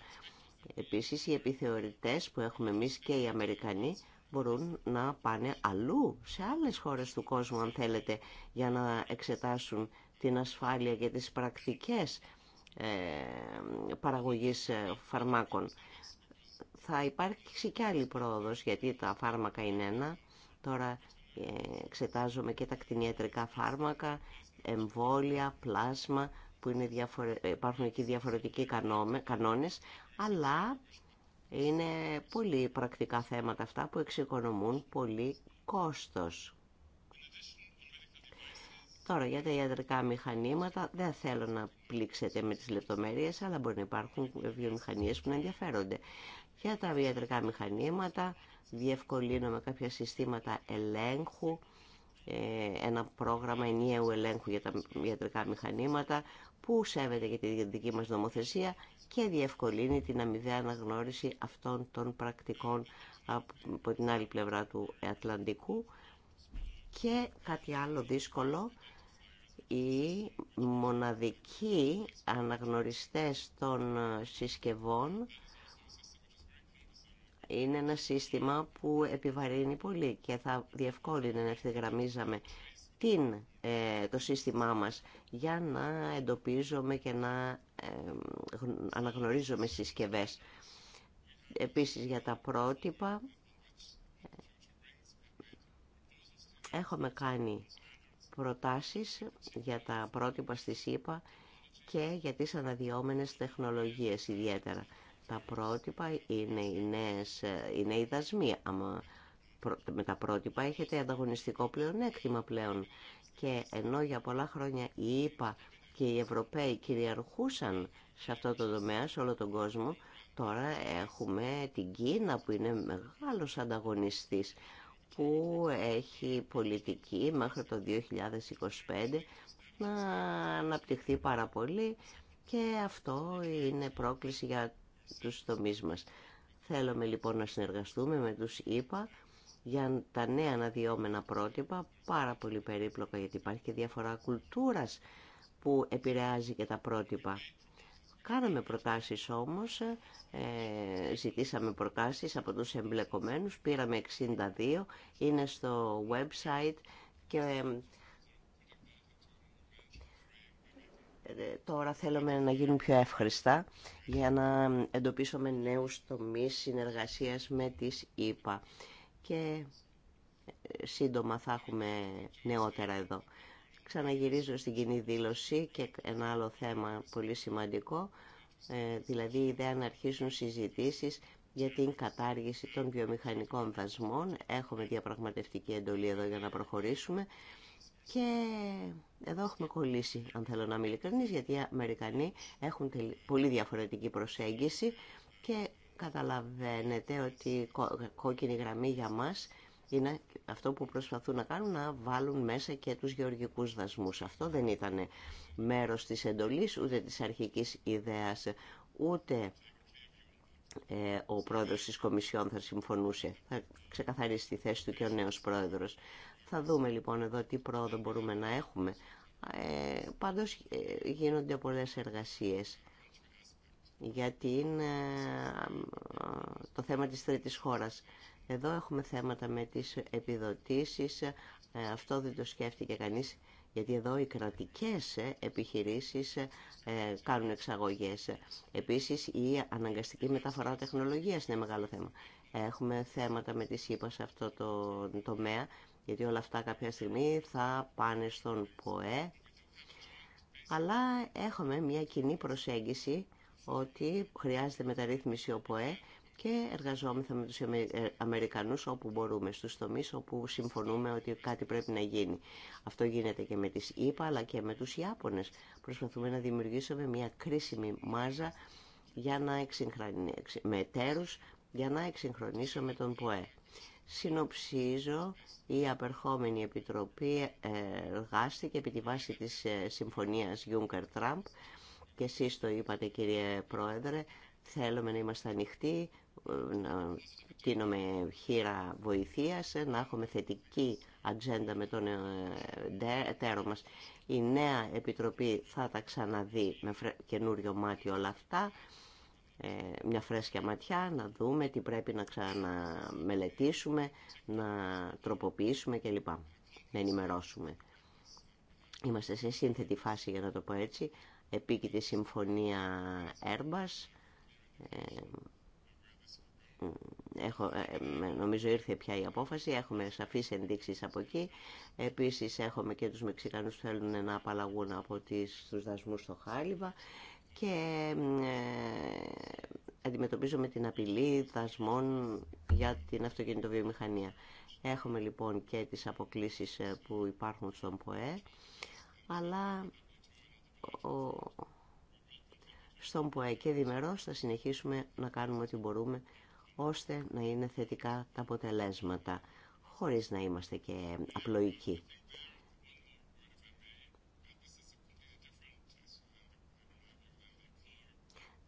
Επίσης οι επιθεωρητές που έχουμε εμείς και οι Αμερικανοί μπορούν να πάνε αλλού, σε άλλες χώρες του κόσμου αν θέλετε, για να εξετάσουν την ασφάλεια και τις πρακτικές ε, παραγωγής ε, φαρμάκων. Θα υπάρξει και άλλη πρόοδος, γιατί τα φάρμακα είναι ένα. Τώρα ε, εξετάζομαι και τα κτηνιατρικά φάρμακα, εμβόλια, πλάσμα, που είναι διαφορε... υπάρχουν εκεί διαφορετικοί κανόνες, αλλά είναι πολύ πρακτικά θέματα αυτά που εξοικονομούν πολύ κόστος. Τώρα για τα ιατρικά μηχανήματα δεν θέλω να πλήξετε με τις λεπτομέρειες, αλλά μπορεί να υπάρχουν βιομηχανίες που να ενδιαφέρονται. Για τα ιατρικά μηχανήματα διευκολύνω με κάποια συστήματα ελέγχου, ε, ένα πρόγραμμα ενιαίου ελέγχου για τα ιατρικά μηχανήματα, που σέβεται για τη δική μας νομοθεσία και διευκολύνει την αμοιβαία αναγνώριση αυτών των πρακτικών από την άλλη πλευρά του Ατλαντικού και κάτι άλλο δύσκολο οι μοναδικοί αναγνωριστές των συσκευών είναι ένα σύστημα που επιβαρύνει πολύ και θα διευκόλυνε να ευθυγραμμίζαμε την ε, το σύστημά μας για να εντοπίζουμε και να ε, αναγνωρίζουμε συσκευές. Επίσης για τα πρότυπα έχουμε κάνει προτάσεις για τα πρότυπα στη ΣΥΠΑ και για τις αναδυόμενες τεχνολογίες ιδιαίτερα. Τα πρότυπα είναι οι, νέες, ε, οι νέοι δασμοί. Άμα με τα πρότυπα έχετε ανταγωνιστικό πλεονέκτημα πλέον και ενώ για πολλά χρόνια οι ΗΠΑ και οι Ευρωπαίοι κυριαρχούσαν σε αυτό το τομέα, σε όλο τον κόσμο, τώρα έχουμε την Κίνα που είναι μεγάλος ανταγωνιστής που έχει πολιτική μέχρι το 2025 να αναπτυχθεί πάρα πολύ και αυτό είναι πρόκληση για τους τομείς μας. Θέλουμε λοιπόν να συνεργαστούμε με τους ΙΠΑ για τα νέα αναδυόμενα πρότυπα, πάρα πολύ περίπλοκα γιατί υπάρχει και διαφορά κουλτούρας που επηρεάζει και τα πρότυπα. Κάναμε προτάσεις όμως, ε, ζητήσαμε προτάσεις από τους εμπλεκομένους, πήραμε 62, είναι στο website και ε, τώρα θέλουμε να γίνουν πιο εύχριστα για να εντοπίσουμε νέους τομείς συνεργασίας με τις ΕΠΑ και ε, σύντομα θα έχουμε νεότερα εδώ. Ξαναγυρίζω στην κοινή δήλωση και ένα άλλο θέμα πολύ σημαντικό, ε, δηλαδή η ιδέα να αρχίσουν συζητήσεις για την κατάργηση των βιομηχανικών δασμών. Έχουμε διαπραγματευτική εντολή εδώ για να προχωρήσουμε. Και εδώ έχουμε κολλήσει, αν θέλω να είμαι γιατί οι Αμερικανοί έχουν πολύ διαφορετική προσέγγιση και Καταλαβαίνετε ότι η κόκκινη γραμμή για μας είναι αυτό που προσπαθούν να κάνουν να βάλουν μέσα και τους γεωργικούς δασμούς. Αυτό δεν ήταν μέρος της εντολής ούτε της αρχικής ιδέας ούτε ε, ο πρόεδρος της Κομισιόν θα συμφωνούσε. Θα ξεκαθαρίσει τη θέση του και ο νέος πρόεδρος. Θα δούμε λοιπόν εδώ τι πρόοδο μπορούμε να έχουμε. Ε, πάντως ε, γίνονται πολλές εργασίες για την, ε, το θέμα της τρίτης χώρας. Εδώ έχουμε θέματα με τις επιδοτήσεις, ε, αυτό δεν το σκέφτηκε κανείς, γιατί εδώ οι κρατικές ε, επιχειρήσεις κάνουν εξαγωγές. Επίσης η αναγκαστική μεταφορά τεχνολογίας είναι μεγάλο θέμα. Έχουμε θέματα με τη ΣΥΠΑ σε αυτό το τομέα, γιατί όλα αυτά κάποια στιγμή θα πάνε στον ΠΟΕ. Αλλά έχουμε μια κοινή προσέγγιση ότι χρειάζεται μεταρρύθμιση ο ΠΟΕ και εργαζόμεθα με τους ε, Αμερικανούς όπου μπορούμε, στους τομείς όπου συμφωνούμε ότι κάτι πρέπει να γίνει. Αυτό γίνεται και με τις ΙΠΑ αλλά και με τους Ιάπωνες. Προσπαθούμε να δημιουργήσουμε μια κρίσιμη μάζα για να με εταίρους για να εξυγχρονίσουμε τον ΠΟΕ. Συνοψίζω, η απερχόμενη Επιτροπή εργάστηκε επί τη βάση της ε, συμφωνίας Juncker-Trump και εσείς το είπατε κύριε Πρόεδρε, θέλουμε να είμαστε ανοιχτοί, να τίνουμε χείρα βοηθείας, να έχουμε θετική ατζέντα με τον ε, εταίρο μας. Η νέα Επιτροπή θα τα ξαναδεί με καινούριο μάτι όλα αυτά, ε, μια φρέσκια ματιά, να δούμε τι πρέπει να ξαναμελετήσουμε, να τροποποιήσουμε κλπ. Να ενημερώσουμε. Είμαστε σε σύνθετη φάση για να το πω έτσι, επίκειται συμφωνία Airbus. Ε, έχω, ε, νομίζω ήρθε πια η απόφαση, έχουμε σαφείς ενδείξεις από εκεί. Επίσης έχουμε και τους Μεξικανούς που θέλουν να απαλλαγούν από τις, τους δασμούς στο Χάλιβα και ε, αντιμετωπίζουμε την απειλή δασμών για την αυτοκινητοβιομηχανία. Έχουμε λοιπόν και τις αποκλήσεις που υπάρχουν στον ΠΟΕ, αλλά στον ΠΟΕ και θα συνεχίσουμε να κάνουμε ό,τι μπορούμε ώστε να είναι θετικά τα αποτελέσματα χωρίς να είμαστε και απλοϊκοί.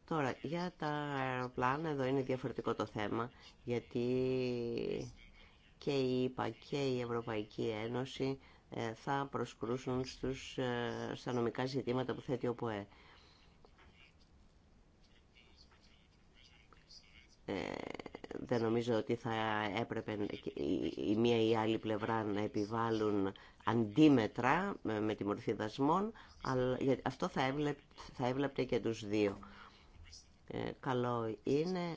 Τώρα, για τα αεροπλάνα, εδώ είναι διαφορετικό το θέμα, γιατί και η ΕΠΑ και η Ευρωπαϊκή Ένωση ε, θα προσκρούσουν στους, ε, στα νομικά ζητήματα που θέτει ο ΠΟΕ. Ε, δεν νομίζω ότι θα έπρεπε η μία ή η άλλη πλευρά να επιβάλλουν αντίμετρα με τη μορφή δασμών, αλλά αυτό θα έβλεπτε, θα έβλεπτε και τους δύο. καλό είναι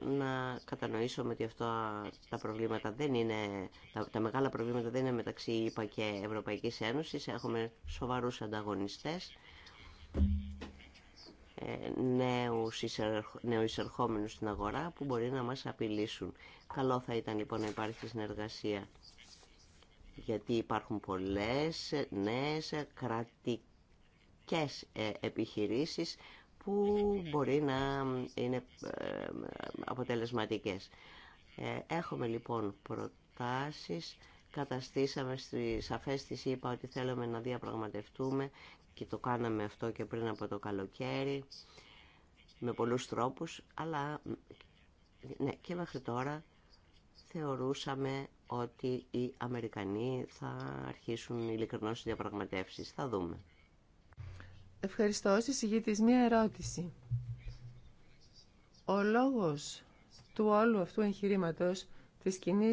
να κατανοήσουμε ότι αυτά τα προβλήματα δεν είναι, τα, μεγάλα προβλήματα δεν είναι μεταξύ ΙΠΑ και Ευρωπαϊκής Ένωσης. Έχουμε σοβαρούς ανταγωνιστές, ε, νέους, νέους εισερχόμενους στην αγορά που μπορεί να μας απειλήσουν. Καλό θα ήταν λοιπόν να υπάρχει συνεργασία γιατί υπάρχουν πολλές νέες κρατικές ε, επιχειρήσεις που μπορεί να είναι ε, αποτελεσματικές. Ε, έχουμε λοιπόν προτάσεις, καταστήσαμε στις σαφές της είπα ότι θέλουμε να διαπραγματευτούμε και το κάναμε αυτό και πριν από το καλοκαίρι με πολλούς τρόπους, αλλά ναι, και μέχρι τώρα θεωρούσαμε ότι οι Αμερικανοί θα αρχίσουν ειλικρινώς διαπραγματεύσεις. Θα δούμε. Ευχαριστώ. Συγγήτης, μία ερώτηση. Ο λόγος του όλου αυτού εγχειρήματο της κοινή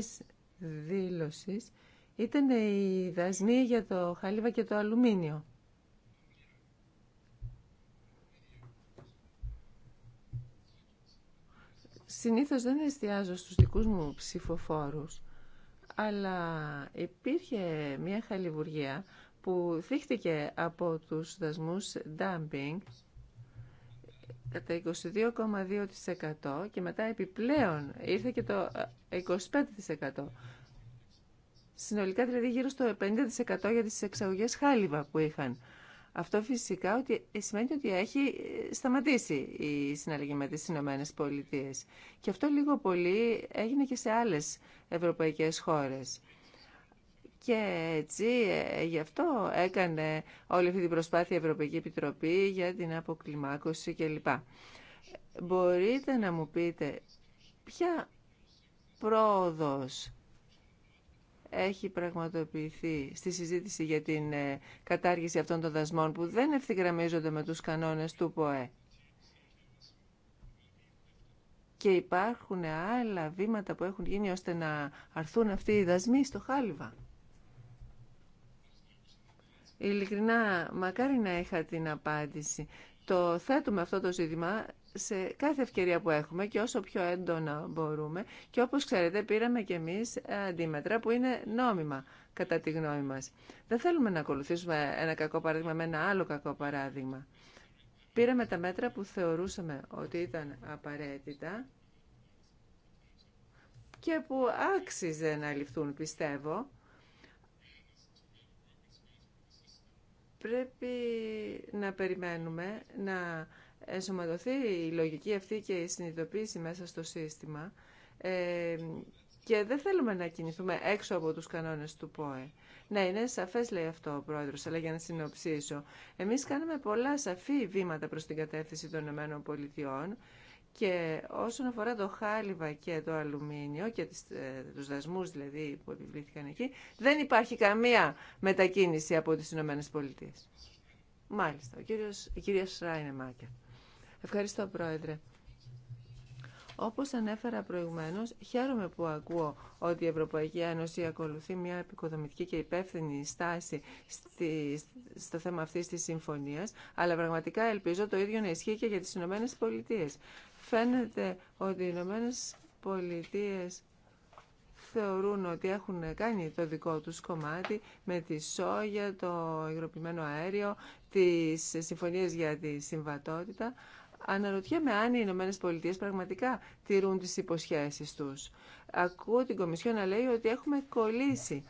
δήλωσης ήταν η δασμή για το χάλιβα και το αλουμίνιο. Συνήθως δεν εστιάζω στους δικούς μου ψηφοφόρους, αλλά υπήρχε μια χαλιβουργία που θύχτηκε από τους δασμούς dumping κατά 22,2% και μετά επιπλέον ήρθε και το 25%. Ε, Συνολικά δηλαδή γύρω στο 50% για τις εξαγωγές χάλιβα που είχαν. Αυτό φυσικά ότι ε, σημαίνει ότι έχει ε, σταματήσει η συναλλαγή με τις Ηνωμένες Πολιτείες. Και αυτό λίγο πολύ έγινε και σε άλλες ευρωπαϊκές χώρες. Και έτσι ε, γι' αυτό έκανε όλη αυτή την προσπάθεια η Ευρωπαϊκή Επιτροπή για την αποκλιμάκωση κλπ. Μπορείτε να μου πείτε ποια πρόοδος έχει πραγματοποιηθεί στη συζήτηση για την ε, κατάργηση αυτών των δασμών που δεν ευθυγραμμίζονται με τους κανόνες του ΠΟΕ. Και υπάρχουν άλλα βήματα που έχουν γίνει ώστε να αρθούν αυτοί οι δασμοί στο χάλιβα. Ειλικρινά, μακάρι να είχα την απάντηση. Το θέτουμε αυτό το ζήτημα σε κάθε ευκαιρία που έχουμε και όσο πιο έντονα μπορούμε και όπως ξέρετε πήραμε και εμείς αντίμετρα που είναι νόμιμα κατά τη γνώμη μας. Δεν θέλουμε να ακολουθήσουμε ένα κακό παράδειγμα με ένα άλλο κακό παράδειγμα. Πήραμε τα μέτρα που θεωρούσαμε ότι ήταν απαραίτητα και που άξιζε να ληφθούν, πιστεύω. πρέπει να περιμένουμε να ενσωματωθεί η λογική αυτή και η συνειδητοποίηση μέσα στο σύστημα ε, και δεν θέλουμε να κινηθούμε έξω από τους κανόνες του ΠΟΕ. Ναι, είναι σαφές λέει αυτό ο πρόεδρος, αλλά για να συνοψίσω. Εμείς κάναμε πολλά σαφή βήματα προς την κατεύθυνση των ΗΠΑ και όσον αφορά το χάλιβα και το αλουμίνιο και τις, ε, τους δασμούς δηλαδή που επιβλήθηκαν εκεί, δεν υπάρχει καμία μετακίνηση από τις Ηνωμένες Πολιτείες. Μάλιστα, ο κύριος, η κυρία Σράινε Μάκερ. Ευχαριστώ Πρόεδρε. Όπως ανέφερα προηγουμένως, χαίρομαι που ακούω ότι η Ευρωπαϊκή Ένωση ακολουθεί μια επικοδομητική και υπεύθυνη στάση στη, στο θέμα αυτής της συμφωνίας, αλλά πραγματικά ελπίζω το ίδιο να ισχύει και για τις Ηνωμένες Πολιτείες. Φαίνεται ότι οι Ηνωμένε Πολιτείε θεωρούν ότι έχουν κάνει το δικό τους κομμάτι με τη σόγια, το υγροποιημένο αέριο, τις συμφωνίες για τη συμβατότητα. Αναρωτιέμαι αν οι Ηνωμένε Πολιτείε πραγματικά τηρούν τις υποσχέσεις τους. Ακούω την Κομισιό να λέει ότι έχουμε κολλήσει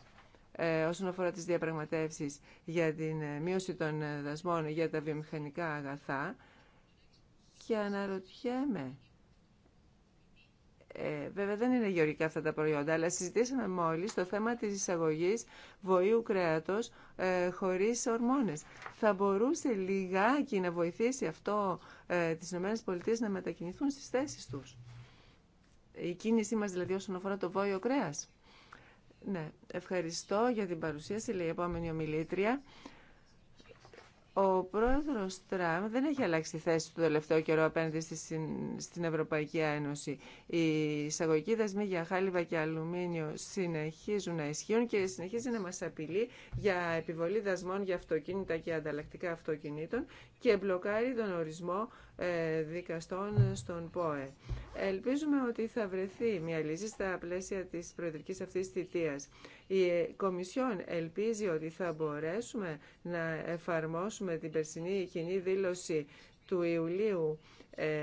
ε, όσον αφορά τις διαπραγματεύσεις για την ε, μείωση των ε, δασμών για τα βιομηχανικά αγαθά και αναρωτιέμαι. Ε, βέβαια δεν είναι γεωργικά αυτά τα προϊόντα, αλλά συζητήσαμε μόλις το θέμα της εισαγωγής βοήου κρέατος ε, χωρίς ορμόνες. Θα μπορούσε λιγάκι να βοηθήσει αυτό ε, τις ΗΠΑ να μετακινηθούν στις θέσεις τους. Η κίνησή μας δηλαδή όσον αφορά το βόηο κρέας. Ναι, ευχαριστώ για την παρουσίαση, λέει η επόμενη ομιλήτρια. Ο πρόεδρος Τραμ δεν έχει αλλάξει θέση του τελευταίο καιρό απέναντι στην Ευρωπαϊκή Ένωση. Οι εισαγωγικοί δασμοί για χάλιβα και αλουμίνιο συνεχίζουν να ισχύουν και συνεχίζει να μας απειλεί για επιβολή δασμών για αυτοκίνητα και ανταλλακτικά αυτοκινήτων και μπλοκάρει τον ορισμό ε, δικαστών στον ΠΟΕ. Ελπίζουμε ότι θα βρεθεί μια λύση στα πλαίσια της προεδρικής αυτής θητείας. Η Κομισιόν ελπίζει ότι θα μπορέσουμε να εφαρμόσουμε την περσινή κοινή δήλωση του Ιουλίου ε,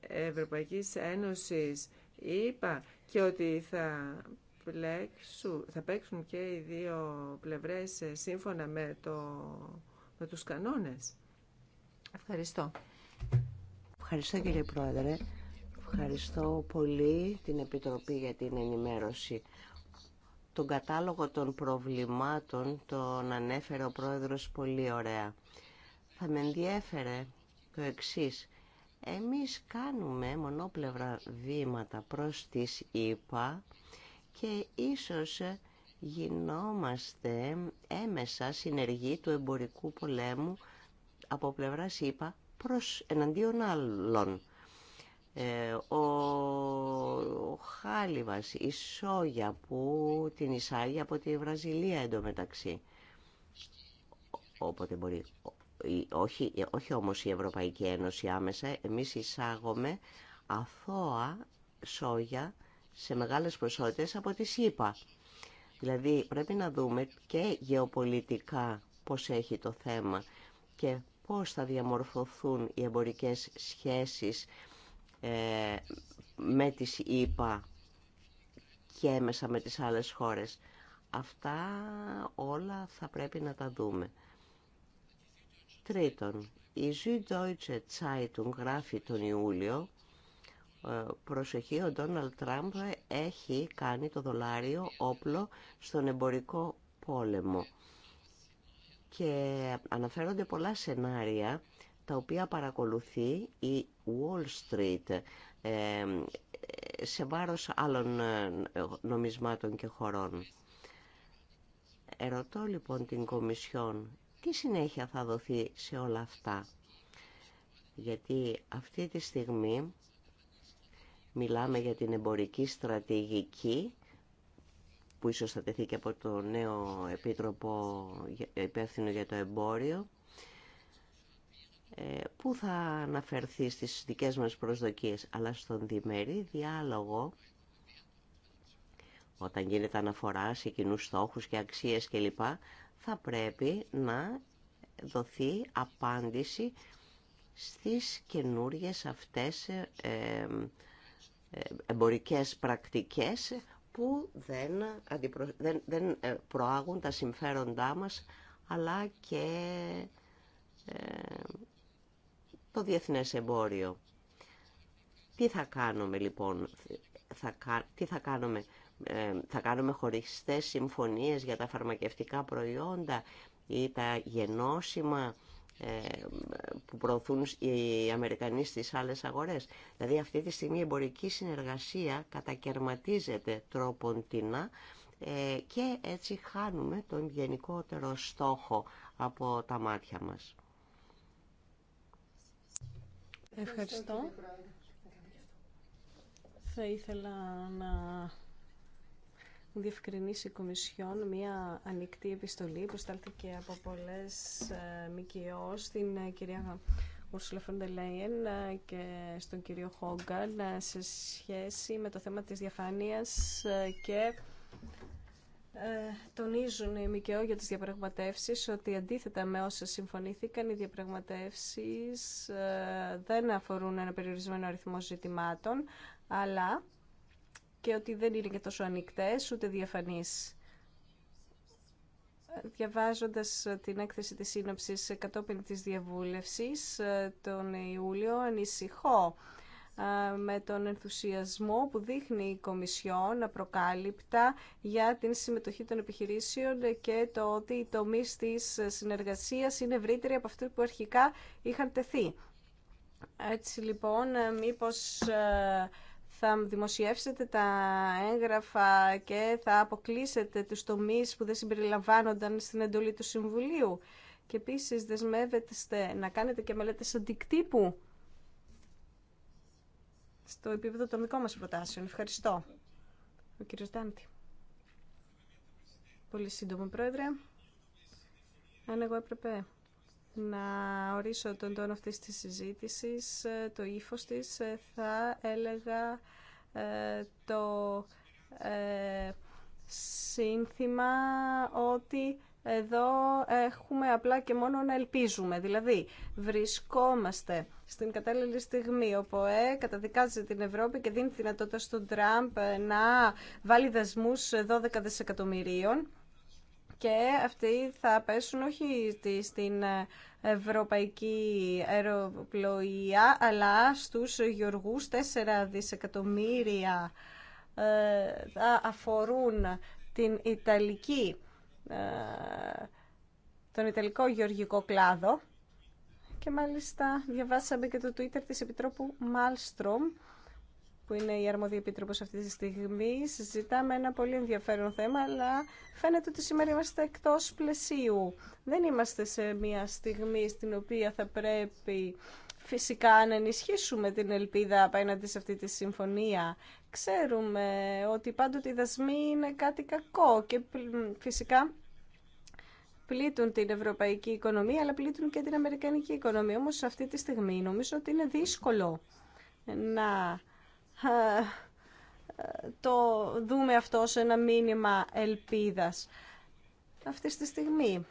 Ευρωπαϊκής Ένωσης είπα και ότι θα, θα παίξουν και οι δύο πλευρές ε, σύμφωνα με, το, με τους κανόνες. Ευχαριστώ. Ευχαριστώ κύριε Πρόεδρε. Ευχαριστώ πολύ την Επιτροπή για την ενημέρωση. Τον κατάλογο των προβλημάτων τον ανέφερε ο πρόεδρος πολύ ωραία. Θα με ενδιέφερε το εξής. Εμείς κάνουμε μονόπλευρα βήματα προς τις ΙΠΑ και ίσως γινόμαστε έμεσα συνεργοί του εμπορικού πολέμου από πλευράς ΙΠΑ προς εναντίον άλλων. Ε, ο χάλιβας, η σόγια που την εισάγει από τη Βραζιλία εντωμεταξύ. Όποτε μπορεί. Όχι, όχι όμως η Ευρωπαϊκή Ένωση άμεσα, εμείς εισάγουμε αθώα σόγια σε μεγάλες ποσότητες από τη ΣΥΠΑ. Δηλαδή πρέπει να δούμε και γεωπολιτικά πώς έχει το θέμα και πώς θα διαμορφωθούν οι εμπορικές σχέσεις ε, με τις ΗΠΑ και μέσα με τις άλλες χώρες. Αυτά όλα θα πρέπει να τα δούμε. Τρίτον, η Süddeutsche Zeitung γράφει τον Ιούλιο ε, προσοχή, ο Ντόναλτ Τραμπ έχει κάνει το δολάριο όπλο στον εμπορικό πόλεμο. Και αναφέρονται πολλά σενάρια τα οποία παρακολουθεί η Wall Street ε, σε βάρος άλλων ε, νομισμάτων και χωρών. Ερωτώ λοιπόν την Κομισιόν τι συνέχεια θα δοθεί σε όλα αυτά. Γιατί αυτή τη στιγμή μιλάμε για την εμπορική στρατηγική που ίσως θα τεθεί και από το νέο Επίτροπο υπεύθυνο για το εμπόριο ε, που θα αναφερθεί στις δικές μας προσδοκίες, αλλά στον διμερή διάλογο, όταν γίνεται αναφορά σε κοινούς στόχους και αξίες κλπ, θα πρέπει να δοθεί απάντηση στις καινούριες αυτές ε, ε, εμπορικές πρακτικές που δεν, δεν, δεν προάγουν τα συμφέροντά μας αλλά και το διεθνές εμπόριο. Τι θα κάνουμε λοιπόν, θα, τι θα κάνουμε, ε, θα κάνουμε χωριστές συμφωνίες για τα φαρμακευτικά προϊόντα ή τα γενώσιμα ε, που προωθούν οι Αμερικανοί στις άλλες αγορές. Δηλαδή αυτή τη στιγμή η εμπορική συνεργασία κατακαιρματίζεται τρόποντινά ε, και έτσι χάνουμε τον γενικότερο στόχο από τα μάτια μας. Ευχαριστώ. Θα ήθελα να διευκρινίσει η Κομισιόν μια ανοιχτή επιστολή που στάλθηκε από πολλές ε, ΜΚΟ στην ε, κυρία Ούρσουλα Φοντελέιεν ε, και στον κύριο Χόγκαν σε σχέση με το θέμα της διαφάνειας και ε, τονίζουν οι ΜΚΟ για τις διαπραγματεύσεις ότι αντίθετα με όσα συμφωνήθηκαν οι διαπραγματεύσεις ε, δεν αφορούν ένα περιορισμένο αριθμό ζητημάτων αλλά και ότι δεν είναι και τόσο ανοιχτέ ούτε διαφανείς. Διαβάζοντας την έκθεση της σύνοψης κατόπιν της διαβούλευσης ε, τον Ιούλιο ανησυχώ με τον ενθουσιασμό που δείχνει η Κομισιόν απροκάλυπτα για την συμμετοχή των επιχειρήσεων και το ότι οι τομεί τη συνεργασία είναι ευρύτεροι από αυτού που αρχικά είχαν τεθεί. Έτσι λοιπόν, ε, μήπως ε, θα δημοσιεύσετε τα έγγραφα και θα αποκλείσετε τους τομείς που δεν συμπεριλαμβάνονταν στην εντολή του Συμβουλίου. Και επίσης δεσμεύεστε να κάνετε και μελέτες αντικτύπου στο επίπεδο των δικών μας προτάσεων. Ευχαριστώ. Ο κύριος Τάντη. Πολύ σύντομο, Πρόεδρε. Αν εγώ έπρεπε να ορίσω τον τόνο αυτής της συζήτησης, ε, το ύφος της, ε, θα έλεγα ε, το ε, σύνθημα ότι εδώ έχουμε απλά και μόνο να ελπίζουμε. Δηλαδή, βρισκόμαστε στην κατάλληλη στιγμή όπου ε, καταδικάζει την Ευρώπη και δίνει τη δυνατότητα στον Τραμπ να βάλει δεσμού 12 δισεκατομμυρίων και αυτοί θα πέσουν όχι στην ευρωπαϊκή αεροπλοεία αλλά στους γεωργούς 4 δισεκατομμύρια ε, θα αφορούν την Ιταλική ε, τον Ιταλικό γεωργικό κλάδο και μάλιστα διαβάσαμε και το Twitter της Επιτρόπου Μάλστρομ που είναι η αρμόδια επίτροπος αυτή τη στιγμή. Συζητάμε ένα πολύ ενδιαφέρον θέμα, αλλά φαίνεται ότι σήμερα είμαστε εκτός πλαισίου. Δεν είμαστε σε μια στιγμή στην οποία θα πρέπει φυσικά να ενισχύσουμε την ελπίδα απέναντι σε αυτή τη συμφωνία ξέρουμε ότι πάντοτε οι δασμοί είναι κάτι κακό και φυσικά πλήττουν την ευρωπαϊκή οικονομία αλλά πλήττουν και την αμερικανική οικονομία. Όμως αυτή τη στιγμή νομίζω ότι είναι δύσκολο να το δούμε αυτό σε ένα μήνυμα ελπίδας αυτή τη στιγμή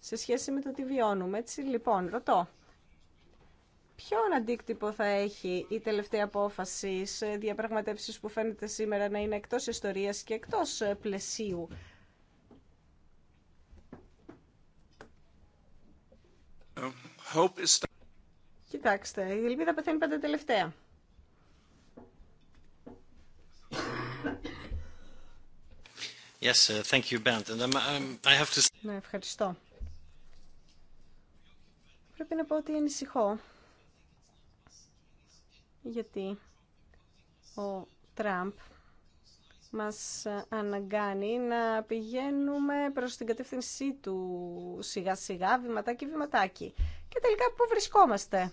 σε σχέση με το τι βιώνουμε. Έτσι λοιπόν, ρωτώ, ποιον αντίκτυπο θα έχει η τελευταία απόφαση σε διαπραγματεύσεις που φαίνεται σήμερα να είναι εκτός ιστορίας και εκτός ε, πλαισίου. Um, Κοιτάξτε, η ελπίδα πεθαίνει πάντα τελευταία. Yes, thank you, I have to... Ναι, ευχαριστώ. Πρέπει να πω ότι ανησυχώ γιατί ο Τραμπ μας αναγκάνει να πηγαίνουμε προς την κατεύθυνσή του σιγά σιγά, βηματάκι βηματάκι. Και τελικά πού βρισκόμαστε.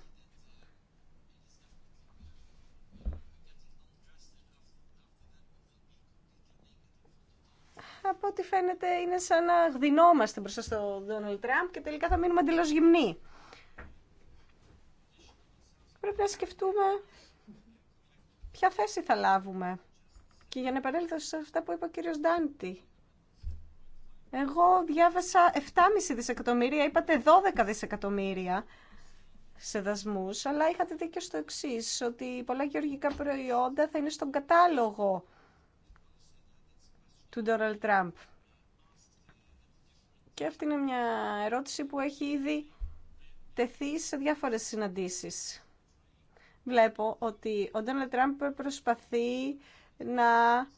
Από ό,τι φαίνεται είναι σαν να γδινόμαστε μπροστά στον Ντόναλτ Τραμπ και τελικά θα μείνουμε εντελώ γυμνοί πρέπει να σκεφτούμε ποια θέση θα λάβουμε. Και για να επανέλθω σε αυτά που είπε ο κύριος Ντάντη. Εγώ διάβασα 7,5 δισεκατομμύρια, είπατε 12 δισεκατομμύρια σε δασμούς, αλλά είχατε δίκιο στο εξή ότι πολλά γεωργικά προϊόντα θα είναι στον κατάλογο του Ντόναλτ Τραμπ. Και αυτή είναι μια ερώτηση που έχει ήδη τεθεί σε διάφορες συναντήσεις βλέπω ότι ο Ντόναλτ Τραμπ προσπαθεί να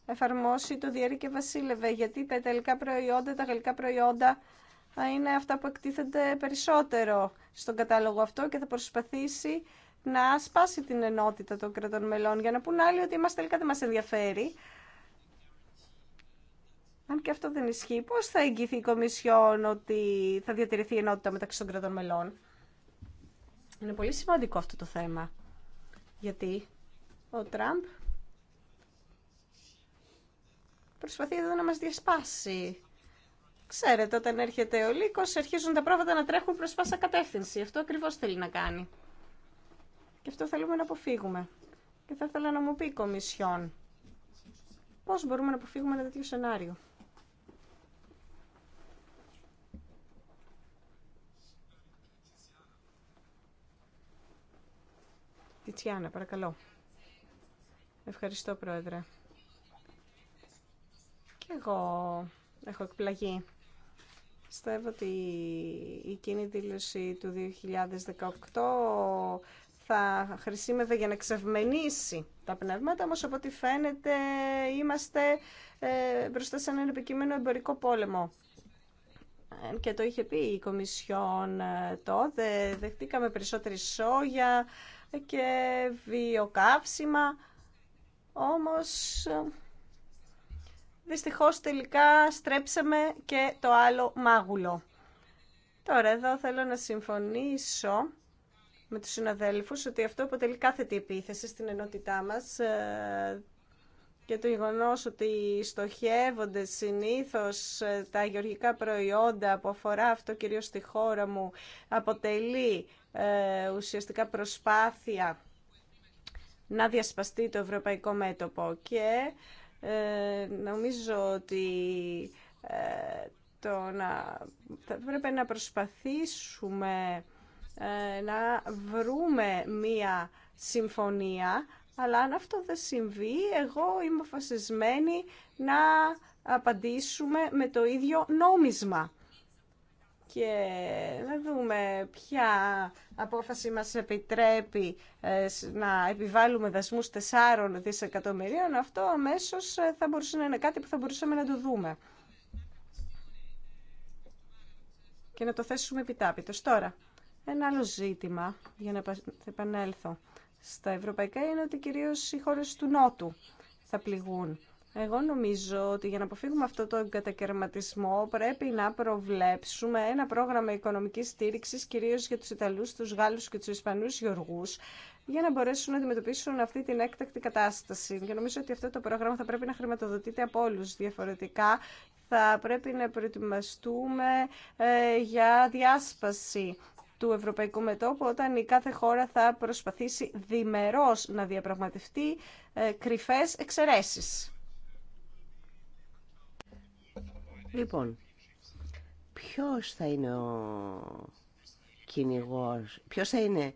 εφαρμόσει το διέρη και βασίλευε, γιατί τα ιταλικά προϊόντα, τα γαλλικά προϊόντα θα είναι αυτά που εκτίθενται περισσότερο στον κατάλογο αυτό και θα προσπαθήσει να σπάσει την ενότητα των κρατών μελών για να πούν άλλοι ότι είμαστε τελικά δεν μας ενδιαφέρει. Αν και αυτό δεν ισχύει, πώς θα εγγυηθεί η Κομισιόν ότι θα διατηρηθεί η ενότητα μεταξύ των κρατών μελών. Είναι πολύ σημαντικό αυτό το θέμα. Γιατί ο Τραμπ προσπαθεί εδώ να μας διασπάσει. Ξέρετε, όταν έρχεται ο λύκος, αρχίζουν τα πρόβατα να τρέχουν προς πάσα κατεύθυνση. Αυτό ακριβώς θέλει να κάνει. Και αυτό θέλουμε να αποφύγουμε. Και θα ήθελα να μου πει η Κομισιόν. Πώς μπορούμε να αποφύγουμε ένα τέτοιο σενάριο. Τιτσιάνα, παρακαλώ. Ευχαριστώ, Πρόεδρε. Και εγώ έχω εκπλαγεί. Πιστεύω ότι η κοινή δήλωση του 2018 θα χρησιμεύεται για να ξευμενήσει τα πνεύματα, όμως από ό,τι φαίνεται είμαστε ε, μπροστά σε έναν επικείμενο εμπορικό πόλεμο. Ε, και το είχε πει η Κομισιόν ε, τότε, δεχτήκαμε περισσότερη σόγια, και βιοκαύσιμα. Όμως δυστυχώς τελικά στρέψαμε και το άλλο μάγουλο. Τώρα εδώ θέλω να συμφωνήσω με τους συναδέλφους ότι αυτό αποτελεί κάθετη επίθεση στην ενότητά μας ε, και το γεγονό ότι στοχεύονται συνήθως ε, τα γεωργικά προϊόντα που αφορά αυτό κυρίως στη χώρα μου αποτελεί ε, ουσιαστικά προσπάθεια να διασπαστεί το ευρωπαϊκό μέτωπο και ε, νομίζω ότι ε, το να, θα πρέπει να προσπαθήσουμε να βρούμε μία συμφωνία, αλλά αν αυτό δεν συμβεί, εγώ είμαι αποφασισμένη να απαντήσουμε με το ίδιο νόμισμα και να δούμε ποια απόφαση μας επιτρέπει ε, να επιβάλλουμε δασμούς 4 δισεκατομμυρίων, αυτό αμέσως ε, θα μπορούσε να είναι κάτι που θα μπορούσαμε να το δούμε. Και να το θέσουμε επιτάπητος. Τώρα, ένα άλλο ζήτημα, για να επανέλθω στα ευρωπαϊκά, είναι ότι κυρίως οι χώρες του Νότου θα πληγούν. Εγώ νομίζω ότι για να αποφύγουμε αυτό το κατακαιρματισμό πρέπει να προβλέψουμε ένα πρόγραμμα οικονομικής στήριξης κυρίως για τους Ιταλούς, τους Γάλλους και τους Ισπανούς γεωργούς για να μπορέσουν να αντιμετωπίσουν αυτή την έκτακτη κατάσταση. Και νομίζω ότι αυτό το πρόγραμμα θα πρέπει να χρηματοδοτείται από όλους διαφορετικά. Θα πρέπει να προετοιμαστούμε ε, για διάσπαση του Ευρωπαϊκού Μετώπου όταν η κάθε χώρα θα προσπαθήσει διμερώς να διαπραγματευτεί ε, κρυφές εξαιρέσεις. Λοιπόν, ποιος θα είναι ο κυνηγός, ποιος θα είναι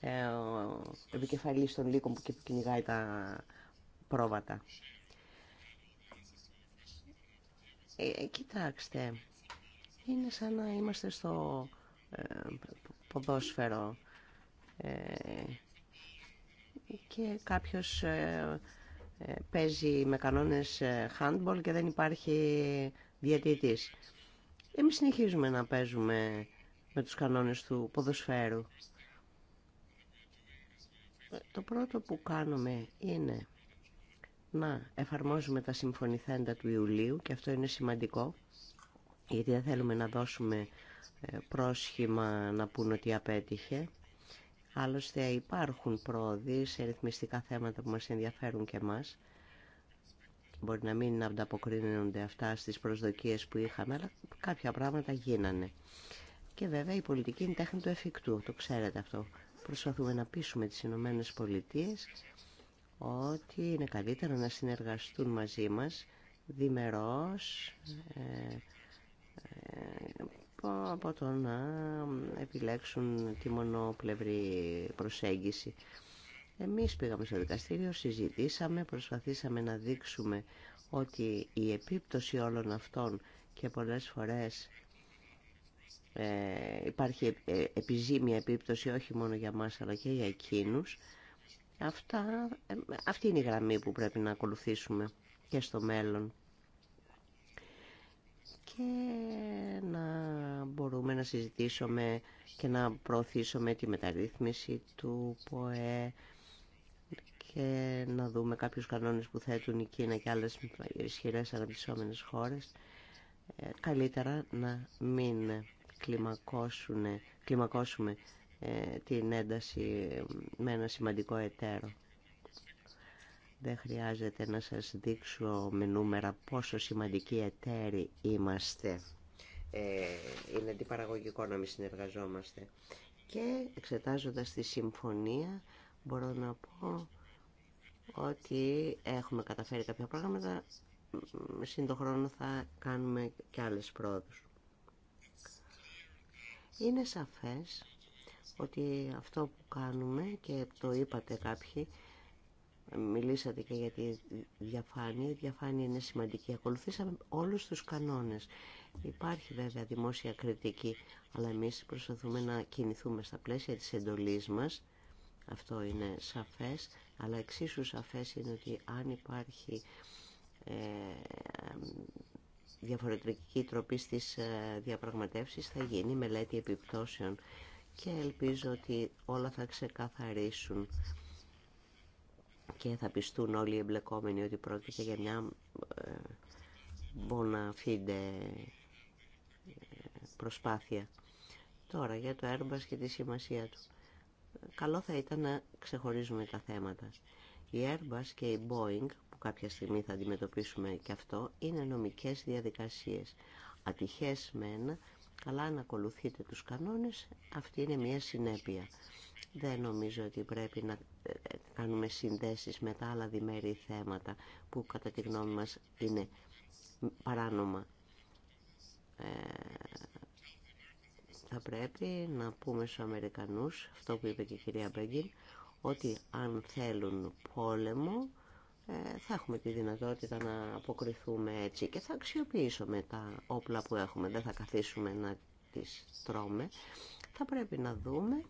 ε, ο επικεφαλής των λύκων που κυνηγάει τα πρόβατα. Ε, ε, κοιτάξτε, είναι σαν να είμαστε στο ε, ποδόσφαιρο ε, και κάποιος παίζει με κανόνες handball και δεν υπάρχει διαιτητής. Εμείς συνεχίζουμε να παίζουμε με τους κανόνες του ποδοσφαίρου. Το πρώτο που κάνουμε είναι να εφαρμόζουμε τα συμφωνηθέντα του Ιουλίου και αυτό είναι σημαντικό γιατί δεν θέλουμε να δώσουμε ε, πρόσχημα να πούν ότι απέτυχε. Άλλωστε υπάρχουν πρόοδοι σε ρυθμιστικά θέματα που μας ενδιαφέρουν και μας. Μπορεί να μην ανταποκρίνονται αυτά στις προσδοκίες που είχαμε, αλλά κάποια πράγματα γίνανε. Και βέβαια η πολιτική είναι τέχνη του εφικτού, το ξέρετε αυτό. Προσπαθούμε να πείσουμε τις Ηνωμένε Πολιτείε ότι είναι καλύτερο να συνεργαστούν μαζί μας διμερώς ε, ε από το να επιλέξουν τη μονοπλευρή προσέγγιση. Εμείς πήγαμε στο δικαστήριο, συζητήσαμε, προσπαθήσαμε να δείξουμε ότι η επίπτωση όλων αυτών και πολλές φορές ε, υπάρχει ε, επιζήμια επίπτωση όχι μόνο για μας αλλά και για εκείνους, Αυτά, ε, αυτή είναι η γραμμή που πρέπει να ακολουθήσουμε και στο μέλλον. Και να μπορούμε να συζητήσουμε και να προωθήσουμε τη μεταρρύθμιση του ΠΟΕ, και να δούμε κάποιους κανόνες που θέτουν η Κίνα και άλλες ισχυρές αναπτυσσόμενες χώρες ε, καλύτερα να μην κλιμακώσουμε ε, την ένταση ε, με ένα σημαντικό εταίρο. Δεν χρειάζεται να σας δείξω με νούμερα πόσο σημαντικοί εταίροι είμαστε. Είναι αντιπαραγωγικό να μην συνεργαζόμαστε. Και εξετάζοντας τη συμφωνία μπορώ να πω ότι έχουμε καταφέρει κάποια πράγματα, σύντο χρόνο θα κάνουμε και άλλες πρόοδους. Είναι σαφές ότι αυτό που κάνουμε και το είπατε κάποιοι, μιλήσατε και για τη διαφάνεια, η διαφάνεια είναι σημαντική. Ακολουθήσαμε όλους τους κανόνες. Υπάρχει βέβαια δημόσια κριτική, αλλά εμείς προσπαθούμε να κινηθούμε στα πλαίσια της εντολής μας. Αυτό είναι σαφές αλλά εξίσου σαφές είναι ότι αν υπάρχει ε, διαφορετική τροπή στις ε, διαπραγματεύσεις θα γίνει μελέτη επιπτώσεων και ελπίζω ότι όλα θα ξεκαθαρίσουν και θα πιστούν όλοι οι εμπλεκόμενοι ότι πρόκειται για μια μοναφίντε ε, προσπάθεια. Τώρα για το Airbus και τη σημασία του καλό θα ήταν να ξεχωρίζουμε τα θέματα. Η Airbus και η Boeing, που κάποια στιγμή θα αντιμετωπίσουμε και αυτό, είναι νομικές διαδικασίες. Ατυχές με ένα, καλά να ακολουθείτε τους κανόνες, αυτή είναι μια συνέπεια. Δεν νομίζω ότι πρέπει να ε, κάνουμε συνδέσεις με τα άλλα διμέρη θέματα που κατά τη γνώμη μας είναι παράνομα. Ε, θα πρέπει να πούμε στους Αμερικανούς, αυτό που είπε και η κυρία Μπέγκιν, ότι αν θέλουν πόλεμο ε, θα έχουμε τη δυνατότητα να αποκριθούμε έτσι και θα αξιοποιήσουμε τα όπλα που έχουμε, δεν θα καθίσουμε να τις τρώμε. Θα πρέπει να δούμε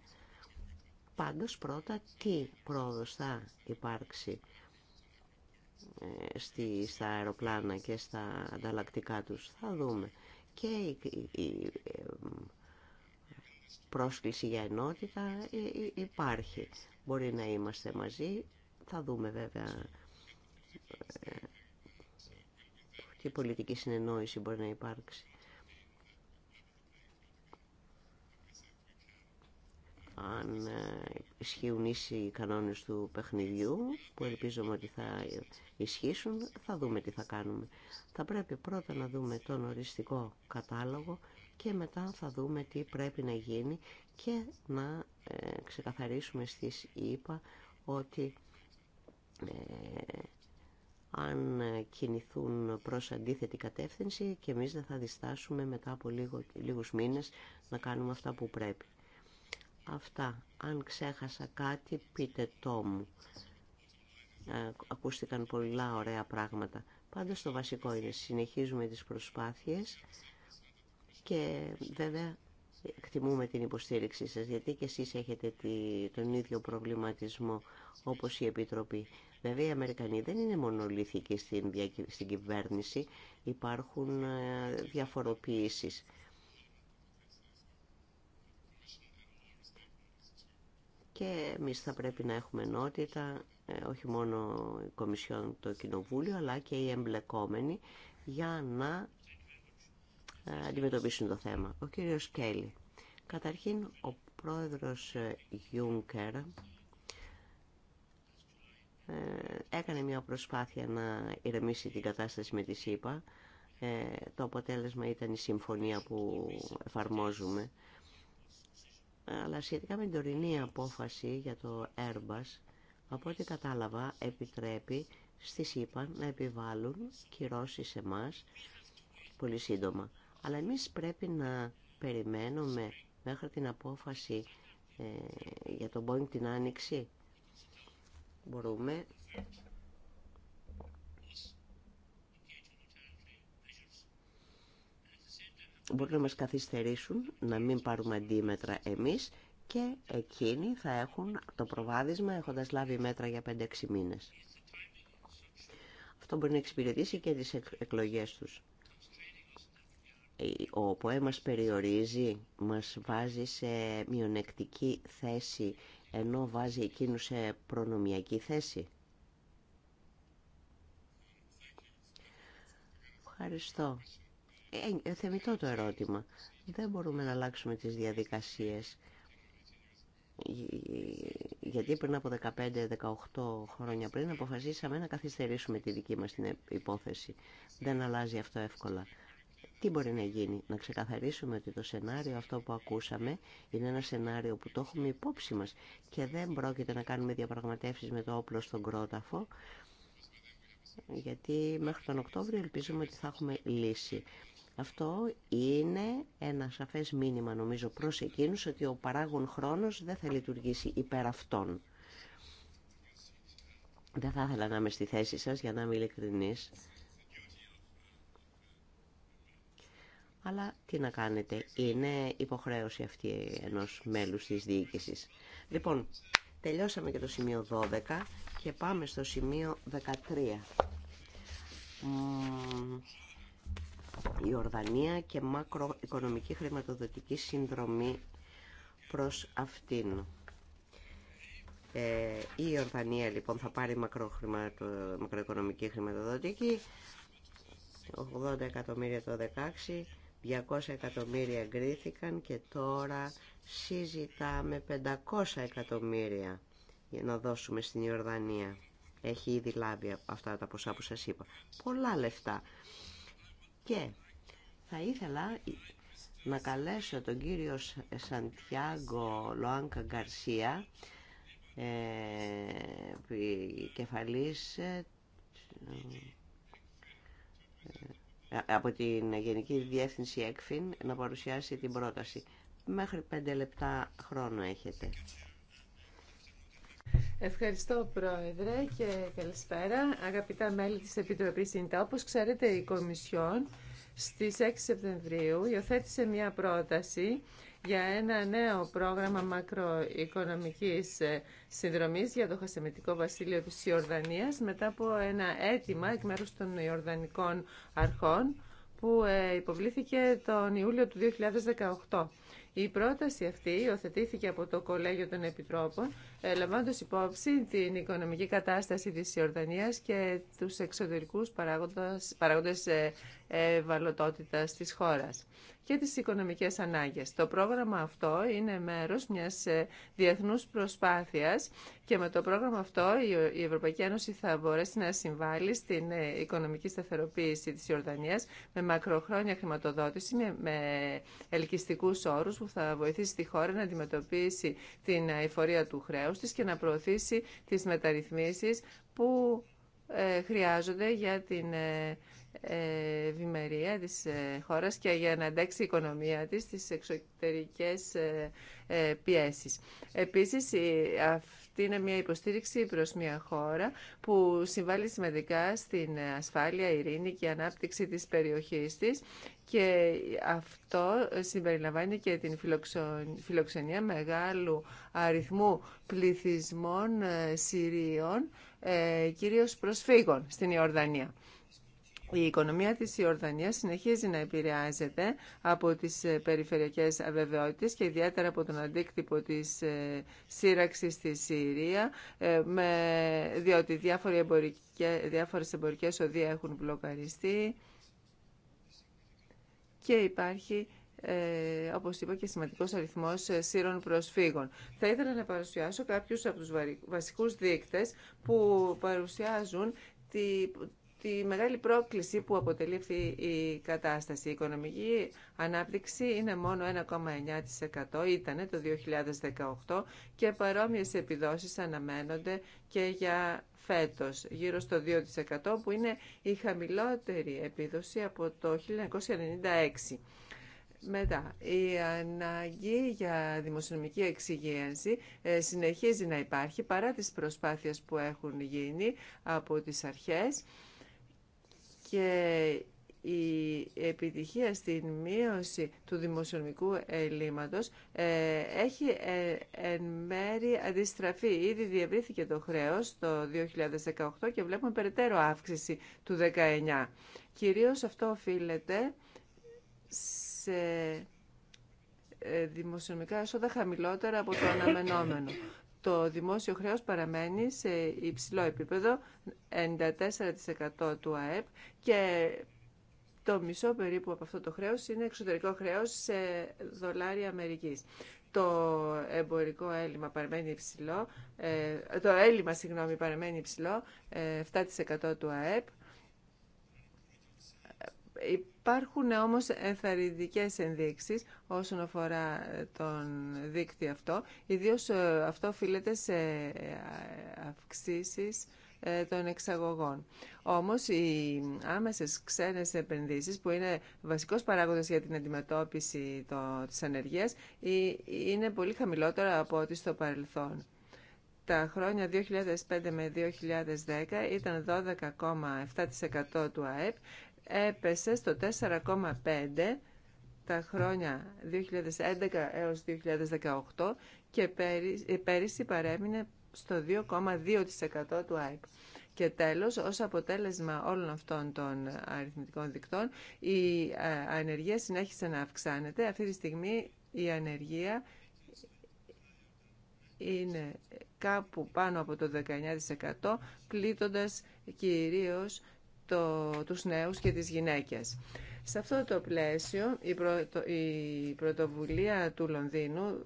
πάντως πρώτα τι πρόοδος θα υπάρξει ε, στη, στα αεροπλάνα και στα ανταλλακτικά τους. Θα δούμε. Και ε, πρόσκληση για ενότητα ε, ε, υπάρχει. Μπορεί να είμαστε μαζί, θα δούμε βέβαια ε, τι πολιτική συνεννόηση μπορεί να υπάρξει. αν ισχύουν ίσοι οι κανόνες του παιχνιδιού, που ελπίζουμε ότι θα ισχύσουν, θα δούμε τι θα κάνουμε. Θα πρέπει πρώτα να δούμε τον οριστικό κατάλογο και μετά θα δούμε τι πρέπει να γίνει και να ε, ξεκαθαρίσουμε στις ΕΙΠΑ ότι ε, αν κινηθούν προς αντίθετη κατεύθυνση και εμείς δεν θα διστάσουμε μετά από λίγο, λίγους μήνες να κάνουμε αυτά που πρέπει. Αυτά. Αν ξέχασα κάτι, πείτε το μου. Ε, ακούστηκαν πολλά ωραία πράγματα. Πάντως στο βασικό είναι συνεχίζουμε τις προσπάθειες και βέβαια εκτιμούμε την υποστήριξή σας γιατί και εσείς έχετε τον ίδιο προβληματισμό όπως η Επιτροπή. Βέβαια οι Αμερικανοί δεν είναι μονολήθικοι στην, στην κυβέρνηση, υπάρχουν ε, διαφοροποιήσεις. Και εμεί θα πρέπει να έχουμε ενότητα, ε, όχι μόνο η Κομισιόν, το Κοινοβούλιο, αλλά και οι εμπλεκόμενοι για να αντιμετωπίσουν το θέμα. Ο κύριος Κέλλη. Καταρχήν, ο πρόεδρος ε, Γιούνκερ ε, έκανε μια προσπάθεια να ηρεμήσει την κατάσταση με τη ΣΥΠΑ. Ε, το αποτέλεσμα ήταν η συμφωνία που εφαρμόζουμε. Αλλά σχετικά με την τωρινή απόφαση για το Airbus, από ό,τι κατάλαβα, επιτρέπει στη ΣΥΠΑ να επιβάλλουν κυρώσεις σε εμάς πολύ σύντομα. Αλλά εμείς πρέπει να περιμένουμε μέχρι την απόφαση ε, για τον Boeing την Άνοιξη. Μπορούμε μπορούν να μας καθυστερήσουν, να μην πάρουμε αντίμετρα εμείς και εκείνοι θα έχουν το προβάδισμα έχοντας λάβει μέτρα για 5-6 μήνες. Αυτό μπορεί να εξυπηρετήσει και τις εκλογές τους ο ΠΟΕ μας περιορίζει, μας βάζει σε μειονεκτική θέση, ενώ βάζει εκείνου σε προνομιακή θέση. Ευχαριστώ. Ε, ε το ερώτημα. Δεν μπορούμε να αλλάξουμε τις διαδικασίες. Γιατί πριν από 15-18 χρόνια πριν αποφασίσαμε να καθυστερήσουμε τη δική μας την υπόθεση. Δεν αλλάζει αυτό εύκολα. Τι μπορεί να γίνει, να ξεκαθαρίσουμε ότι το σενάριο αυτό που ακούσαμε είναι ένα σενάριο που το έχουμε υπόψη μας και δεν πρόκειται να κάνουμε διαπραγματεύσεις με το όπλο στον κρόταφο, γιατί μέχρι τον Οκτώβριο ελπίζουμε ότι θα έχουμε λύση. Αυτό είναι ένα σαφές μήνυμα νομίζω προς εκείνους ότι ο παράγων χρόνος δεν θα λειτουργήσει υπέρ αυτών. Δεν θα ήθελα να είμαι στη θέση σας για να είμαι ειλικρινής. Αλλά τι να κάνετε, είναι υποχρέωση αυτή ενός μέλους της διοίκησης. Λοιπόν, τελειώσαμε και το σημείο 12 και πάμε στο σημείο 13. Η Ορδανία και μακροοικονομική χρηματοδοτική συνδρομή προς αυτήν. Ε, η Ορδανία λοιπόν θα πάρει μακροοικονομική χρηματοδοτική 80 εκατομμύρια το 16 200 εκατομμύρια εγκρίθηκαν και τώρα συζητάμε 500 εκατομμύρια για να δώσουμε στην Ιορδανία. Έχει ήδη λάβει αυτά τα ποσά που σας είπα. Πολλά λεφτά. Και θα ήθελα να καλέσω τον κύριο Σαντιάγκο Λοάνκα Γκαρσία, ε, κεφαλής ε, από την Γενική Διεύθυνση ΕΚΦΙΝ να παρουσιάσει την πρόταση. Μέχρι πέντε λεπτά χρόνο έχετε. Ευχαριστώ Πρόεδρε και καλησπέρα. Αγαπητά μέλη της Επιτροπής ΣΥΝΤΑ, όπως ξέρετε η Κομισιόν στις 6 Σεπτεμβρίου υιοθέτησε μια πρόταση για ένα νέο πρόγραμμα μακροοικονομικής ε, συνδρομής για το Χασεμετικό Βασίλειο της Ιορδανίας μετά από ένα αίτημα εκ μέρους των Ιορδανικών Αρχών που ε, υποβλήθηκε τον Ιούλιο του 2018. Η πρόταση αυτή υιοθετήθηκε από το Κολέγιο των Επιτρόπων, ε, λαμβάνοντας υπόψη την οικονομική κατάσταση της Ιορδανίας και τους εξωτερικούς παράγοντες, παράγοντες ευαλωτότητας της χώρας και τις οικονομικές ανάγκες. Το πρόγραμμα αυτό είναι μέρος μιας ε, διεθνούς προσπάθειας και με το πρόγραμμα αυτό η Ευρωπαϊκή Ένωση θα μπορέσει να συμβάλλει στην ε, οικονομική σταθεροποίηση της Ιορδανίας με μακροχρόνια χρηματοδότηση, με ελκυστικούς όρους που θα βοηθήσει τη χώρα να αντιμετωπίσει την εφορία του χρέους της και να προωθήσει τις μεταρρυθμίσεις που ε, χρειάζονται για την ευημερία της ε, χώρας και για να αντέξει η οικονομία της στις εξωτερικές ε, ε, πιέσεις. Επίσης, αυτή είναι μια υποστήριξη προς μια χώρα που συμβάλλει σημαντικά στην ασφάλεια, ειρήνη και ανάπτυξη της περιοχής της και αυτό συμπεριλαμβάνει και την φιλοξενία μεγάλου αριθμού πληθυσμών Συρίων, κυρίως προσφύγων στην Ιορδανία. Η οικονομία της Ιορδανίας συνεχίζει να επηρεάζεται από τις ε, περιφερειακές αβεβαιότητες και ιδιαίτερα από τον αντίκτυπο της ε, σύραξης στη Συρία, ε, με, διότι διάφορες εμπορικές, διάφορες εμπορικές οδοί έχουν μπλοκαριστεί και υπάρχει ε, όπως είπα και σημαντικός αριθμός σύρων προσφύγων. Θα ήθελα να παρουσιάσω κάποιους από τους βασικούς δείκτες που παρουσιάζουν τη μεγάλη πρόκληση που αποτελεί η κατάσταση. Η οικονομική ανάπτυξη είναι μόνο 1,9% ήταν το 2018 και παρόμοιες επιδόσεις αναμένονται και για φέτος, γύρω στο 2% που είναι η χαμηλότερη επίδοση από το 1996. Μετά, η αναγκή για δημοσιονομική εξυγίανση ε, συνεχίζει να υπάρχει παρά τις προσπάθειες που έχουν γίνει από τις αρχές και η επιτυχία στην μείωση του δημοσιονομικού ελλείμματος ε, έχει ε, εν μέρη αντιστραφεί. Ήδη διευρύθηκε το χρέος το 2018 και βλέπουμε περαιτέρω αύξηση του 2019. Κυρίως αυτό οφείλεται σε ε, δημοσιονομικά έσοδα χαμηλότερα από το αναμενόμενο το δημόσιο χρέος παραμένει σε υψηλό επίπεδο, 94% του ΑΕΠ και το μισό περίπου από αυτό το χρέος είναι εξωτερικό χρέος σε δολάρια Αμερικής. Το εμπορικό έλλειμμα παραμένει υψηλό, ε, το έλλειμμα συγγνώμη, παραμένει υψηλό, 7% ε, του ΑΕΠ Υπάρχουν όμως ενθαρρυντικές ενδείξεις όσον αφορά ε, τον δίκτυο αυτό. Ιδίως ε, αυτό οφείλεται σε ε, αυξήσεις των εξαγωγών. Όμως οι άμεσες ξένες επενδύσεις που είναι βασικός παράγοντας για την αντιμετώπιση της ανεργίας είναι πολύ χαμηλότερα από ό,τι στο παρελθόν. Τα χρόνια 2005 με 2010 ήταν 12,7% του ΑΕΠ έπεσε στο 4,5 τα χρόνια 2011 έως 2018 και ε, πέρυσι παρέμεινε στο 2,2% του ΑΕΠ. Και τέλος, ως αποτέλεσμα όλων αυτών των αριθμητικών δικτών, η ε, ανεργία συνέχισε να αυξάνεται. Αυτή τη στιγμή η ανεργία είναι κάπου πάνω από το 19%, πλήττοντας κυρίως το, τους νέους και τις γυναίκες. Σε αυτό το πλαίσιο η, η πρωτοβουλία του Λονδίνου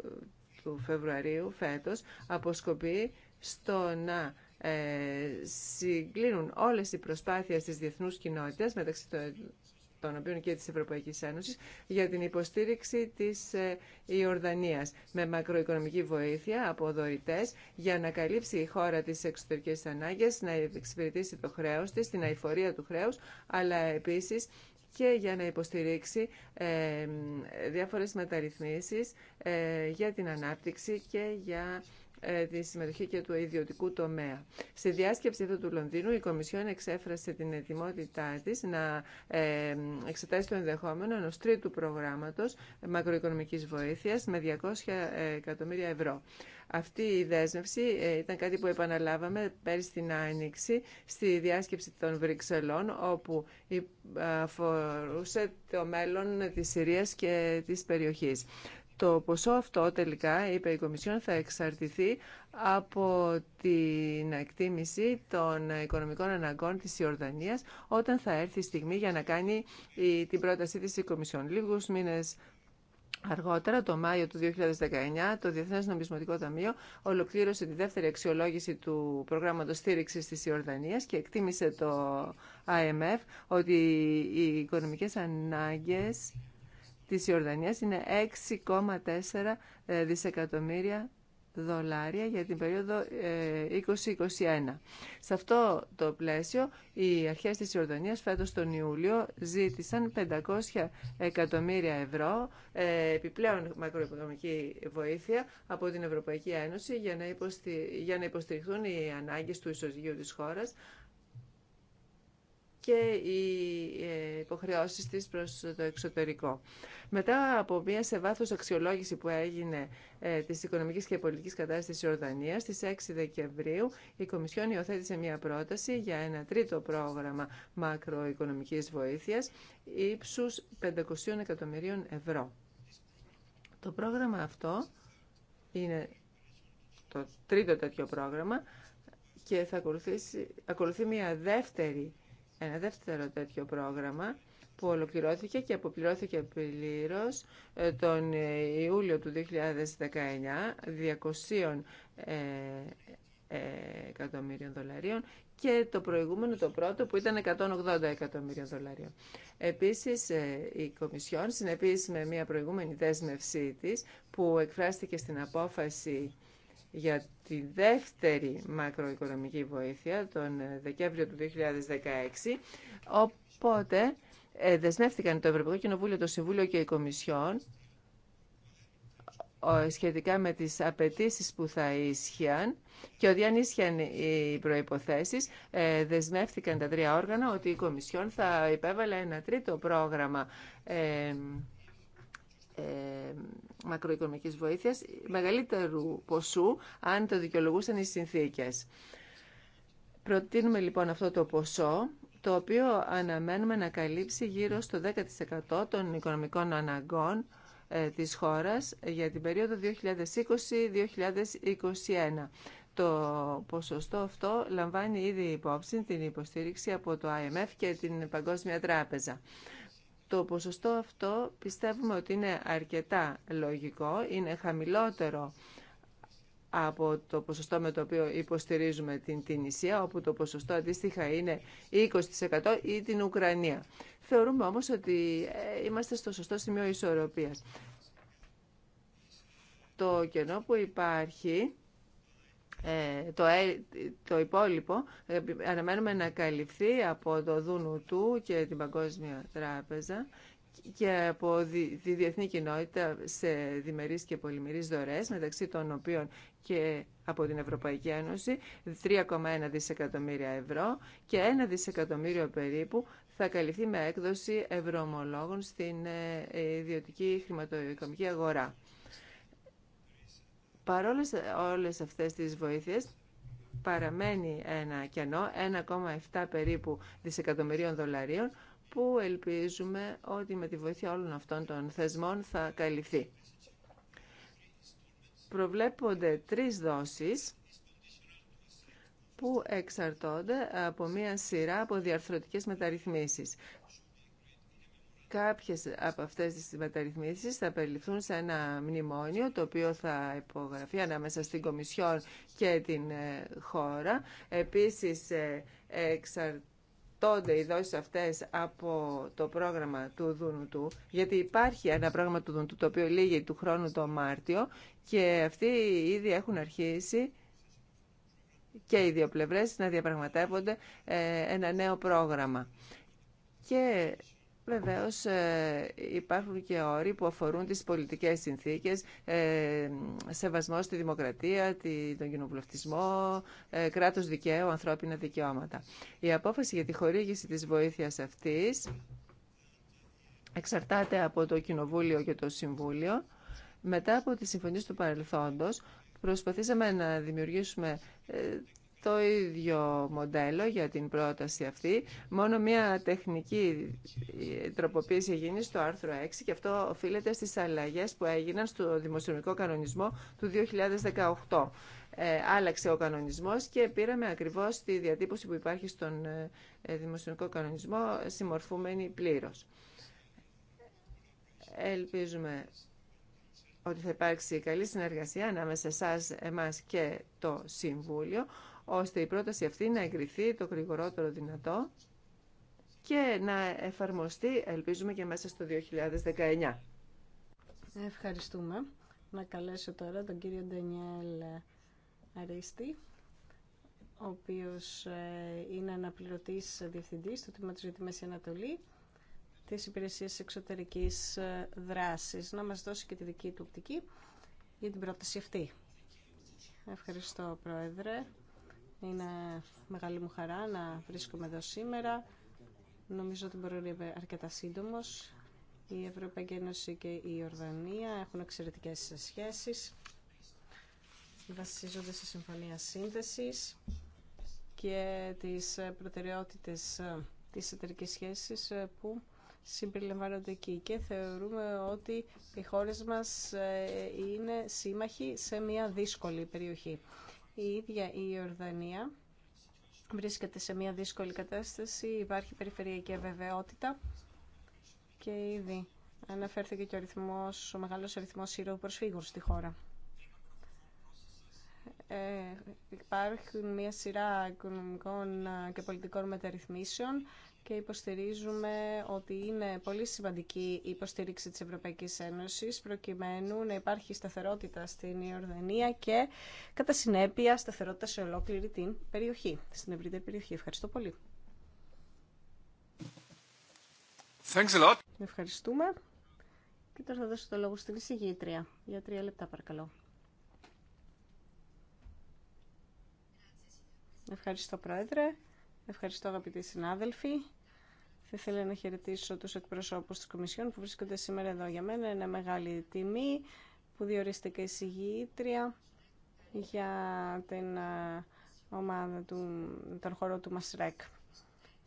του Φεβρουαρίου φέτος αποσκοπεί στο να ε, συγκλίνουν όλες οι προσπάθειες της διεθνούς κοινότητας μεταξύ των των οποίων και της Ευρωπαϊκής Ένωσης, για την υποστήριξη της ε, Ιορδανίας με μακροοικονομική βοήθεια από δωρητές για να καλύψει η χώρα τις εξωτερικές ανάγκες, να εξυπηρετήσει το χρέος της, την αηφορία του χρέους, αλλά επίσης και για να υποστηρίξει ε, διάφορες μεταρρυθμίσεις ε, για την ανάπτυξη και για ε, τη συμμετοχή και του ιδιωτικού τομέα. Στη διάσκεψη εδώ του Λονδίνου, η Κομισιόν εξέφρασε την ετοιμότητά τη να ε, εξετάσει το ενδεχόμενο ενό τρίτου προγράμματο μακροοικονομική βοήθεια με 200 ε, εκατομμύρια ευρώ. Αυτή η δέσμευση ήταν κάτι που επαναλάβαμε πέρυσι την Άνοιξη στη διάσκεψη των Βρυξελών, όπου αφορούσε το μέλλον της Συρίας και της περιοχής. Το ποσό αυτό τελικά, είπε η Κομισιόν, θα εξαρτηθεί από την εκτίμηση των οικονομικών αναγκών της Ιορδανίας όταν θα έρθει η στιγμή για να κάνει την πρότασή της η Κομισιόν. Λίγους μήνες Αργότερα, το Μάιο του 2019, το Διεθνές Νομισματικό Ταμείο ολοκλήρωσε τη δεύτερη αξιολόγηση του προγράμματος στήριξης της Ιορδανίας και εκτίμησε το IMF ότι οι οικονομικές ανάγκες της Ιορδανίας είναι 6,4 ε, δισεκατομμύρια δολάρια για την περίοδο 2021. Ε, Σε αυτό το πλαίσιο, οι αρχές της Ιορδανίας φέτος τον Ιούλιο ζήτησαν 500 εκατομμύρια ευρώ ε, επιπλέον μακροοικονομική βοήθεια από την Ευρωπαϊκή Ένωση για να, υποστηριχθούν οι ανάγκες του ισοζυγίου της χώρας και οι ε, υποχρεώσεις της προς το εξωτερικό. Μετά από μια σε βάθος αξιολόγηση που έγινε ε, της οικονομικής και πολιτικής κατάστασης της Ιορδανίας, στις 6 Δεκεμβρίου η Κομισιόν υιοθέτησε μια πρόταση για ένα τρίτο πρόγραμμα μακροοικονομικής βοήθειας ύψους 500 εκατομμυρίων ευρώ. Το πρόγραμμα αυτό είναι το τρίτο τέτοιο πρόγραμμα και θα ακολουθήσει, ακολουθεί μια δεύτερη ένα δεύτερο τέτοιο πρόγραμμα που ολοκληρώθηκε και αποπληρώθηκε πλήρως ε, τον ε, Ιούλιο του 2019 200 ε, εκατομμύριων δολαρίων και το προηγούμενο το πρώτο που ήταν 180 εκατομμύριων δολαρίων. Επίσης η Κομισιόν συνεπής με μια προηγούμενη δέσμευσή της που εκφράστηκε στην απόφαση για τη δεύτερη μακροοικονομική βοήθεια τον Δεκέμβριο του 2016. Οπότε ε, δεσμεύτηκαν το Ευρωπαϊκό Κοινοβούλιο, το Συμβούλιο και η Κομισιόν σχετικά με τις απαιτήσει που θα ίσχυαν και ότι αν ίσχυαν οι προϋποθέσεις ε, δεσμεύτηκαν τα τρία όργανα ότι η Κομισιόν θα υπέβαλε ένα τρίτο πρόγραμμα ε, ε, μακροοικονομικής βοήθειας μεγαλύτερου ποσού αν το δικαιολογούσαν οι συνθήκες. Προτείνουμε λοιπόν αυτό το ποσό το οποίο αναμένουμε να καλύψει γύρω στο 10% των οικονομικών αναγκών ε, της χώρας για την περίοδο 2020-2021. Το ποσοστό αυτό λαμβάνει ήδη υπόψη την υποστήριξη από το IMF και την Παγκόσμια Τράπεζα. Το ποσοστό αυτό πιστεύουμε ότι είναι αρκετά λογικό, είναι χαμηλότερο από το ποσοστό με το οποίο υποστηρίζουμε την Τινησία, όπου το ποσοστό αντίστοιχα είναι 20% ή την Ουκρανία. Θεωρούμε όμως ότι ε, είμαστε στο σωστό σημείο ισορροπίας. Το κενό που υπάρχει ε, το, το υπόλοιπο ε, αναμένουμε να καλυφθεί από το Δούνου και την Παγκόσμια Τράπεζα και από τη διεθνή κοινότητα σε διμερείς και πολυμερείς δωρές, μεταξύ των οποίων και από την Ευρωπαϊκή Ένωση, 3,1 δισεκατομμύρια ευρώ και 1 δισεκατομμύριο περίπου θα καλυφθεί με έκδοση ευρωομολόγων στην ε, ιδιωτική χρηματοοικονομική αγορά. Παρόλες όλες αυτές τις βοήθειες παραμένει ένα κενό, 1,7 περίπου δισεκατομμυρίων δολαρίων, που ελπίζουμε ότι με τη βοήθεια όλων αυτών των θεσμών θα καλυφθεί. Προβλέπονται τρεις δόσεις που εξαρτώνται από μία σειρά από διαρθρωτικές μεταρρυθμίσεις. Κάποιες από αυτές τις μεταρρυθμίσεις θα περιληφθούν σε ένα μνημόνιο το οποίο θα υπογραφεί ανάμεσα στην Κομισιόν και την ε, χώρα. Επίσης ε, εξαρτώνται οι δόσεις αυτές από το πρόγραμμα του Δουνουτού γιατί υπάρχει ένα πρόγραμμα του Δουνουτού το οποίο λύγει του χρόνου το Μάρτιο και αυτοί ήδη έχουν αρχίσει και οι δύο πλευρές να διαπραγματεύονται ε, ένα νέο πρόγραμμα. Και Βεβαίως ε, υπάρχουν και όροι που αφορούν τις πολιτικές συνθήκες, ε, σεβασμό στη δημοκρατία, τον κοινοβουλευτισμό, ε, κράτο δικαίου, ανθρώπινα δικαιώματα. Η απόφαση για τη χορήγηση της βοήθειας αυτής εξαρτάται από το Κοινοβούλιο και το Συμβούλιο. Μετά από τις συμφωνίες του παρελθόντος, προσπαθήσαμε να δημιουργήσουμε το ίδιο μοντέλο για την πρόταση αυτή. Μόνο μια τεχνική τροποποίηση γίνει στο άρθρο 6 και αυτό οφείλεται στις αλλαγές που έγιναν στο δημοσιονομικό κανονισμό του 2018. Ε, άλλαξε ο κανονισμός και πήραμε ακριβώς τη διατύπωση που υπάρχει στον ε, ε, δημοσιονομικό κανονισμό συμμορφούμενη πλήρως. Ελπίζουμε ότι θα υπάρξει καλή συνεργασία ανάμεσα σας, εμάς και το Συμβούλιο, ώστε η πρόταση αυτή να εγκριθεί το γρηγορότερο δυνατό και να εφαρμοστεί, ελπίζουμε, και μέσα στο 2019. Ευχαριστούμε. Να καλέσω τώρα τον κύριο Ντανιέλ Αρίστη, ο οποίος ε, είναι αναπληρωτής διευθυντής του Τμήματος για τη Μέση Ανατολή της Υπηρεσίας Εξωτερικής ε, Δράσης. Να μας δώσει και τη δική του οπτική για την πρόταση αυτή. Ευχαριστώ, Πρόεδρε. Είναι μεγάλη μου χαρά να βρίσκομαι εδώ σήμερα. Νομίζω ότι μπορώ να είμαι αρκετά σύντομο. Η Ευρωπαϊκή Ένωση και η Ορδανία έχουν εξαιρετικέ σχέσει. Βασίζονται σε συμφωνία σύνδεση και τις προτεραιότητε ε, της εταιρική σχέση ε, που συμπεριλαμβάνονται εκεί και θεωρούμε ότι οι χώρες μας ε, είναι σύμμαχοι σε μια δύσκολη περιοχή η ίδια η Ιορδανία βρίσκεται σε μια δύσκολη κατάσταση, υπάρχει περιφερειακή αβεβαιότητα και ήδη αναφέρθηκε και ο, ρυθμός, ο μεγάλος αριθμός προσφύγων στη χώρα. Ε, υπάρχουν μια σειρά οικονομικών και πολιτικών μεταρρυθμίσεων και υποστηρίζουμε ότι είναι πολύ σημαντική η υποστήριξη της Ευρωπαϊκής Ένωσης προκειμένου να υπάρχει σταθερότητα στην Ιορδανία και κατά συνέπεια σταθερότητα σε ολόκληρη την περιοχή, στην ευρύτερη περιοχή. Ευχαριστώ πολύ. Ευχαριστούμε. Και τώρα θα δώσω το λόγο στην εισηγήτρια. Για τρία λεπτά παρακαλώ. Ευχαριστώ Πρόεδρε. Ευχαριστώ αγαπητοί συνάδελφοι. Θα ήθελα να χαιρετήσω τους εκπροσώπους της Κομισιόν που βρίσκονται σήμερα εδώ για μένα. Είναι μεγάλη τιμή που διορίστηκε εισηγήτρια για την ε, ομάδα του, τον χώρο του Μασρέκ.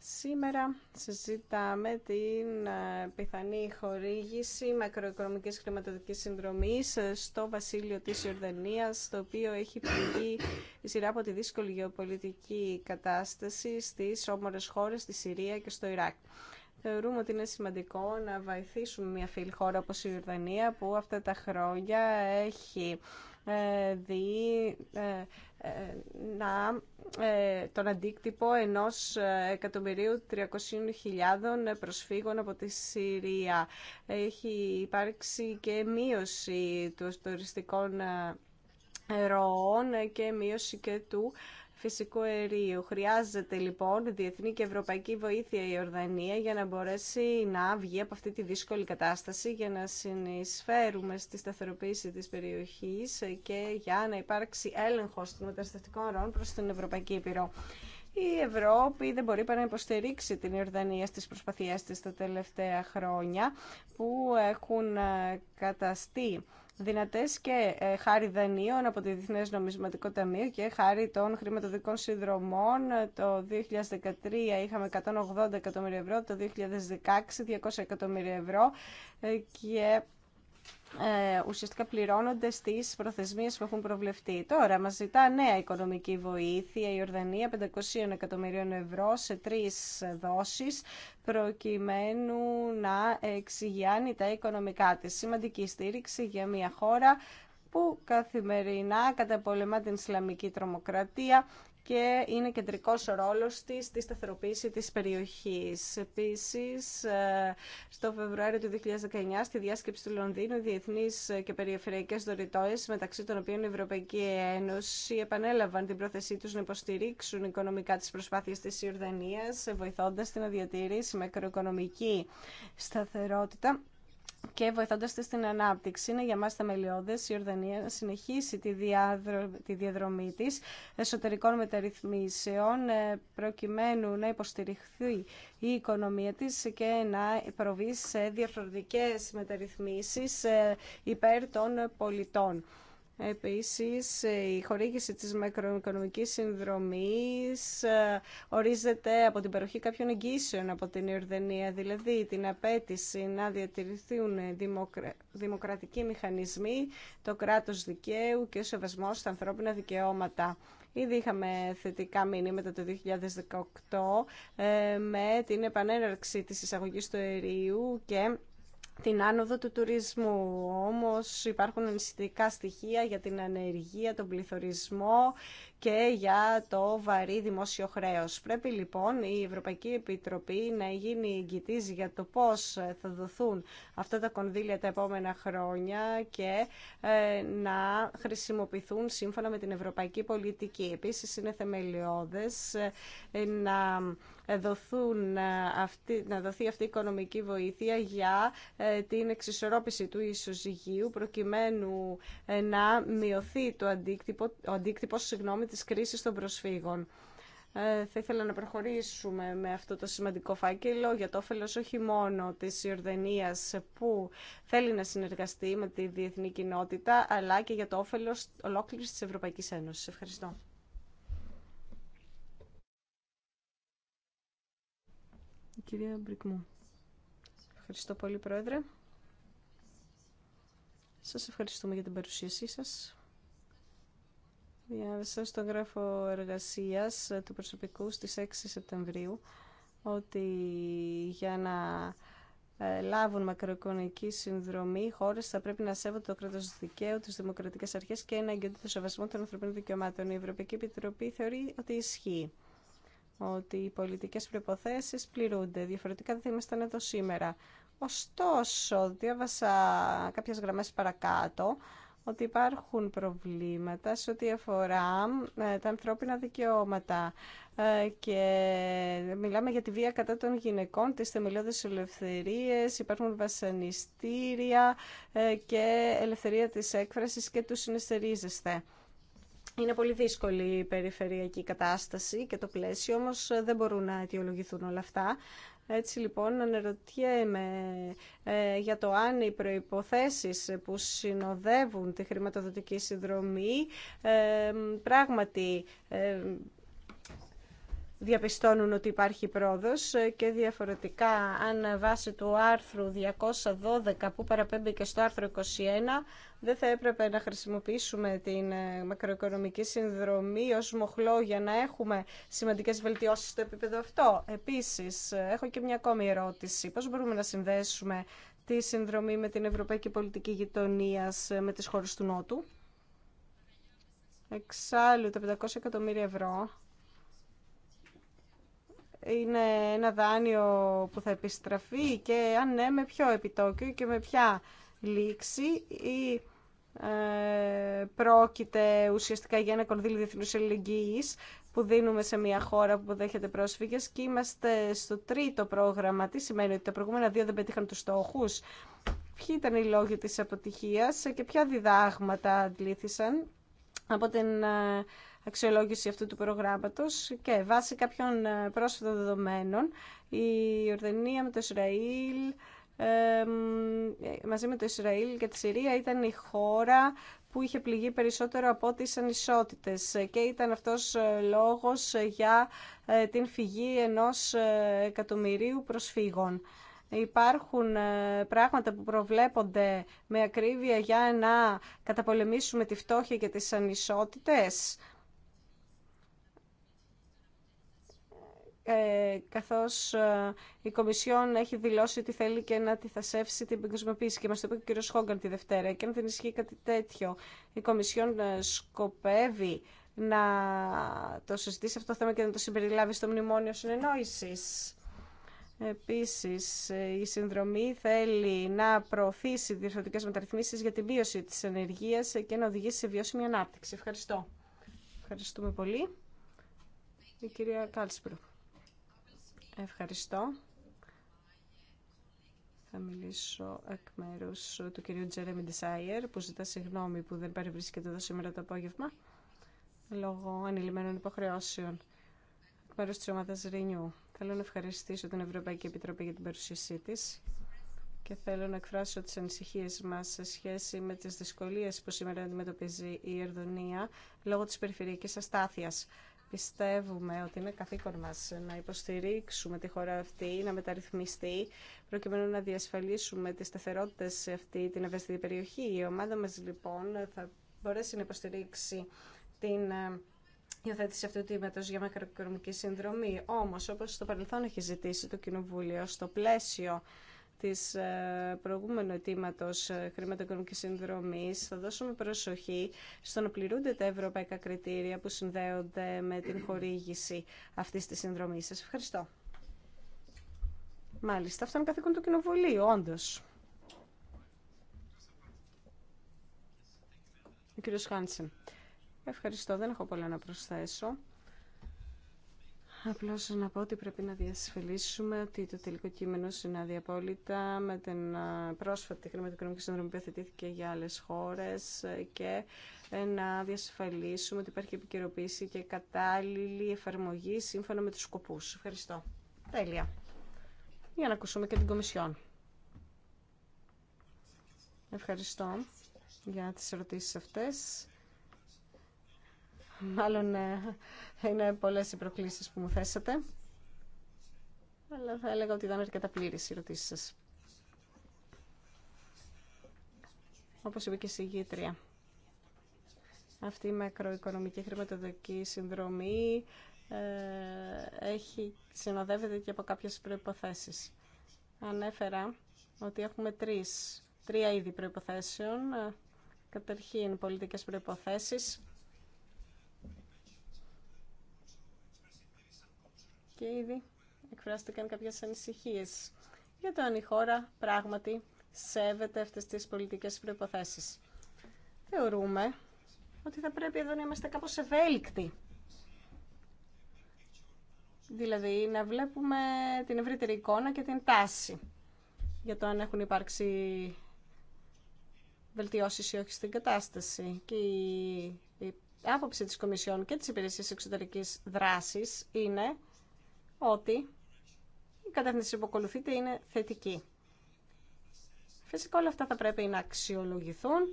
Σήμερα συζητάμε την ε, πιθανή χορήγηση μακροοικονομικής χρηματοδοτικής συνδρομής ε, στο βασίλειο της Ιορδανίας, το οποίο έχει πληγεί η σειρά από τη δύσκολη γεωπολιτική κατάσταση στις όμορες χώρες, στη Συρία και στο Ιράκ. Θεωρούμε ότι είναι σημαντικό να βοηθήσουμε μια φίλη χώρα όπως η Ιορδανία που αυτά τα χρόνια έχει ε, δει ε, ε, να, τον αντίκτυπο ενός εκατομμυρίου 300.000 προσφύγων από τη Συρία. Έχει υπάρξει και μείωση του τουριστικών ροών και μείωση και του φυσικού αερίου. Χρειάζεται λοιπόν διεθνή και ευρωπαϊκή βοήθεια η Ορδανία για να μπορέσει να βγει από αυτή τη δύσκολη κατάσταση, για να συνεισφέρουμε στη σταθεροποίηση της περιοχής και για να υπάρξει έλεγχος των μεταναστευτικών ροών προς την Ευρωπαϊκή Ήπειρο. Η Ευρώπη δεν μπορεί παρά να υποστηρίξει την Ιορδανία στις προσπαθίες της τα τελευταία χρόνια που έχουν καταστεί δυνατές και ε, χάρη δανείων από το Διεθνέ Νομισματικό Ταμείο και χάρη των χρηματοδικών συνδρομών. Το 2013 είχαμε 180 εκατομμύρια ευρώ, το 2016 200 εκατομμύρια ευρώ ε, και ε, ουσιαστικά πληρώνονται στι προθεσμίες που έχουν προβλεφτεί. Τώρα μα ζητά νέα οικονομική βοήθεια η Ορδανία 500 εκατομμυρίων ευρώ σε τρει δόσεις προκειμένου να εξηγιάνει τα οικονομικά τη Σημαντική στήριξη για μια χώρα που καθημερινά καταπολεμά την Ισλαμική τρομοκρατία και είναι κεντρικός ο ρόλος της στη σταθεροποίηση της περιοχής. Επίσης, ε, στο Φεβρουάριο του 2019, στη διάσκεψη του Λονδίνου, οι διεθνείς και περιφερειακές δωρητόες, μεταξύ των οποίων η Ευρωπαϊκή Ένωση, επανέλαβαν την πρόθεσή τους να υποστηρίξουν οικονομικά τις προσπάθειες της Ιορδανίας, βοηθώντας την αδιατήρηση μακροοικονομική σταθερότητα και βοηθώντα τη στην ανάπτυξη. Είναι για μα θεμελιώδε η Ορδανία να συνεχίσει τη, διάδρο... τη διαδρομή τη εσωτερικών μεταρρυθμίσεων ε, προκειμένου να υποστηριχθεί η οικονομία τη και να προβεί σε διαφορετικέ μεταρρυθμίσει ε, υπέρ των πολιτών. Επίσης, η χορήγηση της μακροοικονομικής συνδρομής ε, ορίζεται από την παροχή κάποιων εγγύσεων από την Ιορδανία, δηλαδή την απέτηση να διατηρηθούν δημοκρατικοί μηχανισμοί, το κράτος δικαίου και ο σεβασμός στα ανθρώπινα δικαιώματα. Ήδη είχαμε θετικά μηνύματα το 2018 ε, με την επανέναρξη της εισαγωγής του αερίου και την άνοδο του τουρισμού. Όμως υπάρχουν ενισχυτικά στοιχεία για την ανεργία, τον πληθωρισμό και για το βαρύ δημόσιο χρέος. Πρέπει λοιπόν η Ευρωπαϊκή Επιτροπή να γίνει εγγυητής για το πώς ε, θα δοθούν αυτά τα κονδύλια τα επόμενα χρόνια και ε, να χρησιμοποιηθούν σύμφωνα με την ευρωπαϊκή πολιτική. Επίσης είναι θεμελιώδες ε, να δοθούν αυτή, να δοθεί αυτή η οικονομική βοήθεια για την εξισορρόπηση του ισοζυγίου προκειμένου να μειωθεί το αντίκτυπο, ο αντίκτυπος της κρίσης των προσφύγων. Ε, θα ήθελα να προχωρήσουμε με αυτό το σημαντικό φάκελο για το όφελο όχι μόνο της Ιορδανίας που θέλει να συνεργαστεί με τη διεθνή κοινότητα αλλά και για το όφελος ολόκληρης της Ευρωπαϊκής Ένωσης. Ευχαριστώ. κυρία Μπρικμού. Ευχαριστώ πολύ, Πρόεδρε. Σας ευχαριστούμε για την παρουσίασή σας διάβασα στον γράφο εργασίας του προσωπικού στις 6 Σεπτεμβρίου ότι για να ε, λάβουν μακροοικονομική συνδρομή, οι χώρε θα πρέπει να σέβονται το κράτος δικαίου, τις δημοκρατικές αρχέ και να εγγυώνται το σεβασμό των ανθρωπίνων δικαιωμάτων. Η Ευρωπαϊκή Επιτροπή θεωρεί ότι ισχύει ότι οι πολιτικές προποθέσει πληρούνται. Διαφορετικά δεν θα ήμασταν εδώ σήμερα. Ωστόσο, διάβασα κάποιε γραμμές παρακάτω ότι υπάρχουν προβλήματα σε ό,τι αφορά ε, τα ανθρώπινα δικαιώματα ε, και μιλάμε για τη βία κατά των γυναικών, τις θεμελιώδεις ελευθερίες, υπάρχουν βασανιστήρια ε, και ελευθερία της έκφρασης και του συνεστερίζεστε. Είναι πολύ δύσκολη η περιφερειακή κατάσταση και το πλαίσιο, όμως δεν μπορούν να αιτιολογηθούν όλα αυτά έτσι λοιπόν αναρωτιέμαι ε, για το αν οι προϋποθέσεις που συνοδεύουν τη χρηματοδοτική συνδρομή ε, πράγματι ε, διαπιστώνουν ότι υπάρχει πρόοδος και διαφορετικά αν βάσει του άρθρου 212 που παραπέμπει και στο άρθρο 21 δεν θα έπρεπε να χρησιμοποιήσουμε την ε, μακροοικονομική συνδρομή ως μοχλό για να έχουμε σημαντικές βελτιώσεις στο επίπεδο αυτό. Επίσης, έχω και μια ακόμη ερώτηση. Πώς μπορούμε να συνδέσουμε τη συνδρομή με την Ευρωπαϊκή Πολιτική Γειτονίας με τις χώρες του Νότου. Εξάλλου, τα 500 εκατομμύρια ευρώ είναι ένα δάνειο που θα επιστραφεί και αν ναι με ποιο επιτόκιο και με ποια λήξη ή ε, πρόκειται ουσιαστικά για ένα κονδύλι διεθνούς ελληνικής που δίνουμε σε μια χώρα που δέχεται πρόσφυγες και είμαστε στο τρίτο πρόγραμμα. Τι σημαίνει ότι τα προηγούμενα δύο δεν πετύχαν τους στόχους. Ποιοι ήταν οι λόγοι της αποτυχίας και ποια διδάγματα αντλήθησαν από την ε, αξιολόγηση αυτού του προγράμματος και βάσει κάποιων ε, πρόσφατων δεδομένων η ορδενία με το Ισραήλ ε, μαζί με το Ισραήλ και τη Συρία ήταν η χώρα που είχε πληγεί περισσότερο από τις ανισότητες και ήταν αυτός ε, λόγος για την φυγή ενός εκατομμυρίου προσφύγων. Υπάρχουν πράγματα που προβλέπονται με ακρίβεια για να καταπολεμήσουμε τη φτώχεια και τις ανισότητες. Ε, καθώς ε, η Κομισιόν έχει δηλώσει ότι θέλει και να τη θασεύσει την παγκοσμιοποίηση και μας το είπε και ο κ. Χόγκαν τη Δευτέρα και αν δεν ισχύει κάτι τέτοιο η Κομισιόν ε, σκοπεύει να το συζητήσει αυτό το θέμα και να το συμπεριλάβει στο μνημόνιο συνεννόησης. Επίσης, η συνδρομή θέλει να προωθήσει διευθυντικές μεταρρυθμίσεις για την μείωση της ενεργείας και να οδηγήσει σε βιώσιμη ανάπτυξη. Ευχαριστώ. Ευχαριστούμε πολύ. Η κυρία Κάλσπρου. Ευχαριστώ. Θα μιλήσω εκ μέρου του κυρίου Τζέρεμι Ντισάιερ, που ζητά συγγνώμη που δεν παρευρίσκεται εδώ σήμερα το απόγευμα, λόγω ανηλυμένων υποχρεώσεων. Εκ μέρου τη ομάδα Ρινιού, θέλω να ευχαριστήσω την Ευρωπαϊκή Επιτροπή για την παρουσίασή τη και θέλω να εκφράσω τις ανησυχίες μας σε σχέση με τις δυσκολίες που σήμερα αντιμετωπίζει η Ερδονία λόγω της περιφερειακής αστάθειας. Πιστεύουμε ότι είναι καθήκον μας να υποστηρίξουμε τη χώρα αυτή, να μεταρρυθμιστεί, προκειμένου να διασφαλίσουμε τις σταθερότητε σε αυτή την ευαίσθητη περιοχή. Η ομάδα μας λοιπόν θα μπορέσει να υποστηρίξει την ε, υιοθέτηση αυτού του τύματος για μακροοικονομική συνδρομή. Όμως, όπως στο παρελθόν έχει ζητήσει το Κοινοβούλιο, στο πλαίσιο της ε, προηγούμενου αιτήματος ε, χρηματοοικονομικής συνδρομής θα δώσουμε προσοχή στο να πληρούνται τα ευρωπαϊκά κριτήρια που συνδέονται με την χορήγηση αυτής της συνδρομής. Σας ευχαριστώ. Μάλιστα, αυτά είναι καθήκον του Κοινοβουλίου, όντως. Ο κύριος Χάνσεν. Ευχαριστώ, δεν έχω πολλά να προσθέσω. Απλώ να πω ότι πρέπει να διασφαλίσουμε ότι το τελικό κείμενο συνάδει απόλυτα με την πρόσφατη χρηματοοικονομική συνδρομή που θετήθηκε για άλλε χώρες και ε, να διασφαλίσουμε ότι υπάρχει επικαιροποίηση και κατάλληλη εφαρμογή σύμφωνα με τους σκοπούς. Ευχαριστώ. Τέλεια. Για να ακούσουμε και την Κομισιόν. Ευχαριστώ για τις ερωτήσεις αυτές. Μάλλον ε, είναι πολλές οι προκλήσεις που μου θέσατε. Αλλά θα έλεγα ότι ήταν αρκετά πλήρης οι ερωτήση σας. Όπως είπε και η συγγήτρια. Αυτή η μακροοικονομική χρηματοδοτική συνδρομή ε, έχει, συνοδεύεται και από κάποιες προϋποθέσεις. Ανέφερα ότι έχουμε τρεις, τρία είδη προϋποθέσεων. Καταρχήν πολιτικές προϋποθέσεις, και ήδη εκφράστηκαν κάποιες ανησυχίες για το αν η χώρα πράγματι σέβεται αυτές τις πολιτικές προϋποθέσεις. Θεωρούμε ότι θα πρέπει εδώ να είμαστε κάπως ευέλικτοι. Δηλαδή να βλέπουμε την ευρύτερη εικόνα και την τάση για το αν έχουν υπάρξει βελτιώσεις ή όχι στην κατάσταση. Και η άποψη της Κομισιόν και της Υπηρεσίας Εξωτερικής Δράσης είναι ότι η κατεύθυνση που ακολουθείται είναι θετική. Φυσικά όλα αυτά θα πρέπει να αξιολογηθούν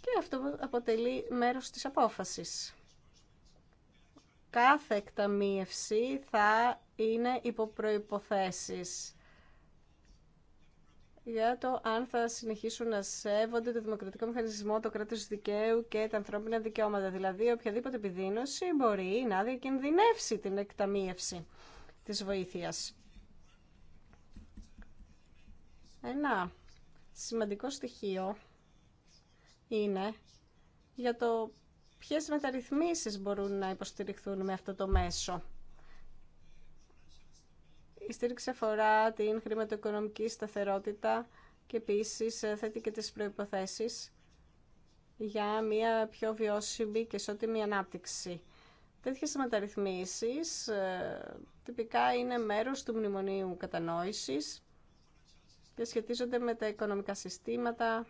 και αυτό αποτελεί μέρος της απόφασης. Κάθε εκταμίευση θα είναι υπό προϋποθέσεις για το αν θα συνεχίσουν να σέβονται το δημοκρατικό μηχανισμό, το κράτος δικαίου και τα ανθρώπινα δικαιώματα. Δηλαδή, οποιαδήποτε επιδείνωση μπορεί να διακινδυνεύσει την εκταμίευση της βοήθειας. Ένα σημαντικό στοιχείο είναι για το ποιες μεταρρυθμίσεις μπορούν να υποστηριχθούν με αυτό το μέσο. Η στήριξη αφορά την χρηματοοικονομική σταθερότητα και επίσης θέτει και τις προϋποθέσεις για μια πιο βιώσιμη και ισότιμη ανάπτυξη. Τέτοιες μεταρρυθμίσεις ε, τυπικά είναι μέρος του μνημονίου κατανόησης και σχετίζονται με τα οικονομικά συστήματα,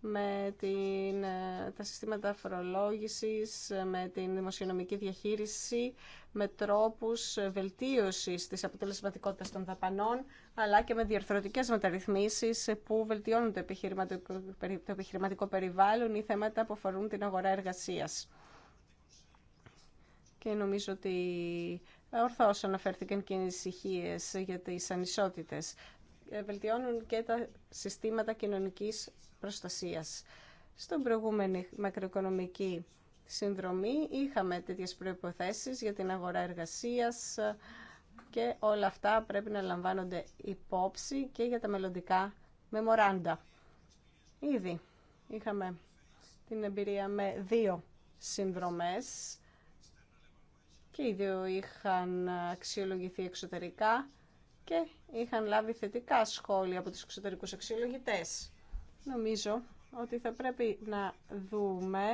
με την, ε, τα συστήματα φορολόγησης, με την δημοσιονομική διαχείριση, με τρόπους ε, βελτίωσης της αποτελεσματικότητας των δαπανών, αλλά και με διαρθρωτικές μεταρρυθμίσεις που βελτιώνουν το επιχειρηματικό, το επιχειρηματικό περιβάλλον ή θέματα που αφορούν την αγορά εργασίας και νομίζω ότι ορθώς αναφέρθηκαν και οι ανησυχίε για τις ανισότητες. Ε, βελτιώνουν και τα συστήματα κοινωνικής προστασίας. Στον προηγούμενη μακροοικονομική συνδρομή είχαμε τέτοιες προϋποθέσεις για την αγορά εργασίας και όλα αυτά πρέπει να λαμβάνονται υπόψη και για τα μελλοντικά μεμοράντα. Ήδη είχαμε την εμπειρία με δύο συνδρομές και οι δύο είχαν αξιολογηθεί εξωτερικά και είχαν λάβει θετικά σχόλια από τους εξωτερικούς αξιολογητές. Νομίζω ότι θα πρέπει να δούμε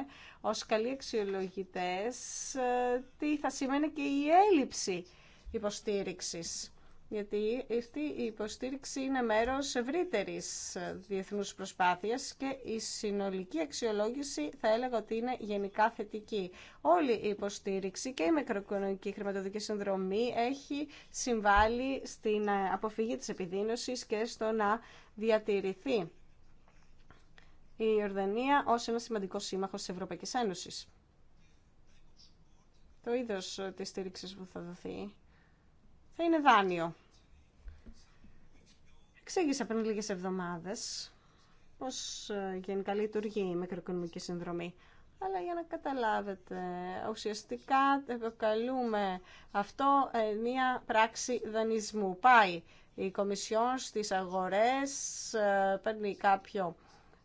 ως καλοί αξιολογητές ε, τι θα σημαίνει και η έλλειψη υποστήριξης γιατί αυτή η υποστήριξη είναι μέρος ευρύτερης διεθνούς προσπάθειας και η συνολική αξιολόγηση θα έλεγα ότι είναι γενικά θετική. Όλη η υποστήριξη και η μικροοικονομική χρηματοδοτική συνδρομή έχει συμβάλει στην αποφυγή της επιδείνωσης και στο να διατηρηθεί η Ιορδανία ως ένα σημαντικό σύμμαχος της Ευρωπαϊκής Ένωσης. Το είδος της στήριξης που θα δοθεί θα είναι δάνειο. Εξήγησα πριν λίγε εβδομάδες πώς ε, γενικά λειτουργεί η μικροοικονομική συνδρομή. Αλλά για να καταλάβετε, ουσιαστικά ε, καλούμε αυτό ε, μία πράξη δανεισμού. Πάει η Κομισιόν στις αγορές, παίρνει κάποιο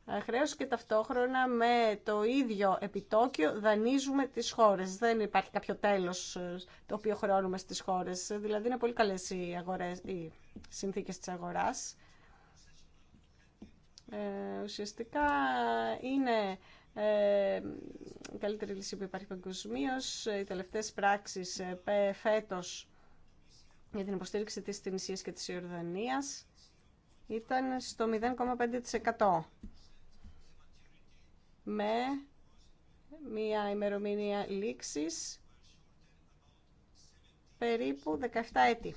ε, χρέος και ταυτόχρονα με το ίδιο επιτόκιο δανείζουμε τις χώρες. Δεν υπάρχει κάποιο τέλος ε, το οποίο χρεώνουμε στις χώρες. Δηλαδή είναι πολύ καλές οι, αγορές, οι συνθήκες της αγοράς. Ε, ουσιαστικά είναι ε, η καλύτερη λύση που υπάρχει παγκοσμίω. Οι τελευταίες πράξεις φέτος για την υποστήριξη της Τινησίας και της Ιορδανίας ήταν στο 0,5% με μια ημερομηνία λήξης περίπου 17 έτη.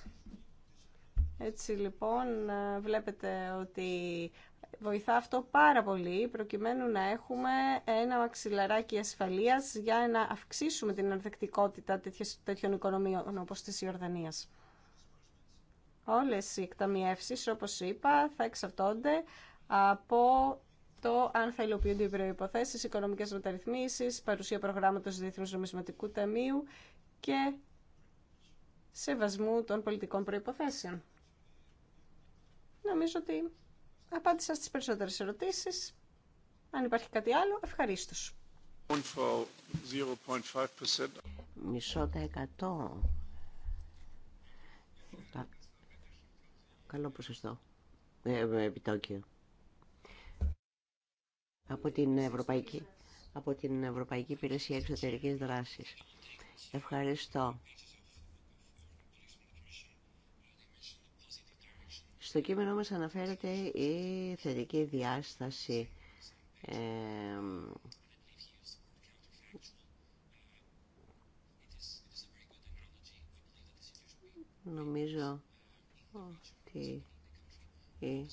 Έτσι λοιπόν βλέπετε ότι βοηθά αυτό πάρα πολύ προκειμένου να έχουμε ένα μαξιλαράκι ασφαλείας για να αυξήσουμε την ανθεκτικότητα τέτοιων οικονομίων όπως της Ιορδανίας. Όλες οι εκταμιεύσεις όπως είπα θα εξαρτώνται από το αν θα υλοποιούνται οι προποθέσει, οικονομικέ μεταρρυθμίσει, παρουσία προγράμματο Διεθνού Νομισματικού Ταμείου και σεβασμού των πολιτικών προϋποθέσεων. Νομίζω ότι απάντησα στις περισσότερες ερωτήσεις. Αν υπάρχει κάτι άλλο, ευχαρίστως. Μισό τα εκατό. Καλό ποσοστό. Ε, επιτόκιο από την Ευρωπαϊκή, από την Ευρωπαϊκή Υπηρεσία Εξωτερικής Δράσης. Ευχαριστώ. Στο κείμενο μας αναφέρεται η θετική διάσταση νομίζω ότι η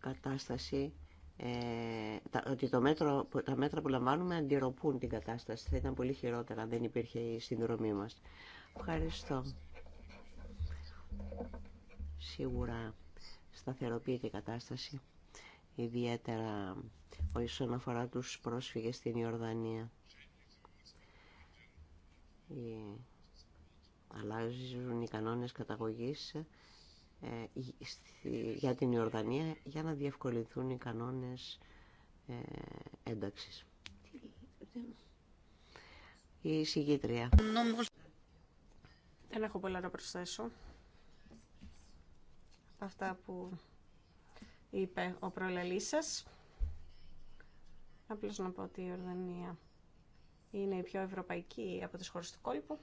κατάσταση ε, ότι το μέτρο, τα μέτρα που λαμβάνουμε αντιρροπούν την κατάσταση. Θα ήταν πολύ χειρότερα αν δεν υπήρχε η συνδρομή μας. Ευχαριστώ. Σίγουρα σταθεροποιείται η κατάσταση, ιδιαίτερα όσον αφορά τους πρόσφυγες στην Ιορδανία. Αλλάζουν οι κανόνες καταγωγής ε, για την Ιορδανία για να διευκολυνθούν οι κανόνες ε, ένταξης. Η συγκήτρια. Δεν έχω πολλά να προσθέσω. Αυτά που είπε ο προλαλής σας. Απλώς να πω ότι η Ιορδανία είναι η πιο ευρωπαϊκή από τις χώρες του κόλπου.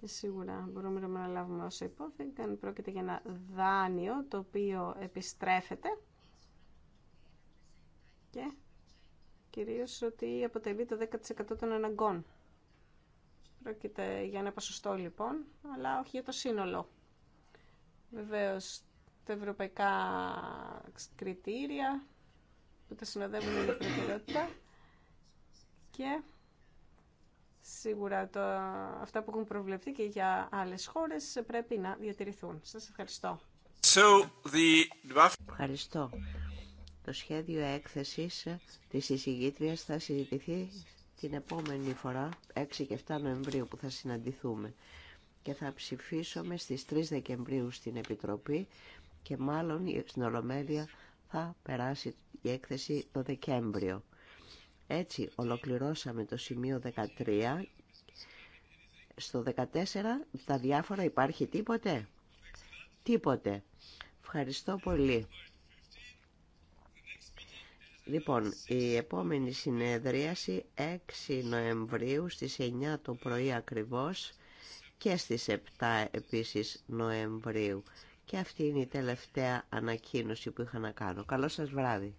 Και σίγουρα μπορούμε να αναλάβουμε όσο υπόθηκαν. Πρόκειται για ένα δάνειο το οποίο επιστρέφεται και κυρίως ότι αποτελεί το 10% των αναγκών. Πρόκειται για ένα ποσοστό λοιπόν, αλλά όχι για το σύνολο. Βεβαίως, τα ευρωπαϊκά κριτήρια που τα συνοδεύουν με την προτεραιότητα και σίγουρα αυτά που έχουν προβλεφθεί και για άλλες χώρες πρέπει να διατηρηθούν. Σας ευχαριστώ. So, Ευχαριστώ. Το σχέδιο έκθεσης της εισηγήτριας θα συζητηθεί την επόμενη φορά, 6 και 7 Νοεμβρίου που θα συναντηθούμε και θα ψηφίσουμε στις 3 Δεκεμβρίου στην Επιτροπή και μάλλον στην Ολομέλεια θα περάσει η έκθεση το Δεκέμβριο. Έτσι ολοκληρώσαμε το σημείο 13. Στο 14 τα διάφορα υπάρχει τίποτε. Τίποτε. Ευχαριστώ πολύ. Λοιπόν, η επόμενη συνεδρίαση 6 Νοεμβρίου στις 9 το πρωί ακριβώς και στις 7 επίσης Νοεμβρίου. Και αυτή είναι η τελευταία ανακοίνωση που είχα να κάνω. Καλό σας βράδυ.